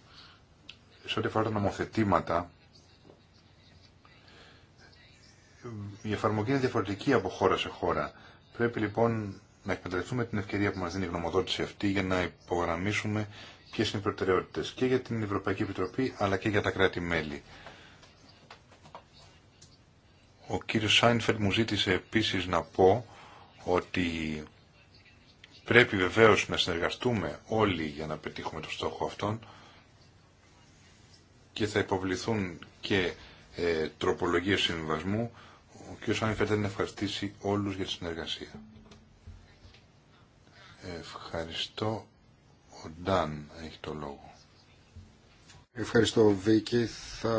σε ό,τι αφορά τα νομοθετήματα, η εφαρμογή είναι διαφορετική από χώρα σε χώρα. Πρέπει λοιπόν να εκμεταλλευτούμε την ευκαιρία που μας δίνει η γνωμοδότηση αυτή για να υπογραμμίσουμε ποιες είναι οι προτεραιότητες και για την Ευρωπαϊκή Επιτροπή αλλά και για τα κράτη-μέλη. Ο κύριος Σάινφερντ μου ζήτησε επίσης να πω ότι πρέπει βεβαίως να συνεργαστούμε όλοι για να πετύχουμε το στόχο αυτόν και θα υποβληθούν και ε, τροπολογίες συμβιβασμού. Ο κ. Σάνιφερ θέλει να ευχαριστήσει όλους για τη συνεργασία. Ευχαριστώ. Ο Ντάν έχει το λόγο. Ευχαριστώ Βίκη. Θα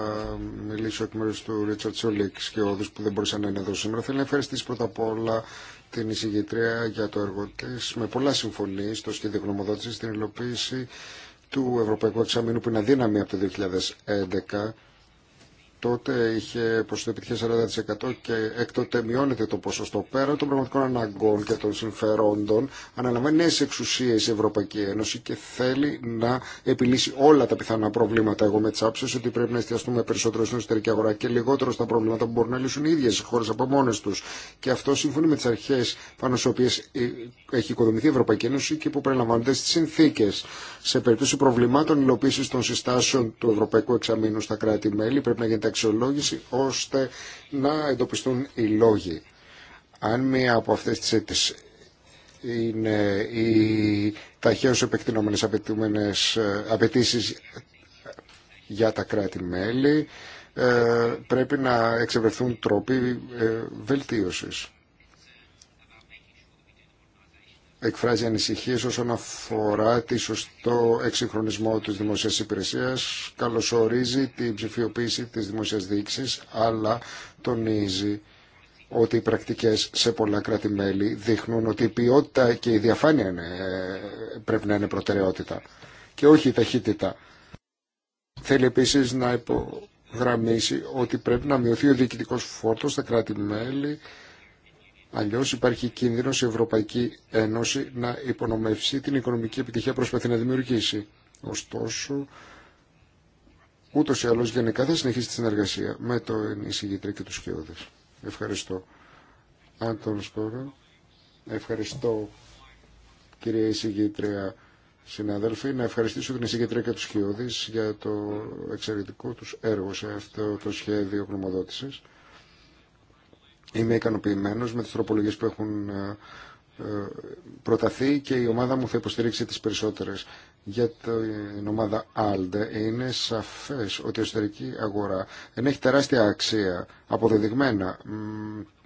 μιλήσω εκ μέρους του Ρίτσαρτ Σολίξ και όδους που δεν μπορούσαν να είναι εδώ σήμερα. Θέλω να ευχαριστήσω πρώτα απ' όλα την εισηγητρία για το έργο τη. Με πολλά συμφωνεί στο σχέδιο γνωμοδότηση, στην υλοποίηση του Ευρωπαϊκού Εξαμήνου που είναι αδύναμη από το 2011 τότε είχε ποσοστό επιτυχία 40% και έκτοτε μειώνεται το ποσοστό. Πέρα των πραγματικών αναγκών και των συμφερόντων, αναλαμβάνει νέε εξουσίε η Ευρωπαϊκή Ένωση και θέλει να επιλύσει όλα τα πιθανά προβλήματα. Εγώ με τι ότι πρέπει να εστιαστούμε περισσότερο στην εσωτερική αγορά και λιγότερο στα προβλήματα που μπορούν να λύσουν οι ίδιε οι χώρε από μόνε του. Και αυτό σύμφωνα με τι αρχέ πάνω στι οποίε ε, έχει οικοδομηθεί η Ευρωπαϊκή Ένωση και που περιλαμβάνονται στι συνθήκε. Σε περίπτωση προβλημάτων υλοποίηση των συστάσεων του Ευρωπαϊκού Εξαμήνου στα κράτη-μέλη, πρέπει να γίνεται αξιολόγηση ώστε να εντοπιστούν οι λόγοι. Αν μία από αυτές τις η είναι οι ταχαίως επεκτηνόμενες ε, απαιτήσει για τα κράτη-μέλη, ε, πρέπει να εξευρεθούν τρόποι ε, βελτίωσης. εκφράζει ανησυχίες όσον αφορά τη σωστό εξυγχρονισμό της δημοσίας υπηρεσίας, καλωσορίζει την ψηφιοποίηση της δημοσίας διοίκησης, αλλά τονίζει ότι οι πρακτικές σε πολλά κράτη-μέλη δείχνουν ότι η ποιότητα και η διαφάνεια πρέπει να είναι προτεραιότητα και όχι η ταχύτητα. Θέλει επίσης να υπογραμμίσει ότι πρέπει να μειωθεί ο διοικητικός φόρτος στα κράτη-μέλη Αλλιώ υπάρχει κίνδυνο η Ευρωπαϊκή Ένωση να υπονομεύσει την οικονομική επιτυχία που προσπαθεί να δημιουργήσει. Ωστόσο, ούτω ή άλλω γενικά θα συνεχίσει τη συνεργασία με το εισηγητρή και του σκιώδες. Ευχαριστώ. Άντων Σπόρα. Ευχαριστώ κυρία εισηγήτρια συναδέλφοι. Να ευχαριστήσω την εισηγήτρια και τους Χιώδης για το εξαιρετικό τους έργο σε αυτό το σχέδιο γνωμοδότησης. Είμαι ικανοποιημένος με τις τροπολογίες που έχουν ε, ε, προταθεί και η ομάδα μου θα υποστηρίξει τις περισσότερες. Για την ομάδα ALDE είναι σαφές ότι η εσωτερική αγορά έχει τεράστια αξία αποδεδειγμένα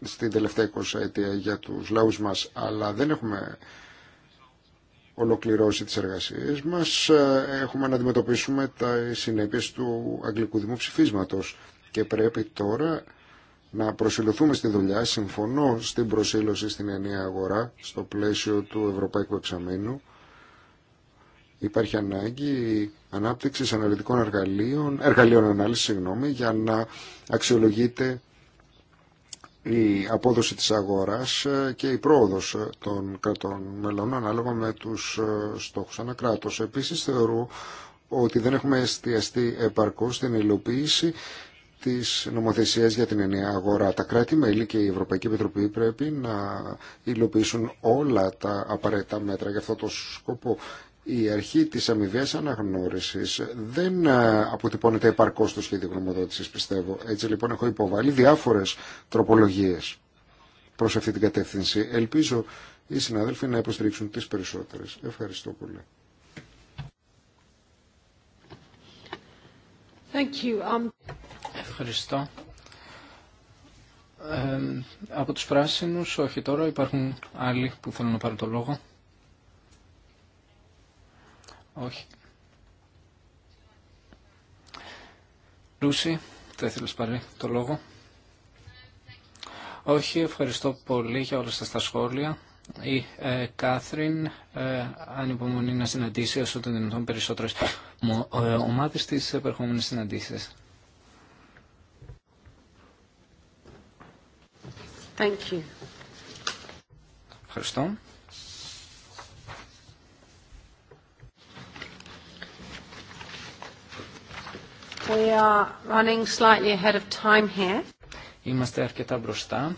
στην τελευταία 20 αιτία για τους λαούς μας, αλλά δεν έχουμε ολοκληρώσει τις εργασίες μας. Ε, έχουμε να αντιμετωπίσουμε τα συνέπειες του αγγλικού δημοψηφίσματος και πρέπει τώρα να προσελωθούμε στη δουλειά. Συμφωνώ στην προσήλωση στην ενιαία αγορά στο πλαίσιο του Ευρωπαϊκού Εξαμήνου. Υπάρχει ανάγκη ανάπτυξη αναλυτικών εργαλείων, εργαλείων ανάλυσης, συγγνώμη, για να αξιολογείται η απόδοση της αγοράς και η πρόοδος των κρατών μελών ανάλογα με τους στόχους ανακράτως. Επίσης θεωρώ ότι δεν έχουμε εστιαστεί επαρκώς στην υλοποίηση Τη νομοθεσία για την ενιαία αγορά. Τα κράτη-μέλη και η Ευρωπαϊκή Επιτροπή πρέπει να υλοποιήσουν όλα τα απαραίτητα μέτρα για αυτό το σκοπό. Η αρχή τη αμοιβαία αναγνώριση δεν ε, αποτυπώνεται επαρκώς στο σχέδιο γνωμοδότηση, πιστεύω. Έτσι λοιπόν έχω υποβάλει διάφορε τροπολογίε προ αυτή την κατεύθυνση. Ελπίζω οι συνάδελφοι να υποστηρίξουν τι περισσότερε. Ευχαριστώ πολύ. Thank you. Um... Ευχαριστώ. Ε, από τους πράσινους, όχι τώρα, υπάρχουν άλλοι που θέλουν να πάρουν το λόγο. Όχι. Ρούση, θα ήθελες πάλι το λόγο. Όχι, ευχαριστώ πολύ για όλα σας τα σχόλια. Η ε, Κάθριν ε, ανυπομονεί να συναντήσει όσο το δυνατόν περισσότερες ε, ομάδες της επερχόμενης συναντήσεις. Thank you. Ευχαριστώ. time Είμαστε αρκετά μπροστά,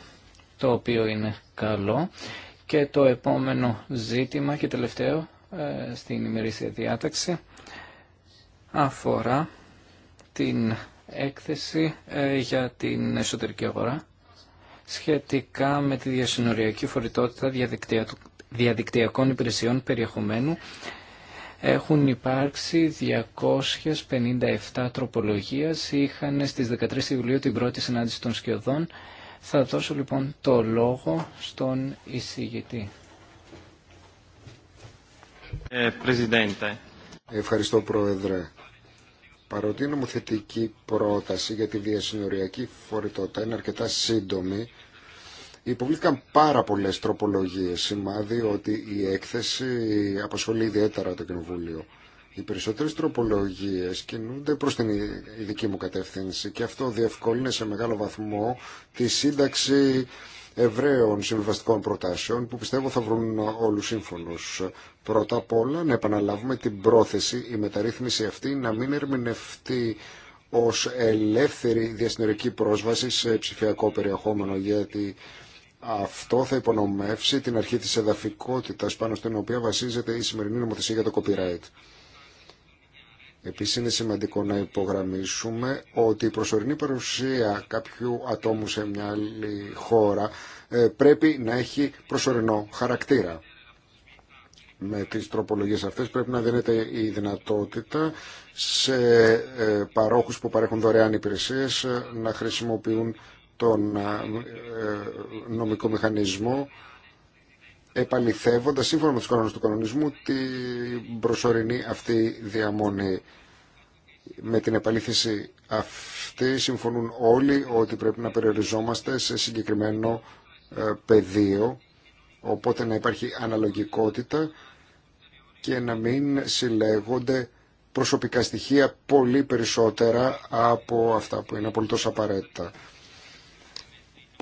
το οποίο είναι καλό. Και το επόμενο ζήτημα και τελευταίο ε, στην ημερήσια διάταξη αφορά την έκθεση ε, για την εσωτερική αγορά σχετικά με τη διασυνοριακή φορητότητα διαδικτυακών υπηρεσιών περιεχομένου έχουν υπάρξει 257 τροπολογίες, είχαν στις 13 Ιουλίου την πρώτη συνάντηση των σκιωδών. Θα δώσω λοιπόν το λόγο στον εισηγητή. Ε, Ευχαριστώ Πρόεδρε. Παρότι η νομοθετική πρόταση για τη διασυνοριακή φορητότητα είναι αρκετά σύντομη, Υποβλήθηκαν πάρα πολλέ τροπολογίε σημάδι ότι η έκθεση απασχολεί ιδιαίτερα το Κοινοβούλιο. Οι περισσότερε τροπολογίε κινούνται προ την ειδική μου κατεύθυνση και αυτό διευκόλυνε σε μεγάλο βαθμό τη σύνταξη ευραίων συμβιβαστικών προτάσεων που πιστεύω θα βρουν όλους σύμφωνους. Πρώτα απ' όλα να επαναλάβουμε την πρόθεση η μεταρρύθμιση αυτή να μην ερμηνευτεί ως ελεύθερη διασυνορική πρόσβαση σε ψηφιακό περιεχόμενο γιατί αυτό θα υπονομεύσει την αρχή της εδαφικότητας πάνω στην οποία βασίζεται η σημερινή νομοθεσία για το copyright. Επίσης είναι σημαντικό να υπογραμμίσουμε ότι η προσωρινή παρουσία κάποιου ατόμου σε μια άλλη χώρα ε, πρέπει να έχει προσωρινό χαρακτήρα. Με τις τροπολογίες αυτές πρέπει να δίνεται η δυνατότητα σε ε, παρόχους που παρέχουν δωρεάν υπηρεσίες ε, να χρησιμοποιούν τον ε, ε, νομικό μηχανισμό επαληθεύοντας σύμφωνα με τους κανόνες του κανονισμού την προσωρινή αυτή διαμονή. Με την επαλήθευση αυτή συμφωνούν όλοι ότι πρέπει να περιοριζόμαστε σε συγκεκριμένο ε, πεδίο οπότε να υπάρχει αναλογικότητα και να μην συλλέγονται προσωπικά στοιχεία πολύ περισσότερα από αυτά που είναι απολύτως απαραίτητα.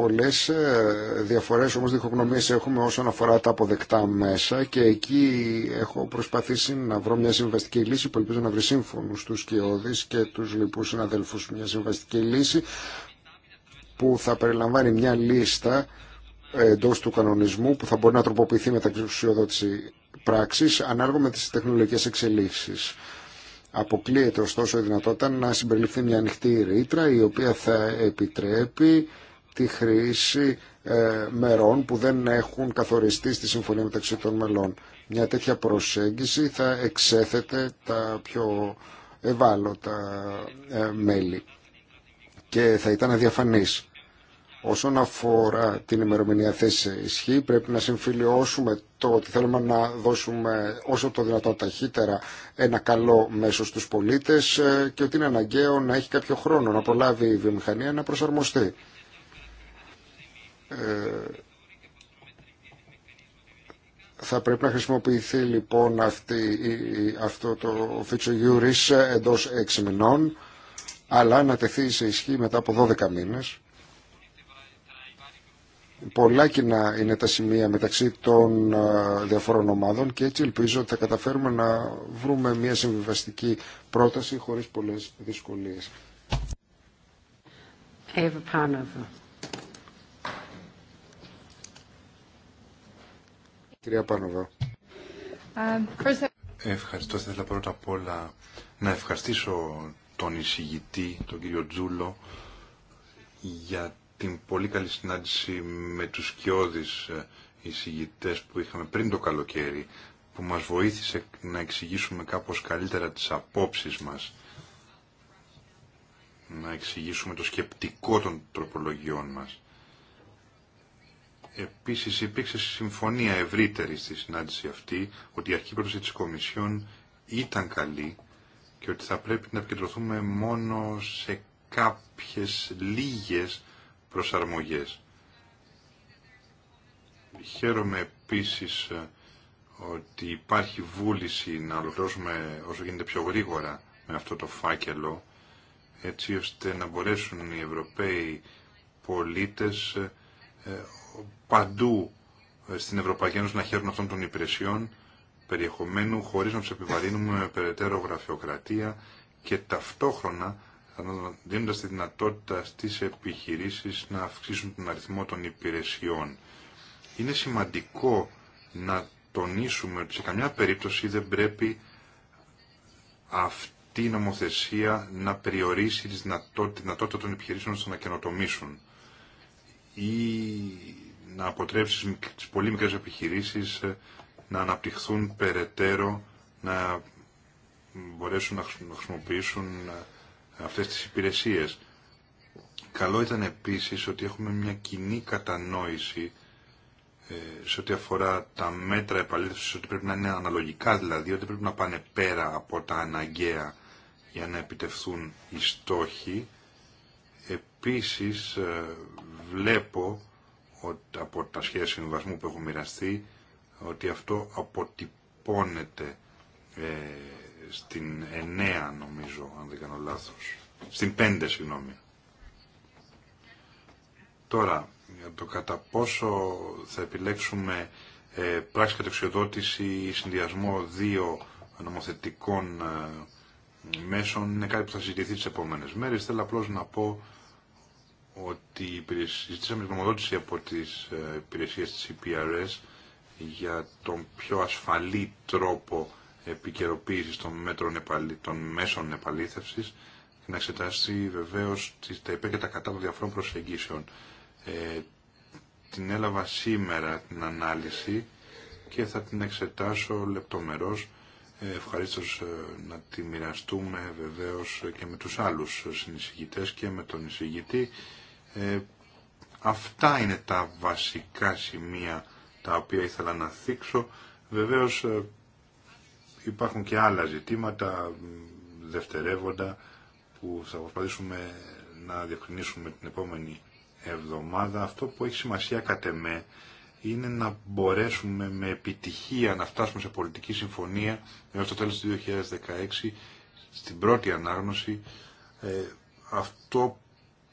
Πολλέ ε, διαφορέ όμω διχογνωμίε έχουμε όσον αφορά τα αποδεκτά μέσα και εκεί έχω προσπαθήσει να βρω μια συμβαστική λύση που ελπίζω να βρει σύμφωνο τους Κιώδη και του λοιπού συναδελφού. μια συμβαστική λύση που θα περιλαμβάνει μια λίστα ε, εντό του κανονισμού που θα μπορεί να τροποποιηθεί με τα εξουσιοδότηση πράξη ανάλογα με τι τεχνολογικέ εξελίξει. Αποκλείεται ωστόσο η δυνατότητα να συμπεριληφθεί μια ανοιχτή ρήτρα η οποία θα επιτρέπει τη χρήση ε, μερών που δεν έχουν καθοριστεί στη συμφωνία μεταξύ των μελών. Μια τέτοια προσέγγιση θα εξέθεται τα πιο ευάλωτα ε, μέλη και θα ήταν αδιαφανής. Όσον αφορά την ημερομηνία θέση ισχύ, πρέπει να συμφιλειώσουμε το ότι θέλουμε να δώσουμε όσο το δυνατόν ταχύτερα ένα καλό μέσο στους πολίτες ε, και ότι είναι αναγκαίο να έχει κάποιο χρόνο να προλάβει η βιομηχανία να προσαρμοστεί. Ε, θα πρέπει να χρησιμοποιηθεί λοιπόν αυτό το Γιούρις εντός 6 μηνών αλλά να τεθεί σε ισχύ μετά από 12 μήνες. Πολλά κοινά είναι τα σημεία μεταξύ των ε, διαφορών ομάδων και έτσι ελπίζω ότι θα καταφέρουμε να βρούμε μια συμβιβαστική πρόταση χωρίς πολλές δυσκολίες. Κυρία Πάνοβα. Ε, Ευχαριστώ. Θα ήθελα πρώτα απ' όλα να ευχαριστήσω τον εισηγητή, τον κύριο Τζούλο, για την πολύ καλή συνάντηση με τους σκιώδεις ε, εισηγητές που είχαμε πριν το καλοκαίρι, που μας βοήθησε να εξηγήσουμε κάπως καλύτερα τις απόψεις μας, να εξηγήσουμε το σκεπτικό των τροπολογιών μας. Επίσης υπήρξε συμφωνία ευρύτερη στη συνάντηση αυτή ότι η αρχή πρόταση της Κομισιόν ήταν καλή και ότι θα πρέπει να επικεντρωθούμε μόνο σε κάποιες λίγες προσαρμογές. Χαίρομαι επίσης ε, ότι υπάρχει βούληση να ολοκληρώσουμε όσο γίνεται πιο γρήγορα με αυτό το φάκελο, έτσι ώστε να μπορέσουν οι Ευρωπαίοι πολίτες ε, παντού ε, στην Ευρωπαϊκή Ένωση να χαίρουν αυτών των υπηρεσιών περιεχομένου χωρίς να του επιβαρύνουμε με περαιτέρω γραφειοκρατία και ταυτόχρονα δίνοντα τη δυνατότητα στις επιχειρήσεις να αυξήσουν τον αριθμό των υπηρεσιών. Είναι σημαντικό να τονίσουμε ότι σε καμιά περίπτωση δεν πρέπει αυτή η νομοθεσία να περιορίσει τη δυνατότητα, των επιχειρήσεων στο να καινοτομήσουν ή να αποτρέψεις τις πολύ μικρές επιχειρήσεις ε, να αναπτυχθούν περαιτέρω, να μπορέσουν να χρησιμοποιήσουν ε, αυτές τις υπηρεσίες. Καλό ήταν επίσης ότι έχουμε μια κοινή κατανόηση ε, σε ό,τι αφορά τα μέτρα επαλήθευσης, ότι πρέπει να είναι αναλογικά δηλαδή, ότι πρέπει να πάνε πέρα από τα αναγκαία για να επιτευθούν οι στόχοι Επίσης ε, βλέπω ότι από τα σχέδια συμβασμού που έχω μοιραστεί ότι αυτό αποτυπώνεται ε, στην εννέα νομίζω αν δεν κάνω λάθος. Στην πέντε συγγνώμη. Τώρα, το κατά πόσο θα επιλέξουμε ε, πράξη κατεξιοδότηση ή συνδυασμό δύο νομοθετικών μέσων είναι κάτι που θα συζητηθεί τις επόμενες μέρες. Θέλω απλώς να πω ότι ζητήσαμε γνωμοδότηση από τις ε, υπηρεσίες της EPRS για τον πιο ασφαλή τρόπο επικαιροποίησης των, μέτρων επαλή, των μέσων επαλήθευσης και να εξετάσει βεβαίως τα υπέρ και τα κατά των διαφορών προσεγγίσεων. Ε, την έλαβα σήμερα την ανάλυση και θα την εξετάσω λεπτομερώς. Ε, ευχαρίστως Ευχαριστώ να τη μοιραστούμε βεβαίως και με τους άλλους συνεισηγητές και με τον εισηγητή ε, αυτά είναι τα βασικά σημεία τα οποία ήθελα να θίξω. Βεβαίως ε, υπάρχουν και άλλα ζητήματα δευτερεύοντα που θα προσπαθήσουμε να διευκρινίσουμε την επόμενη εβδομάδα. Αυτό που έχει σημασία κατ' εμέ είναι να μπορέσουμε με επιτυχία να φτάσουμε σε πολιτική συμφωνία έως το τέλος του 2016 στην πρώτη ανάγνωση. Ε, αυτό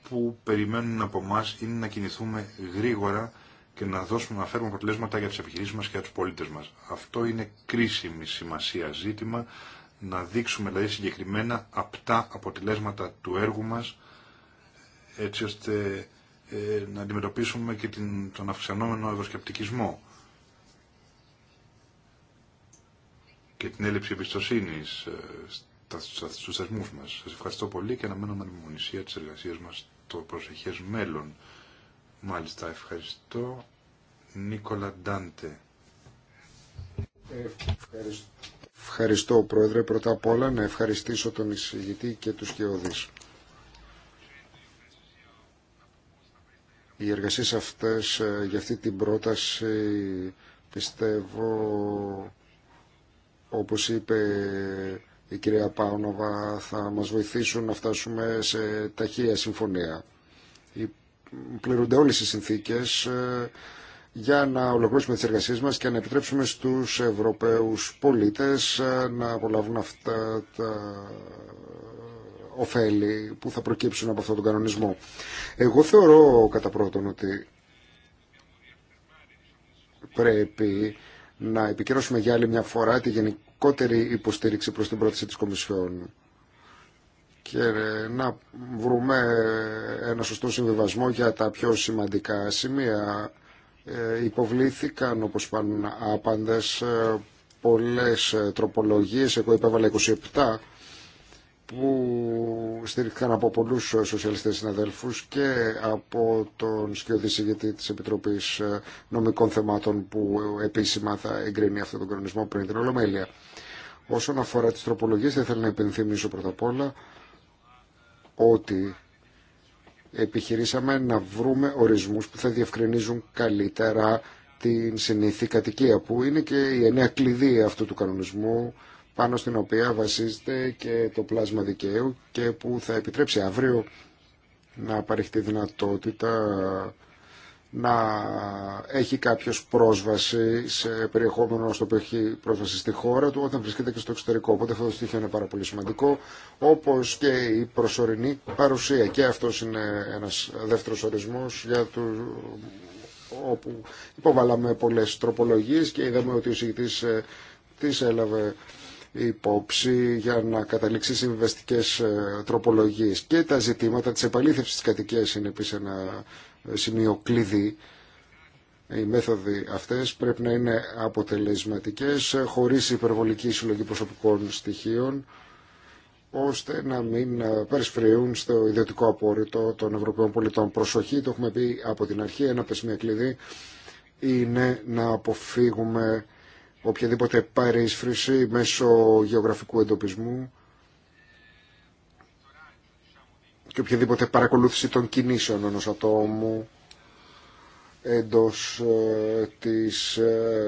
που περιμένουν από εμά είναι να κινηθούμε γρήγορα και να δώσουμε, να φέρουμε αποτελέσματα για τι επιχειρήσει μα και για τους πολίτες μας. Αυτό είναι κρίσιμη σημασία ζήτημα, να δείξουμε δηλαδή συγκεκριμένα απτά αποτελέσματα του έργου μας, έτσι ώστε ε, να αντιμετωπίσουμε και την, τον αυξανόμενο ευρωσκεπτικισμό και την έλλειψη εμπιστοσύνη ε, στους θεσμούς μας. Σας ευχαριστώ πολύ και αναμένω με ανεμονησία της εργασίας μας το προσεχές μέλλον. Μάλιστα, ευχαριστώ. Νίκολα Ντάντε. Ευχαριστώ. Πρόεδρε. Πρώτα απ' όλα να ευχαριστήσω τον εισηγητή και τους κοιόδης. Οι εργασίες αυτές ε, για αυτή την πρόταση πιστεύω όπως είπε η κυρία Πάουνοβα θα μας βοηθήσουν να φτάσουμε σε ταχεία συμφωνία. Πληρούνται όλες οι συνθήκες ε, για να ολοκληρώσουμε τις εργασίες μας και να επιτρέψουμε στους Ευρωπαίους πολίτες ε, να απολαύουν αυτά τα ωφέλη που θα προκύψουν από αυτόν τον κανονισμό. Εγώ θεωρώ κατά πρώτον ότι πρέπει να επικυρώσουμε για άλλη μια φορά τη γενική γενικότερη υποστήριξη προς την πρόταση της Κομισιόν και να βρούμε ένα σωστό συμβιβασμό για τα πιο σημαντικά σημεία. Ε, υποβλήθηκαν, όπως πάνε άπαντες, ε, πολλές ε, τροπολογίες. Εγώ υπέβαλα 27 που στηρίχθηκαν από πολλούς σοσιαλιστές συναδέλφους και από τον σκιώδη συγγετή της Επιτροπής ε, Νομικών Θεμάτων που επίσημα θα εγκρίνει αυτόν τον κανονισμό πριν την Ολομέλεια. Όσον αφορά τις τροπολογίες, θα ήθελα να υπενθυμίσω πρώτα απ' όλα ότι επιχειρήσαμε να βρούμε ορισμούς που θα διευκρινίζουν καλύτερα την συνήθη κατοικία που είναι και η εννέα κλειδί αυτού του κανονισμού πάνω στην οποία βασίζεται και το πλάσμα δικαίου και που θα επιτρέψει αύριο να παρεχτεί δυνατότητα να έχει κάποιο πρόσβαση σε περιεχόμενο στο οποίο έχει πρόσβαση στη χώρα του όταν βρίσκεται και στο εξωτερικό. Οπότε αυτό το στοιχείο είναι πάρα πολύ σημαντικό, όπως και η προσωρινή παρουσία. Και αυτό είναι ένας δεύτερο ορισμό για όπου υποβάλαμε πολλές τροπολογίες και είδαμε ότι ο ε, τις έλαβε υπόψη για να καταλήξει συμβιβαστικέ ε, τροπολογίε. Και τα ζητήματα τη επαλήθευση τη κατοικία είναι επίση ένα ε, σημείο κλειδί. Οι μέθοδοι αυτές πρέπει να είναι αποτελεσματικές, ε, χωρί υπερβολική συλλογή προσωπικών στοιχείων, ώστε να μην περισφρέουν στο ιδιωτικό απόρριτο των Ευρωπαίων πολιτών. Προσοχή, το έχουμε πει από την αρχή, ένα πεσμία κλειδί είναι να αποφύγουμε οποιαδήποτε παρέσφρηση μέσω γεωγραφικού εντοπισμού και οποιαδήποτε παρακολούθηση των κινήσεων ενός ατόμου εντός ε, της ε,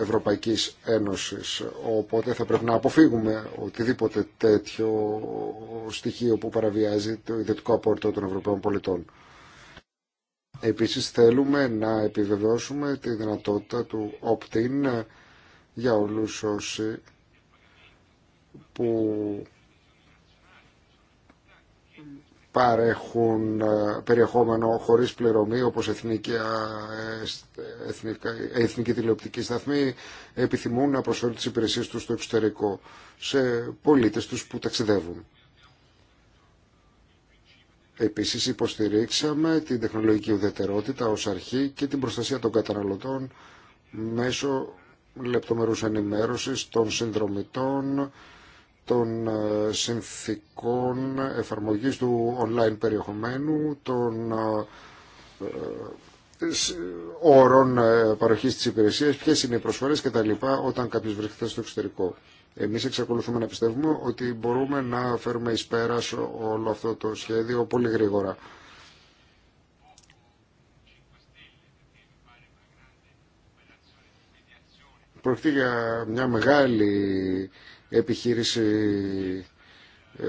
Ευρωπαϊκής Ένωσης. Οπότε θα πρέπει να αποφύγουμε οτιδήποτε τέτοιο στοιχείο που παραβιάζει το ιδιωτικό απόρριτο των Ευρωπαίων πολιτών. Επίσης θέλουμε να επιβεβαιώσουμε τη δυνατότητα του opt για όλους όσοι που παρέχουν ε, περιεχόμενο χωρίς πληρωμή όπως εθνική, εθνική, ε, εθνική τηλεοπτική σταθμή επιθυμούν να προσφέρουν τις υπηρεσίες τους στο εξωτερικό σε πολίτες τους που ταξιδεύουν. Επίσης υποστηρίξαμε την τεχνολογική ουδετερότητα ως αρχή και την προστασία των καταναλωτών μέσω λεπτομερούς ενημέρωσης των συνδρομητών, των ε, συνθήκων εφαρμογής του online περιεχομένου, των ε, ε, όρων παροχής της υπηρεσίας, ποιες είναι οι προσφορές κτλ. όταν κάποιος βρίσκεται στο εξωτερικό. Εμείς εξακολουθούμε να πιστεύουμε ότι μπορούμε να φέρουμε εις πέρας όλο αυτό το σχέδιο πολύ γρήγορα. Πρόκειται για μια μεγάλη επιχείρηση ε,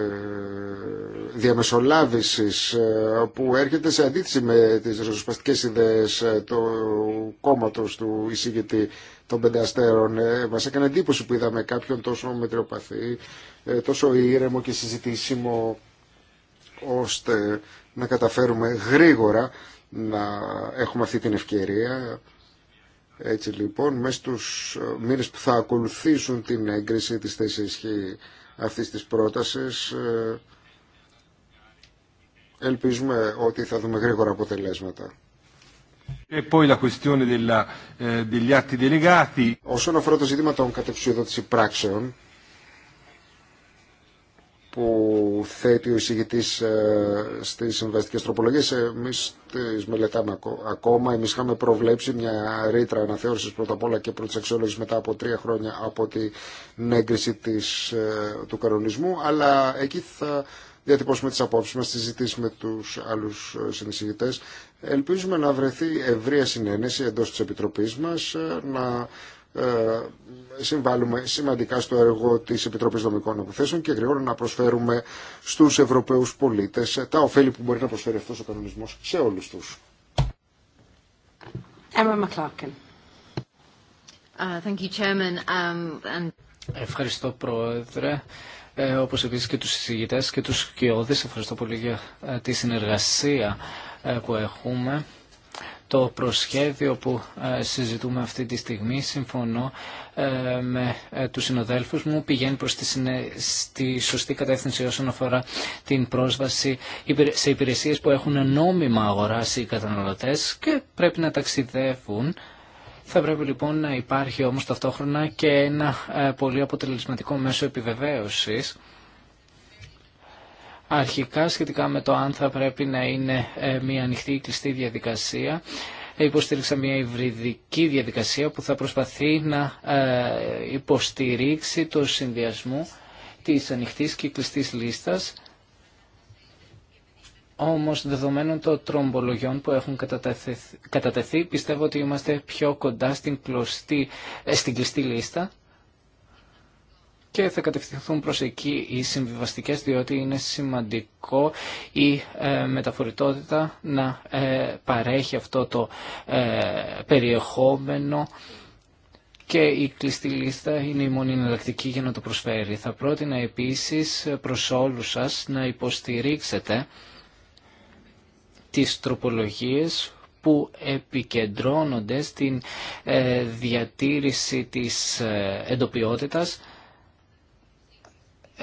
διαμεσολάβησης ε, που έρχεται σε αντίθεση με τις ριζοσπαστικές ιδέες ε, του κόμματος του εισηγητή των πενταστέρων. Μας έκανε εντύπωση που είδαμε κάποιον τόσο μετριοπαθή, τόσο ήρεμο και συζητήσιμο ώστε να καταφέρουμε γρήγορα να έχουμε αυτή την ευκαιρία έτσι λοιπόν, μέσα στους ε, μήνες που θα ακολουθήσουν την έγκριση της θέσης ισχύ αυτής της πρότασης, ε, ελπίζουμε ότι θα δούμε γρήγορα αποτελέσματα. Ε, Όσον αφορά το ζήτημα των κατευσιοδότηση πράξεων, που θέτει ο ε, στι συμβαστικέ τροπολογίε. Εμεί τι μελετάμε ακόμα. Εμεί είχαμε προβλέψει μια ρήτρα αναθεώρηση πρώτα απ' όλα και πρώτη αξιολόγηση μετά από τρία χρόνια από την έγκριση της, ε, του κανονισμού, αλλά εκεί θα διατυπώσουμε τις απόψει μας, τι συζητήσεις με του άλλου ε, συνεισηγητέ. Ελπίζουμε να βρεθεί ευρεία συνένεση εντός της Επιτροπής μας, ε, να ε, συμβάλλουμε σημαντικά στο έργο της Επιτροπής Δομικών Αποθέσεων και γρήγορα να προσφέρουμε στους Ευρωπαίους πολίτες τα ωφέλη που μπορεί να προσφέρει αυτός ο κανονισμός σε όλους τους. Uh, um, ευχαριστώ Πρόεδρε. Ε, όπως επίσης και τους συζητητές και τους κοιόδες. Ευχαριστώ πολύ για ε, τη συνεργασία ε, που έχουμε το προσχέδιο που ε, συζητούμε αυτή τη στιγμή, συμφωνώ ε, με ε, τους συνοδέλφους μου, πηγαίνει προς τη σωστή κατεύθυνση όσον αφορά την πρόσβαση σε υπηρεσίες που έχουν νόμιμα αγοράσει οι καταναλωτές και πρέπει να ταξιδεύουν. Θα πρέπει λοιπόν να υπάρχει όμως ταυτόχρονα και ένα πολύ αποτελεσματικό μέσο επιβεβαίωσης αρχικά σχετικά με το αν θα πρέπει να είναι ε, μια ανοιχτή ή κλειστή διαδικασία ε, υποστήριξα μια υβριδική διαδικασία που θα προσπαθεί να ε, υποστηρίξει το συνδυασμό της ανοιχτής και κλειστής λίστας όμως δεδομένων των τρομπολογιών που έχουν κατατεθεί πιστεύω ότι είμαστε πιο κοντά στην κλειστή, στην κλειστή λίστα και θα κατευθυνθούν προς εκεί οι συμβιβαστικές διότι είναι σημαντικό η ε, μεταφορητότητα να ε, παρέχει αυτό το ε, περιεχόμενο και η κλειστή λίστα είναι η μόνη εναλλακτική για να το προσφέρει. Θα πρότεινα επίσης προς όλους σας να υποστηρίξετε τις τροπολογίες που επικεντρώνονται στην ε, διατήρηση της εντοπιότητας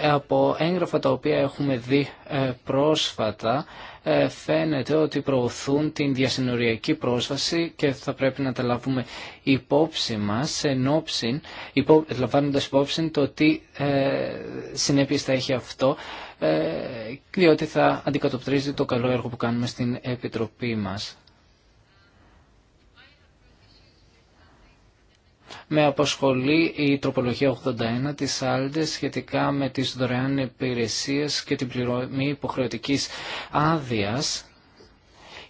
από έγγραφα τα οποία έχουμε δει ε, πρόσφατα ε, φαίνεται ότι προωθούν την διασυνοριακή πρόσβαση και θα πρέπει να τα λάβουμε υπόψη μας, ενώψη, υπό, λαμβάνοντας υπόψη το τι ε, συνέπειες θα έχει αυτό, ε, διότι θα αντικατοπτρίζει το καλό έργο που κάνουμε στην Επιτροπή μας. με απασχολεί η τροπολογία 81 της Άλντε σχετικά με τις δωρεάν υπηρεσίες και την πληρωμή υποχρεωτικής άδειας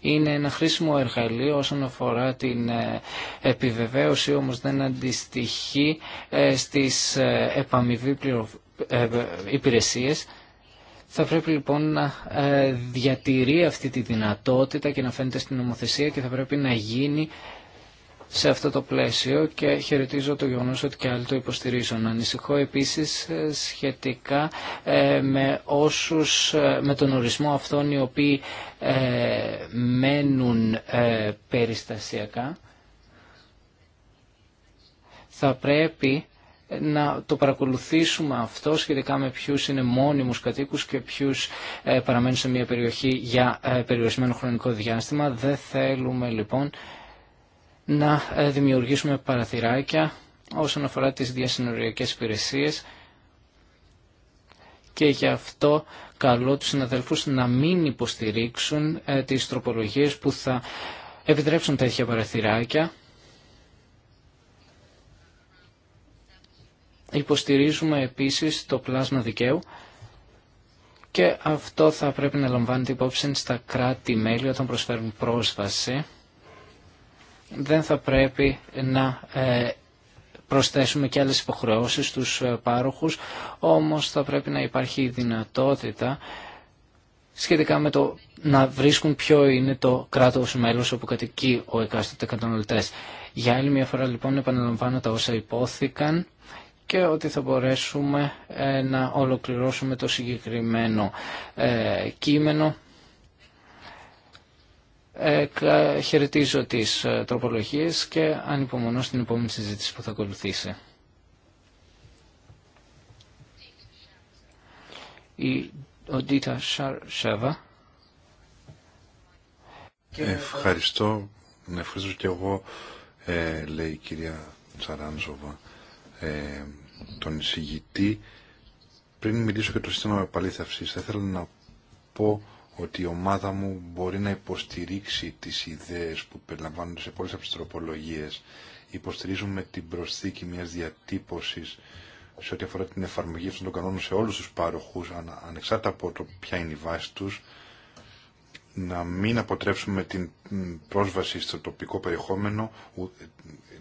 είναι ένα χρήσιμο εργαλείο όσον αφορά την ε, επιβεβαίωση, όμως δεν αντιστοιχεί ε, στις ε, επαμοιβή υπηρεσίες. Θα πρέπει λοιπόν να διατηρεί αυτή τη δυνατότητα και να φαίνεται στην νομοθεσία και θα πρέπει να γίνει σε αυτό το πλαίσιο και χαιρετίζω το γεγονό ότι και άλλοι το υποστηρίζουν. Ανησυχώ επίσης ε, σχετικά ε, με, όσους, ε, με τον ορισμό αυτών οι οποίοι μένουν περιστασιακά. Θα πρέπει να το παρακολουθήσουμε αυτό σχετικά με ποιους είναι μόνιμους κατοίκους και ποιους παραμένουν σε μια περιοχή για περιορισμένο χρονικό διάστημα. Δεν θέλουμε λοιπόν να ε, δημιουργήσουμε παραθυράκια όσον αφορά τις διασυνοριακές υπηρεσίες και γι' αυτό καλώ τους συναδελφούς να μην υποστηρίξουν ε, τις τροπολογίες που θα επιτρέψουν τέτοια παραθυράκια. Υποστηρίζουμε επίσης το πλάσμα δικαίου και αυτό θα πρέπει να λαμβάνεται υπόψη στα κράτη-μέλη όταν προσφέρουν πρόσβαση δεν θα πρέπει να ε, προσθέσουμε και άλλες υποχρεώσεις στους ε, πάροχους, όμως θα πρέπει να υπάρχει η δυνατότητα σχετικά με το να βρίσκουν ποιο είναι το κράτος μέλος όπου κατοικεί ο εκάστοτε καταναλωτές. Για άλλη μια φορά λοιπόν επαναλαμβάνω τα όσα υπόθηκαν και ότι θα μπορέσουμε ε, να ολοκληρώσουμε το συγκεκριμένο κείμενο χαιρετίζω τις ε, τροπολογίες και ανυπομονώ στην επόμενη συζήτηση που θα ακολουθήσει. Η Οντίτα Σαρσέβα. Ευχαριστώ. Να ευχαριστώ και εγώ, ε, λέει η κυρία Τσαράνζοβα, ε, τον εισηγητή. Πριν μιλήσω για το σύστημα επαλήθευσης, θα ήθελα να πω ότι η ομάδα μου μπορεί να υποστηρίξει τις ιδέες που περιλαμβάνονται σε πολλές από Υποστηρίζουμε την προσθήκη μιας διατύπωσης σε ό,τι αφορά την εφαρμογή αυτών των κανόνων σε όλους τους πάροχους, ανεξάρτητα από το ποια είναι η βάση τους, να μην αποτρέψουμε την πρόσβαση στο τοπικό περιεχόμενο,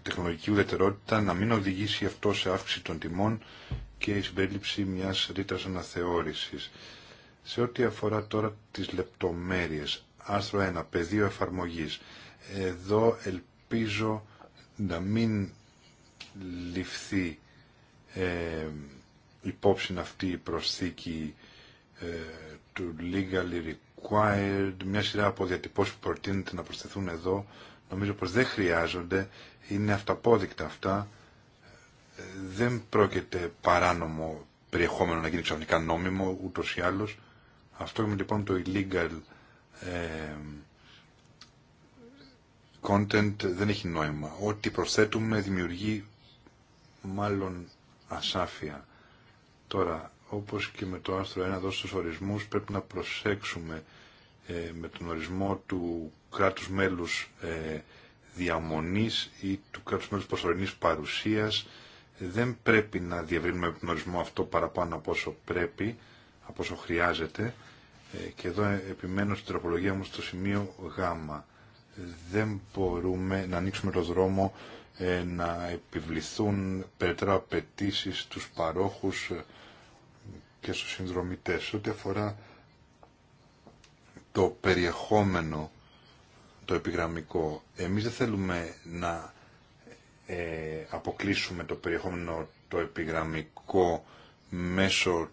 τεχνολογική ουδετερότητα, να μην οδηγήσει αυτό σε αύξηση των τιμών και η συμπέριληψη μιας ρήτρας αναθεώρησης. Σε ό,τι αφορά τώρα τις λεπτομέρειες, άρθρο 1, πεδίο εφαρμογής, εδώ ελπίζω να μην ληφθεί ε, υπόψη αυτή η προσθήκη ε, του legally required, μια σειρά από διατυπώσεις που προτείνεται να προσθεθούν εδώ, νομίζω πως δεν χρειάζονται, είναι αυταπόδεικτα αυτά, ε, δεν πρόκειται παράνομο περιεχόμενο να γίνει ξαφνικά νόμιμο ούτως ή άλλως. Αυτό είναι λοιπόν το illegal ε, content δεν έχει νόημα. Ό,τι προσθέτουμε δημιουργεί μάλλον ασάφεια. Τώρα, όπως και με το άρθρο 1 εδώ στους ορισμούς, πρέπει να προσέξουμε ε, με τον ορισμό του κράτους μέλους ε, διαμονής ή του κράτους μέλους προσωρινής παρουσίας. Δεν πρέπει να διαβρύνουμε τον ορισμό αυτό παραπάνω από όσο πρέπει, από όσο χρειάζεται. Ε, και εδώ επιμένω στην τροπολογία μου στο σημείο Γ. Δεν μπορούμε να ανοίξουμε το δρόμο ε, να επιβληθούν περαιτέρω απαιτήσει στους παρόχους ε, και στους συνδρομητές. Ό,τι αφορά το περιεχόμενο το επιγραμμικό, εμείς δεν θέλουμε να αποκλείσουμε το περιεχόμενο το επιγραμμικό μέσω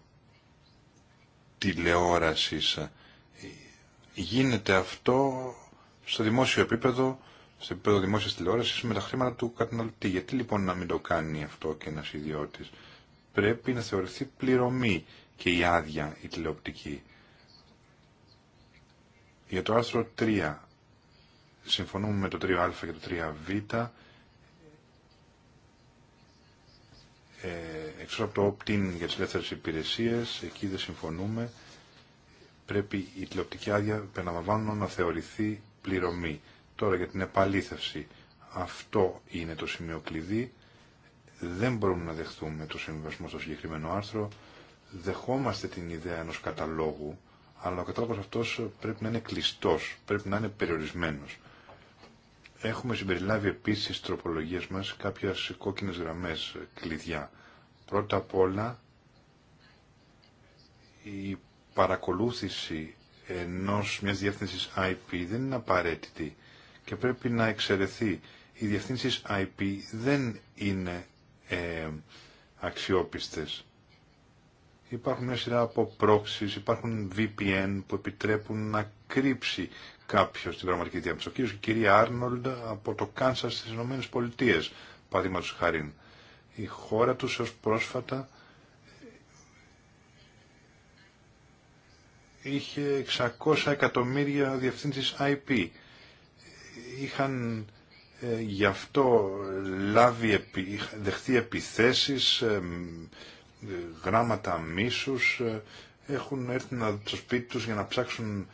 τηλεόρασης. Γίνεται αυτό στο δημόσιο επίπεδο, στο επίπεδο δημόσιας τηλεόρασης με τα χρήματα του καταναλωτή. Γιατί λοιπόν να μην το κάνει αυτό και ένας ιδιώτης. Πρέπει να θεωρηθεί πληρωμή και η άδεια η τηλεοπτική. Για το άρθρο 3, συμφωνούμε με το 3α και το 3β, ε, το opt για τι ελεύθερε υπηρεσίες, εκεί δεν συμφωνούμε, πρέπει η τηλεοπτική άδεια, περιλαμβάνω, να θεωρηθεί πληρωμή. Τώρα για την επαλήθευση, αυτό είναι το σημείο κλειδί, δεν μπορούμε να δεχθούμε το συμβιβασμό στο συγκεκριμένο άρθρο, δεχόμαστε την ιδέα ενός καταλόγου, αλλά ο κατάλογο αυτός πρέπει να είναι κλειστό, πρέπει να είναι περιορισμένο. Έχουμε συμπεριλάβει επίσης στις τροπολογίες μας κάποιες κόκκινες γραμμές κλειδιά. Πρώτα απ' όλα η παρακολούθηση ενός μια διεύθυνσης IP δεν είναι απαραίτητη και πρέπει να εξαιρεθεί. Οι διευθύνσεις IP δεν είναι ε, αξιόπιστες. Υπάρχουν μια σειρά από πρόξεις, υπάρχουν VPN που επιτρέπουν να κρύψει κάποιο στην πραγματική διάμεση. Ο κύριο και η κυρία Άρνολντ από το Κάνσα στι Πολιτείε, παραδείγματο χάρη. Η χώρα του έω πρόσφατα είχε 600 εκατομμύρια διευθύνσει IP. Είχαν ε, γι' αυτό λάβει, δεχτεί επιθέσεις, ε, ε, γράμματα μίσους, έχουν έρθει να, στο σπίτι τους για να ψάξουν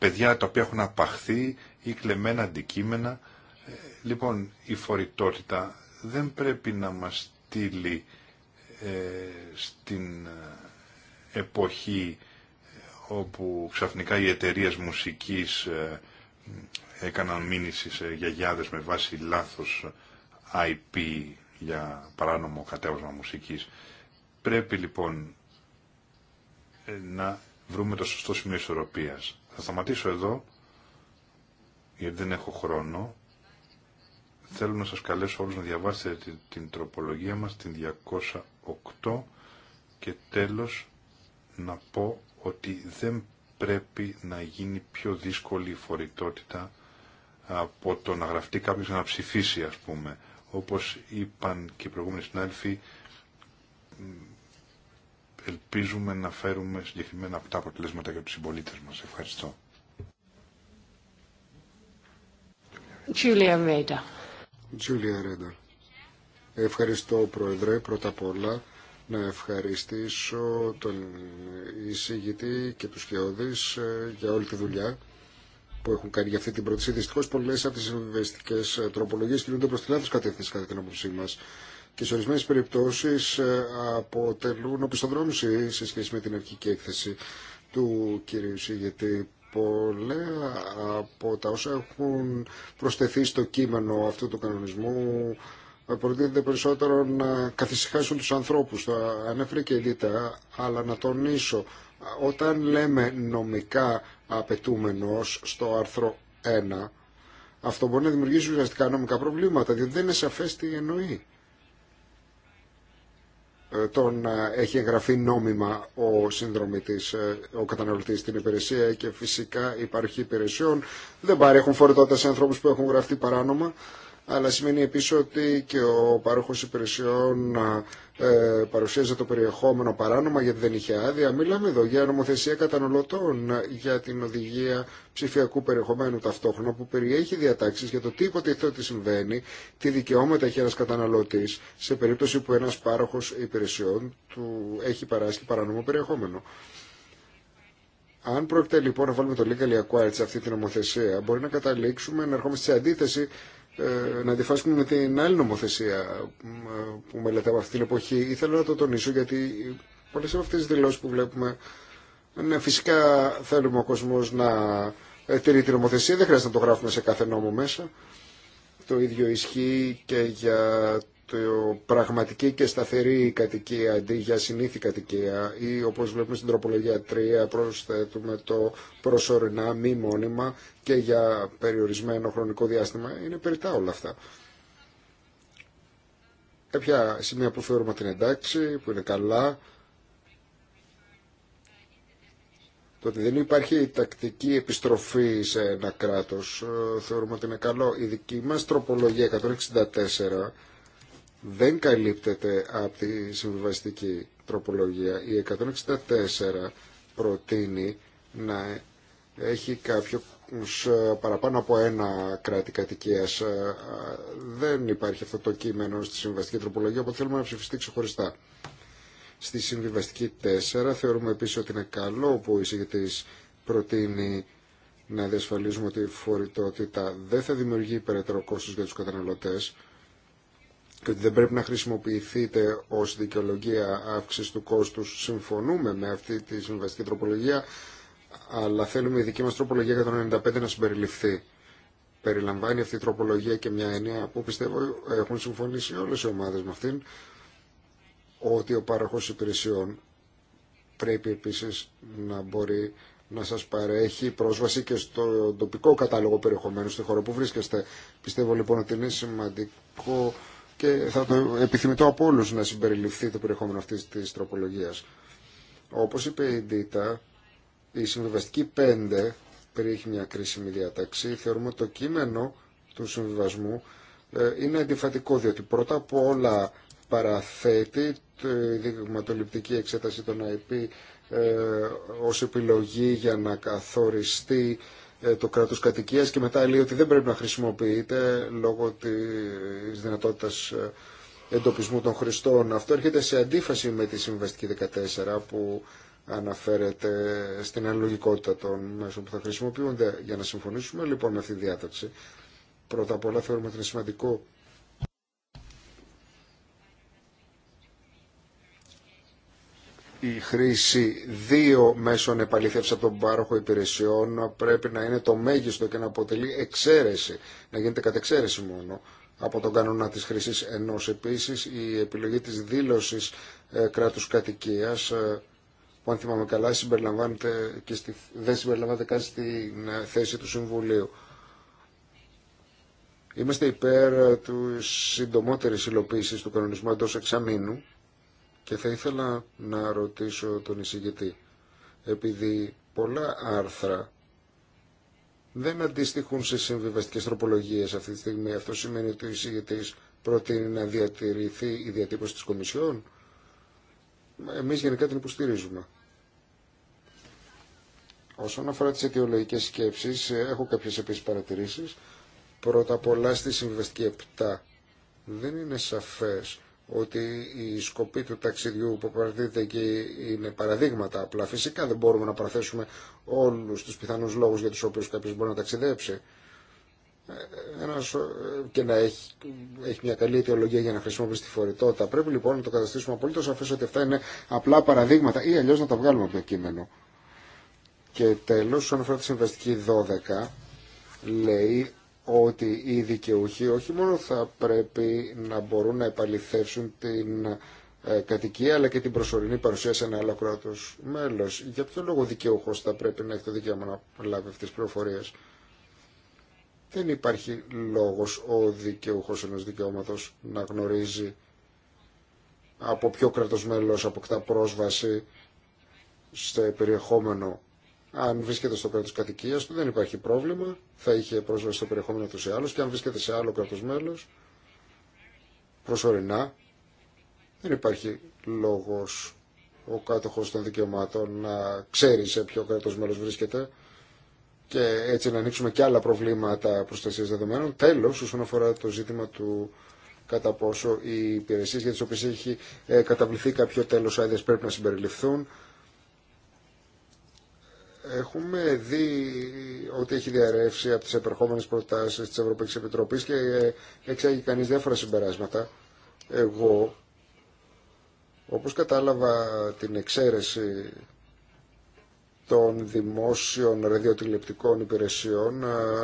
παιδιά τα οποία έχουν απαχθεί ή κλεμμένα αντικείμενα. Ε, λοιπόν, η φορητότητα δεν πρέπει να μας στείλει ε, στην ε, εποχή όπου ξαφνικά οι εταιρείες μουσικής ε, έκαναν μήνυση σε γιαγιάδες με βάση λάθος IP για παράνομο κατέβασμα μουσικής. Πρέπει λοιπόν να βρούμε το σωστό σημείο ισορροπίας. Θα σταματήσω εδώ, γιατί δεν έχω χρόνο. Θέλω να σας καλέσω όλους να διαβάσετε την τροπολογία μας, την 208 και τέλος να πω ότι δεν πρέπει να γίνει πιο δύσκολη η φορητότητα από το να γραφτεί κάποιος να ψηφίσει ας πούμε. Όπως είπαν και οι προηγούμενοι συνάδελφοι, ελπίζουμε να φέρουμε συγκεκριμένα από τα αποτελέσματα για τους συμπολίτε μας. Ευχαριστώ. Τζούλια Ρέντα. Τζούλια Ρέντα. Ευχαριστώ Πρόεδρε πρώτα απ' όλα να ευχαριστήσω τον εισηγητή και τους Θεόδης ε, για όλη τη δουλειά που έχουν κάνει για αυτή την πρόταση. Δυστυχώ πολλές από τις συμβιβαστικέ ε, τροπολογίες κινούνται προς την λάθο κατεύθυνση κατά την άποψή μας και σε ορισμένε περιπτώσει ε, αποτελούν οπισθοδρόμηση σε σχέση με την αρχική έκθεση του κυρίου Σιγητή. Πολλά από τα όσα έχουν προσθεθεί στο κείμενο αυτού του κανονισμού ε, προτείνεται περισσότερο να καθησυχάσουν τους ανθρώπους. Το ανέφερε και η Δίτα, αλλά να τονίσω, όταν λέμε νομικά απαιτούμενος στο άρθρο 1, αυτό μπορεί να δημιουργήσει ουσιαστικά νομικά προβλήματα, διότι δεν είναι σαφές τι εννοεί τον ε, έχει εγγραφεί νόμιμα ο συνδρομητής, ε, ο καταναλωτής στην υπηρεσία και φυσικά υπάρχει υπηρεσιών. Δεν παρέχουν φορητότητα σε ανθρώπους που έχουν γραφτεί παράνομα αλλά σημαίνει επίσης ότι και ο παρόχος υπηρεσιών ε, παρουσίαζε το περιεχόμενο παράνομα γιατί δεν είχε άδεια. Μιλάμε εδώ για νομοθεσία καταναλωτών, για την οδηγία ψηφιακού περιεχομένου ταυτόχρονα που περιέχει διατάξεις για το τι υποτίθεται ότι συμβαίνει, τι δικαιώματα έχει ένα καταναλωτής σε περίπτωση που ένας πάροχος υπηρεσιών του έχει παράσχει παράνομο περιεχόμενο. Αν πρόκειται λοιπόν να βάλουμε το legally acquired σε αυτή την νομοθεσία, μπορεί να καταλήξουμε να ερχόμαστε σε αντίθεση ε, να αντιφάσουμε με την άλλη νομοθεσία ε, που μελετάμε αυτή την εποχή. Ήθελα να το τονίσω γιατί πολλέ από αυτέ τι δηλώσει που βλέπουμε. Ναι, φυσικά θέλουμε ο κόσμο να ε, τηρεί την νομοθεσία, δεν χρειάζεται να το γράφουμε σε κάθε νόμο μέσα. Το ίδιο ισχύει και για το πραγματική και σταθερή κατοικία αντί για συνήθη κατοικία ή όπως βλέπουμε στην τροπολογία 3 προσθέτουμε το προσωρινά μη μόνιμα και για περιορισμένο χρονικό διάστημα είναι περιτά όλα αυτά. Κάποια σημεία που θεωρούμε την εντάξει, που είναι καλά, Το ότι δεν υπάρχει τακτική επιστροφή σε ένα κράτος ε, θεωρούμε ότι είναι καλό. Η δική μας τροπολογία 164 δεν καλύπτεται από τη συμβιβαστική τροπολογία. Η 164 προτείνει να έχει κάποιο ε, παραπάνω από ένα κράτη κατοικία. Ε, δεν υπάρχει αυτό το κείμενο στη συμβιβαστική τροπολογία, οπότε θέλουμε να ψηφιστεί ξεχωριστά. Στη συμβιβαστική 4 θεωρούμε επίσης ότι είναι καλό που ο εισηγητής προτείνει να διασφαλίζουμε ότι η φορητότητα δεν θα δημιουργεί υπεραιτερό κόστος για τους καταναλωτές και ότι δεν πρέπει να χρησιμοποιηθείτε ως δικαιολογία αύξηση του κόστου Συμφωνούμε με αυτή τη συμβαστική τροπολογία, αλλά θέλουμε η δική μας τροπολογία για το 95 να συμπεριληφθεί. Περιλαμβάνει αυτή η τροπολογία και μια έννοια που πιστεύω έχουν συμφωνήσει όλες οι ομάδες με αυτήν, ότι ο παροχός υπηρεσιών πρέπει επίσης να μπορεί να σας παρέχει πρόσβαση και στο τοπικό κατάλογο περιεχομένου, στο χώρο που βρίσκεστε. Πιστεύω λοιπόν ότι είναι σημαντικό και θα το επιθυμητώ από όλου να συμπεριληφθεί το περιεχόμενο αυτή τη τροπολογία. Όπω είπε η Ντίτα, η συμβιβαστική 5 περιέχει μια κρίσιμη διαταξή. Θεωρούμε ότι το κείμενο του συμβιβασμού ε, είναι αντιφατικό, διότι πρώτα απ' όλα παραθέτει τη δειγματοληπτική εξέταση των ΑΕΠ ε, ως επιλογή για να καθοριστεί ε, το κράτο κατοικία και μετά λέει ότι δεν πρέπει να χρησιμοποιείται λόγω τη δυνατότητα ε, εντοπισμού των χρηστών. Αυτό έρχεται σε αντίφαση με τη Συμβαστική 14 που αναφέρεται στην αναλογικότητα των μέσων που θα χρησιμοποιούνται. Για να συμφωνήσουμε λοιπόν με αυτή τη διάταξη, πρώτα απ' όλα θεωρούμε ότι είναι σημαντικό η χρήση δύο μέσων επαλήθευσης από τον πάροχο υπηρεσιών πρέπει να είναι το μέγιστο και να αποτελεί εξαίρεση, να γίνεται κατεξαίρεση μόνο από τον κανόνα της χρήσης ενός. Επίσης, η επιλογή της δήλωσης ε, κράτους κατοικίας, ε, που αν θυμάμαι καλά και στη, δεν συμπεριλαμβάνεται καν στην ε, θέση του Συμβουλίου. Είμαστε υπέρ ε, του συντομότερης υλοποίησης του κανονισμού εντός εξαμήνου και θα ήθελα να ρωτήσω τον εισηγητή, επειδή πολλά άρθρα δεν αντιστοιχούν σε συμβιβαστικές τροπολογίες αυτή τη στιγμή. Αυτό σημαίνει ότι ο εισηγητής προτείνει να διατηρηθεί η διατύπωση της Κομισιόν. Εμείς γενικά την υποστηρίζουμε. Όσον αφορά τις αιτιολογικές σκέψεις, έχω κάποιες επίσης παρατηρήσεις. Πρώτα απ' όλα στη συμβιβαστική 7 δεν είναι σαφές ότι η σκοπή του ταξιδιού που παρατηρείται εκεί είναι παραδείγματα. Απλά φυσικά δεν μπορούμε να παραθέσουμε όλου του πιθανού λόγου για του οποίου κάποιο μπορεί να ταξιδέψει. Ε, ε, και να έχει, έχει μια καλή αιτιολογία για να χρησιμοποιήσει τη φορητότητα. Πρέπει λοιπόν να το καταστήσουμε απολύτω σαφές ότι αυτά είναι απλά παραδείγματα ή αλλιώ να τα βγάλουμε από το κείμενο. Και τέλος, όσον αφορά τη συμβαστική 12, λέει ότι οι δικαιούχοι όχι μόνο θα πρέπει να μπορούν να επαληθεύσουν την ε, κατοικία αλλά και την προσωρινή παρουσία σε ένα άλλο κράτο μέλο. Για ποιο λόγο δικαιούχο θα πρέπει να έχει το δικαίωμα να λάβει αυτέ τι πληροφορίε. Δεν υπάρχει λόγο ο δικαιούχο ενό δικαιώματο να γνωρίζει από ποιο κράτο μέλο αποκτά πρόσβαση στο περιεχόμενο αν βρίσκεται στο κράτο κατοικία του, δεν υπάρχει πρόβλημα. Θα είχε πρόσβαση στο περιεχόμενο του σε άλλου. Και αν βρίσκεται σε άλλο κράτο μέλο, προσωρινά, δεν υπάρχει λόγο ο κάτοχο των δικαιωμάτων να ξέρει σε ποιο κράτο μέλο βρίσκεται και έτσι να ανοίξουμε και άλλα προβλήματα προστασία δεδομένων. Τέλο, όσον αφορά το ζήτημα του κατά πόσο οι υπηρεσίε για τι οποίε έχει ε, καταβληθεί κάποιο τέλο άδεια πρέπει να συμπεριληφθούν. Έχουμε δει ότι έχει διαρρεύσει από τις επερχόμενες προτάσεις της Ευρωπαϊκής Επιτροπής και ε, εξάγει κανείς διάφορα συμπεράσματα. Εγώ, όπως κατάλαβα την εξαίρεση των δημόσιων ραδιοτηλεπτικών υπηρεσιών, ε,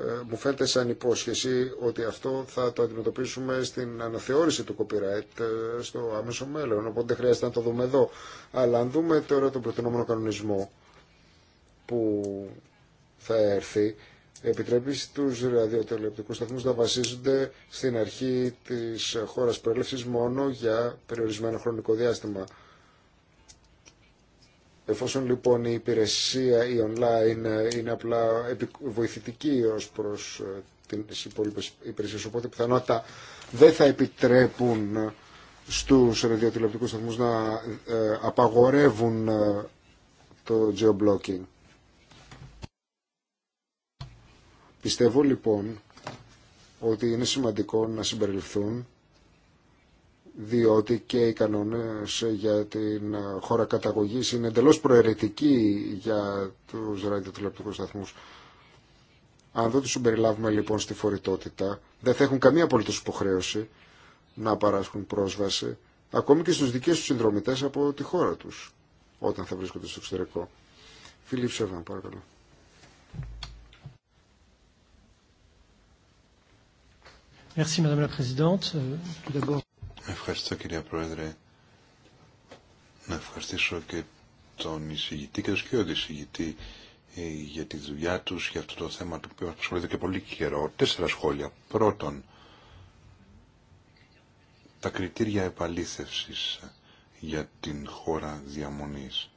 ε, μου φαίνεται σαν υπόσχεση ότι αυτό θα το αντιμετωπίσουμε στην αναθεώρηση του copyright στο άμεσο μέλλον. Οπότε δεν χρειάζεται να το δούμε εδώ. Αλλά αν δούμε τώρα τον προτινόμενο κανονισμό, που θα έρθει επιτρέπει στους ραδιοτελεπτικούς σταθμούς να βασίζονται στην αρχή της χώρας προέλευσης μόνο για περιορισμένο χρονικό διάστημα. Εφόσον λοιπόν η υπηρεσία η online είναι απλά βοηθητική ως προς ε, τις υπόλοιπες υπηρεσίες, οπότε πιθανότατα δεν θα επιτρέπουν στους ραδιοτηλεπτικούς σταθμούς να ε, απαγορεύουν ε, το geo Πιστεύω λοιπόν ότι είναι σημαντικό να συμπεριληφθούν διότι και οι κανόνες για την χώρα καταγωγής είναι εντελώς προαιρετικοί για τους ραδιοτηλεπτικούς σταθμούς. Αν δεν τους συμπεριλάβουμε λοιπόν στη φορητότητα, δεν θα έχουν καμία απολύτως υποχρέωση να παράσχουν πρόσβαση, ακόμη και στους δικές τους συνδρομητές από τη χώρα τους, όταν θα βρίσκονται στο εξωτερικό. Φιλίπ παρακαλώ. Merci, Madame la Présidente. Euh, tout d'abord... Ευχαριστώ κυρία Πρόεδρε. Να ευχαριστήσω και τον εισηγητή και τον σκιώδη εισηγητή ε, για τη δουλειά τους, για αυτό το θέμα το οποίο ασχολείται και πολύ καιρό. Τέσσερα σχόλια. Πρώτον, τα κριτήρια επαλήθευσης για την χώρα διαμονής.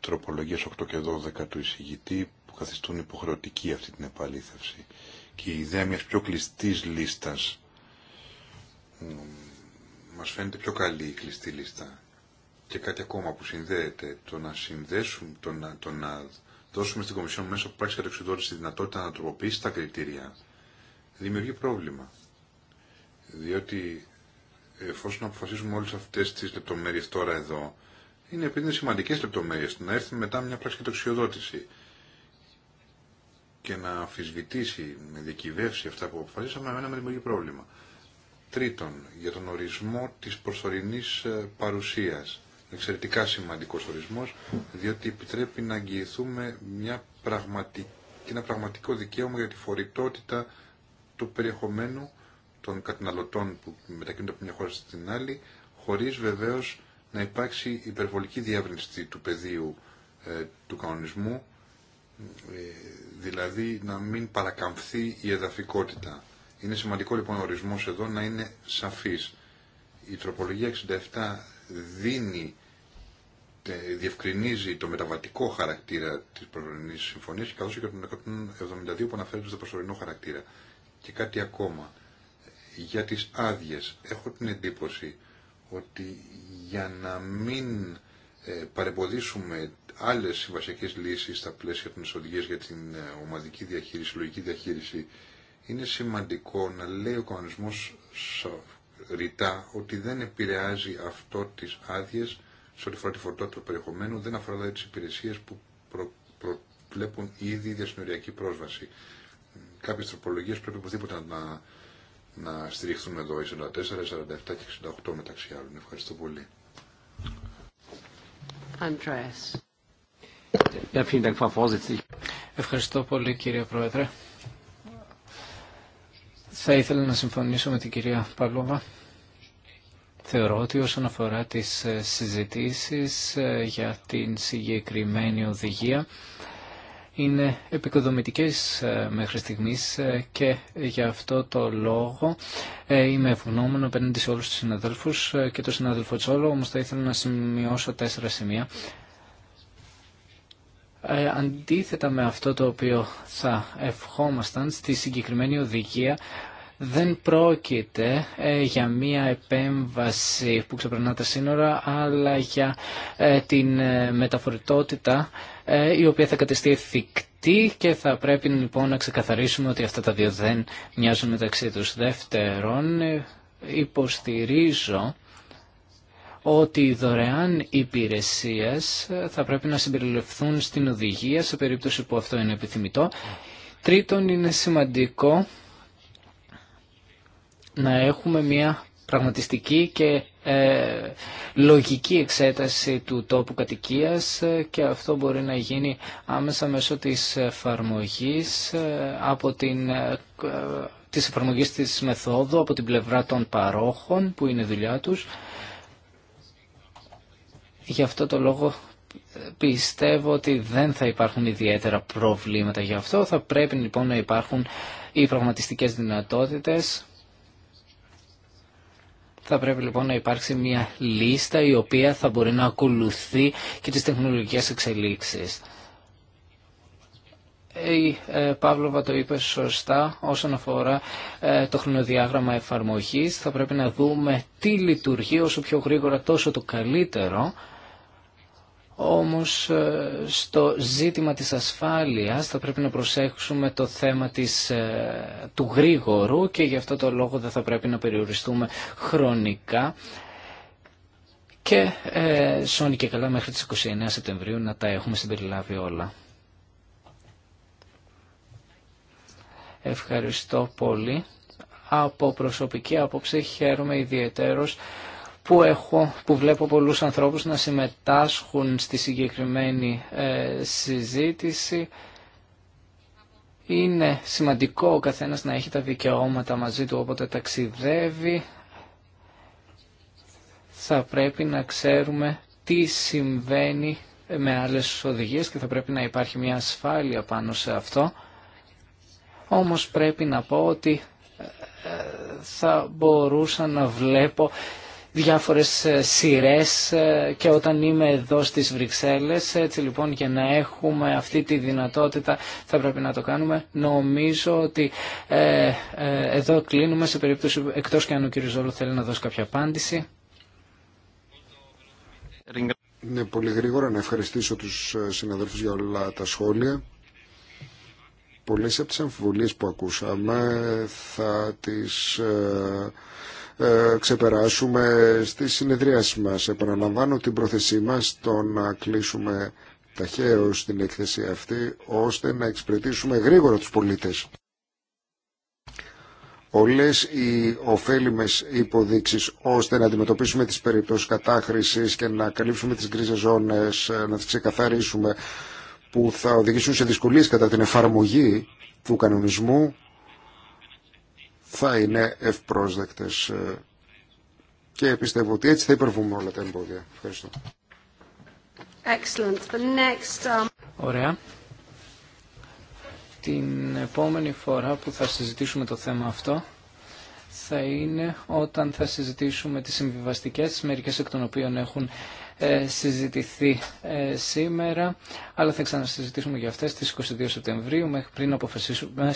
Τροπολογίες 8 και 12 του εισηγητή που καθιστούν υποχρεωτική αυτή την επαλήθευση και η ιδέα μιας πιο κλειστής λίστας μας φαίνεται πιο καλή η κλειστή λίστα. Και κάτι ακόμα που συνδέεται, το να συνδέσουμε, το να, το δώσουμε στην Κομισιόν από πράξη κατεξουδότηση τη δυνατότητα να τροποποιήσει τα κριτήρια, δημιουργεί πρόβλημα. Διότι εφόσον αποφασίσουμε όλες αυτές τις λεπτομέρειες τώρα εδώ, είναι επειδή είναι σημαντικές λεπτομέρειες, να έρθει μετά μια πράξη κατεξουδότηση και να αμφισβητήσει, να διακυβεύσει αυτά που αποφασίσαμε, εμένα με δημιουργεί πρόβλημα. Τρίτον, για τον ορισμό της προσωρινής ε, παρουσίας. Εξαιρετικά σημαντικός ορισμός, διότι επιτρέπει να αγγιηθούμε μια πραγματική, ένα πραγματικό δικαίωμα για τη φορητότητα του περιεχομένου των καταναλωτών που μετακινούνται από μια χώρα στην άλλη, χωρίς βεβαίως να υπάρξει υπερβολική διεύρυνση του πεδίου ε, του κανονισμού, ε, δηλαδή να μην παρακαμφθεί η εδαφικότητα. Είναι σημαντικό λοιπόν ο ορισμός εδώ να είναι σαφής. Η τροπολογία 67 δίνει, διευκρινίζει το μεταβατικό χαρακτήρα της προσωρινής συμφωνίας καθώς και τον 172 που αναφέρεται στο προσωρινό χαρακτήρα. Και κάτι ακόμα, για τις άδειε. Έχω την εντύπωση ότι για να μην ε, παρεμποδίσουμε Άλλε συμβασιακές λύσει στα πλαίσια των εισοδηγίας για την ε, ομαδική διαχείριση, λογική διαχείριση, είναι σημαντικό να λέει ο κανονισμός ρητά ότι δεν επηρεάζει αυτό τι άδειε σε ό,τι αφορά τη φορτότητα του περιεχομένου, δεν αφορά δηλαδή τις υπηρεσίες που προ, προβλέπουν ήδη διασυνοριακή πρόσβαση. Κάποιε τροπολογίε πρέπει οπωσδήποτε να, να στηριχθούν εδώ, οι 44, 47 και 68 μεταξύ άλλων. Ευχαριστώ πολύ. Andreas. Ευχαριστώ πολύ κύριε Πρόεδρε. Θα ήθελα να συμφωνήσω με την κυρία Παλούβα. Θεωρώ ότι όσον αφορά τις ε, συζητήσεις ε, για την συγκεκριμένη οδηγία είναι επικοδομητικές ε, μέχρι στιγμής και για αυτό το λόγο είμαι ευγνώμων απέναντι σε όλους τους συναδέλφους και τον συνάδελφο Τσόλο, όμως θα ήθελα να σημειώσω τέσσερα σημεία ε, αντίθετα με αυτό το οποίο θα ευχόμασταν στη συγκεκριμένη οδηγία δεν πρόκειται ε, για μία επέμβαση που ξεπερνά τα σύνορα αλλά για ε, την μεταφορητότητα η οποία θα κατεστεί εφικτή και θα πρέπει λοιπόν να ξεκαθαρίσουμε ότι αυτά τα δύο δεν μοιάζουν μεταξύ τους. Δεύτερον, υποστηρίζω ότι οι δωρεάν υπηρεσίες θα πρέπει να συμπεριληφθούν στην οδηγία σε περίπτωση που αυτό είναι επιθυμητό. Τρίτον, είναι σημαντικό να έχουμε μια πραγματιστική και ε, λογική εξέταση του τόπου κατοικίας και αυτό μπορεί να γίνει άμεσα μέσω της εφαρμογής ε, από την ε, της εφαρμογής της μεθόδου από την πλευρά των παρόχων που είναι δουλειά τους Γι' αυτό το λόγο πιστεύω ότι δεν θα υπάρχουν ιδιαίτερα προβλήματα γι' αυτό. Θα πρέπει λοιπόν να υπάρχουν οι πραγματιστικές δυνατότητες. Θα πρέπει λοιπόν να υπάρξει μια λίστα η οποία θα μπορεί να ακολουθεί και τις τεχνολογικές εξελίξεις. Η ε, Παύλοβα το είπε σωστά όσον αφορά ε, το χρονοδιάγραμμα εφαρμογής. Θα πρέπει να δούμε τι λειτουργεί όσο πιο γρήγορα τόσο το καλύτερο όμως ε, στο ζήτημα της ασφάλειας θα πρέπει να προσέξουμε το θέμα της, ε, του γρήγορου και γι' αυτό το λόγο δεν θα πρέπει να περιοριστούμε χρονικά και ε, σώνει και καλά μέχρι τις 29 Σεπτεμβρίου να τα έχουμε συμπεριλάβει όλα. Ευχαριστώ πολύ. Από προσωπική άποψη χαίρομαι ιδιαίτερος που, έχω, που βλέπω πολλούς ανθρώπους να συμμετάσχουν στη συγκεκριμένη ε, συζήτηση. Είναι σημαντικό ο καθένας να έχει τα δικαιώματα μαζί του όποτε ταξιδεύει. Θα πρέπει να ξέρουμε τι συμβαίνει με άλλες οδηγίες και θα πρέπει να υπάρχει μια ασφάλεια πάνω σε αυτό. Όμως πρέπει να πω ότι ε, ε, θα μπορούσα να βλέπω διάφορες ε, σειρές ε, και όταν είμαι εδώ στις Βρυξέλλες. Έτσι λοιπόν για να έχουμε αυτή τη δυνατότητα θα πρέπει να το κάνουμε. Νομίζω ότι ε, ε, εδώ κλείνουμε σε περίπτωση εκτός και αν ο κ. Ζόλου θέλει να δώσει κάποια απάντηση. Είναι πολύ γρήγορα να ευχαριστήσω τους ε, συναδέλφους για όλα τα σχόλια. Πολλές από τις αμφιβολίες που ακούσαμε θα τις ε, ξεπεράσουμε στη συνεδρίασεις μας. Επαναλαμβάνω την πρόθεσή μας το να κλείσουμε ταχαίως την έκθεση αυτή ώστε να εξυπηρετήσουμε γρήγορα τους πολίτες. Όλες οι ωφέλιμες υποδείξεις ώστε να αντιμετωπίσουμε τις περιπτώσεις κατάχρησης και να καλύψουμε τις γκρίζες ζώνες, ε, να τις ξεκαθαρίσουμε που θα οδηγήσουν σε δυσκολίες κατά την εφαρμογή του κανονισμού θα είναι ευπρόσδεκτες ε, και πιστεύω ότι έτσι θα υπερβούμε όλα τα εμπόδια. Ευχαριστώ. Excellent. The next... Um, Ωραία. Την επόμενη φορά που θα συζητήσουμε το θέμα αυτό θα είναι όταν θα συζητήσουμε τις συμβιβαστικές, μερικές εκ των οποίων έχουν ε, συζητηθεί ε, σήμερα, αλλά θα ξανασυζητήσουμε για αυτές τις 22 Σεπτεμβρίου, μέχρι πριν αποφασίσουμε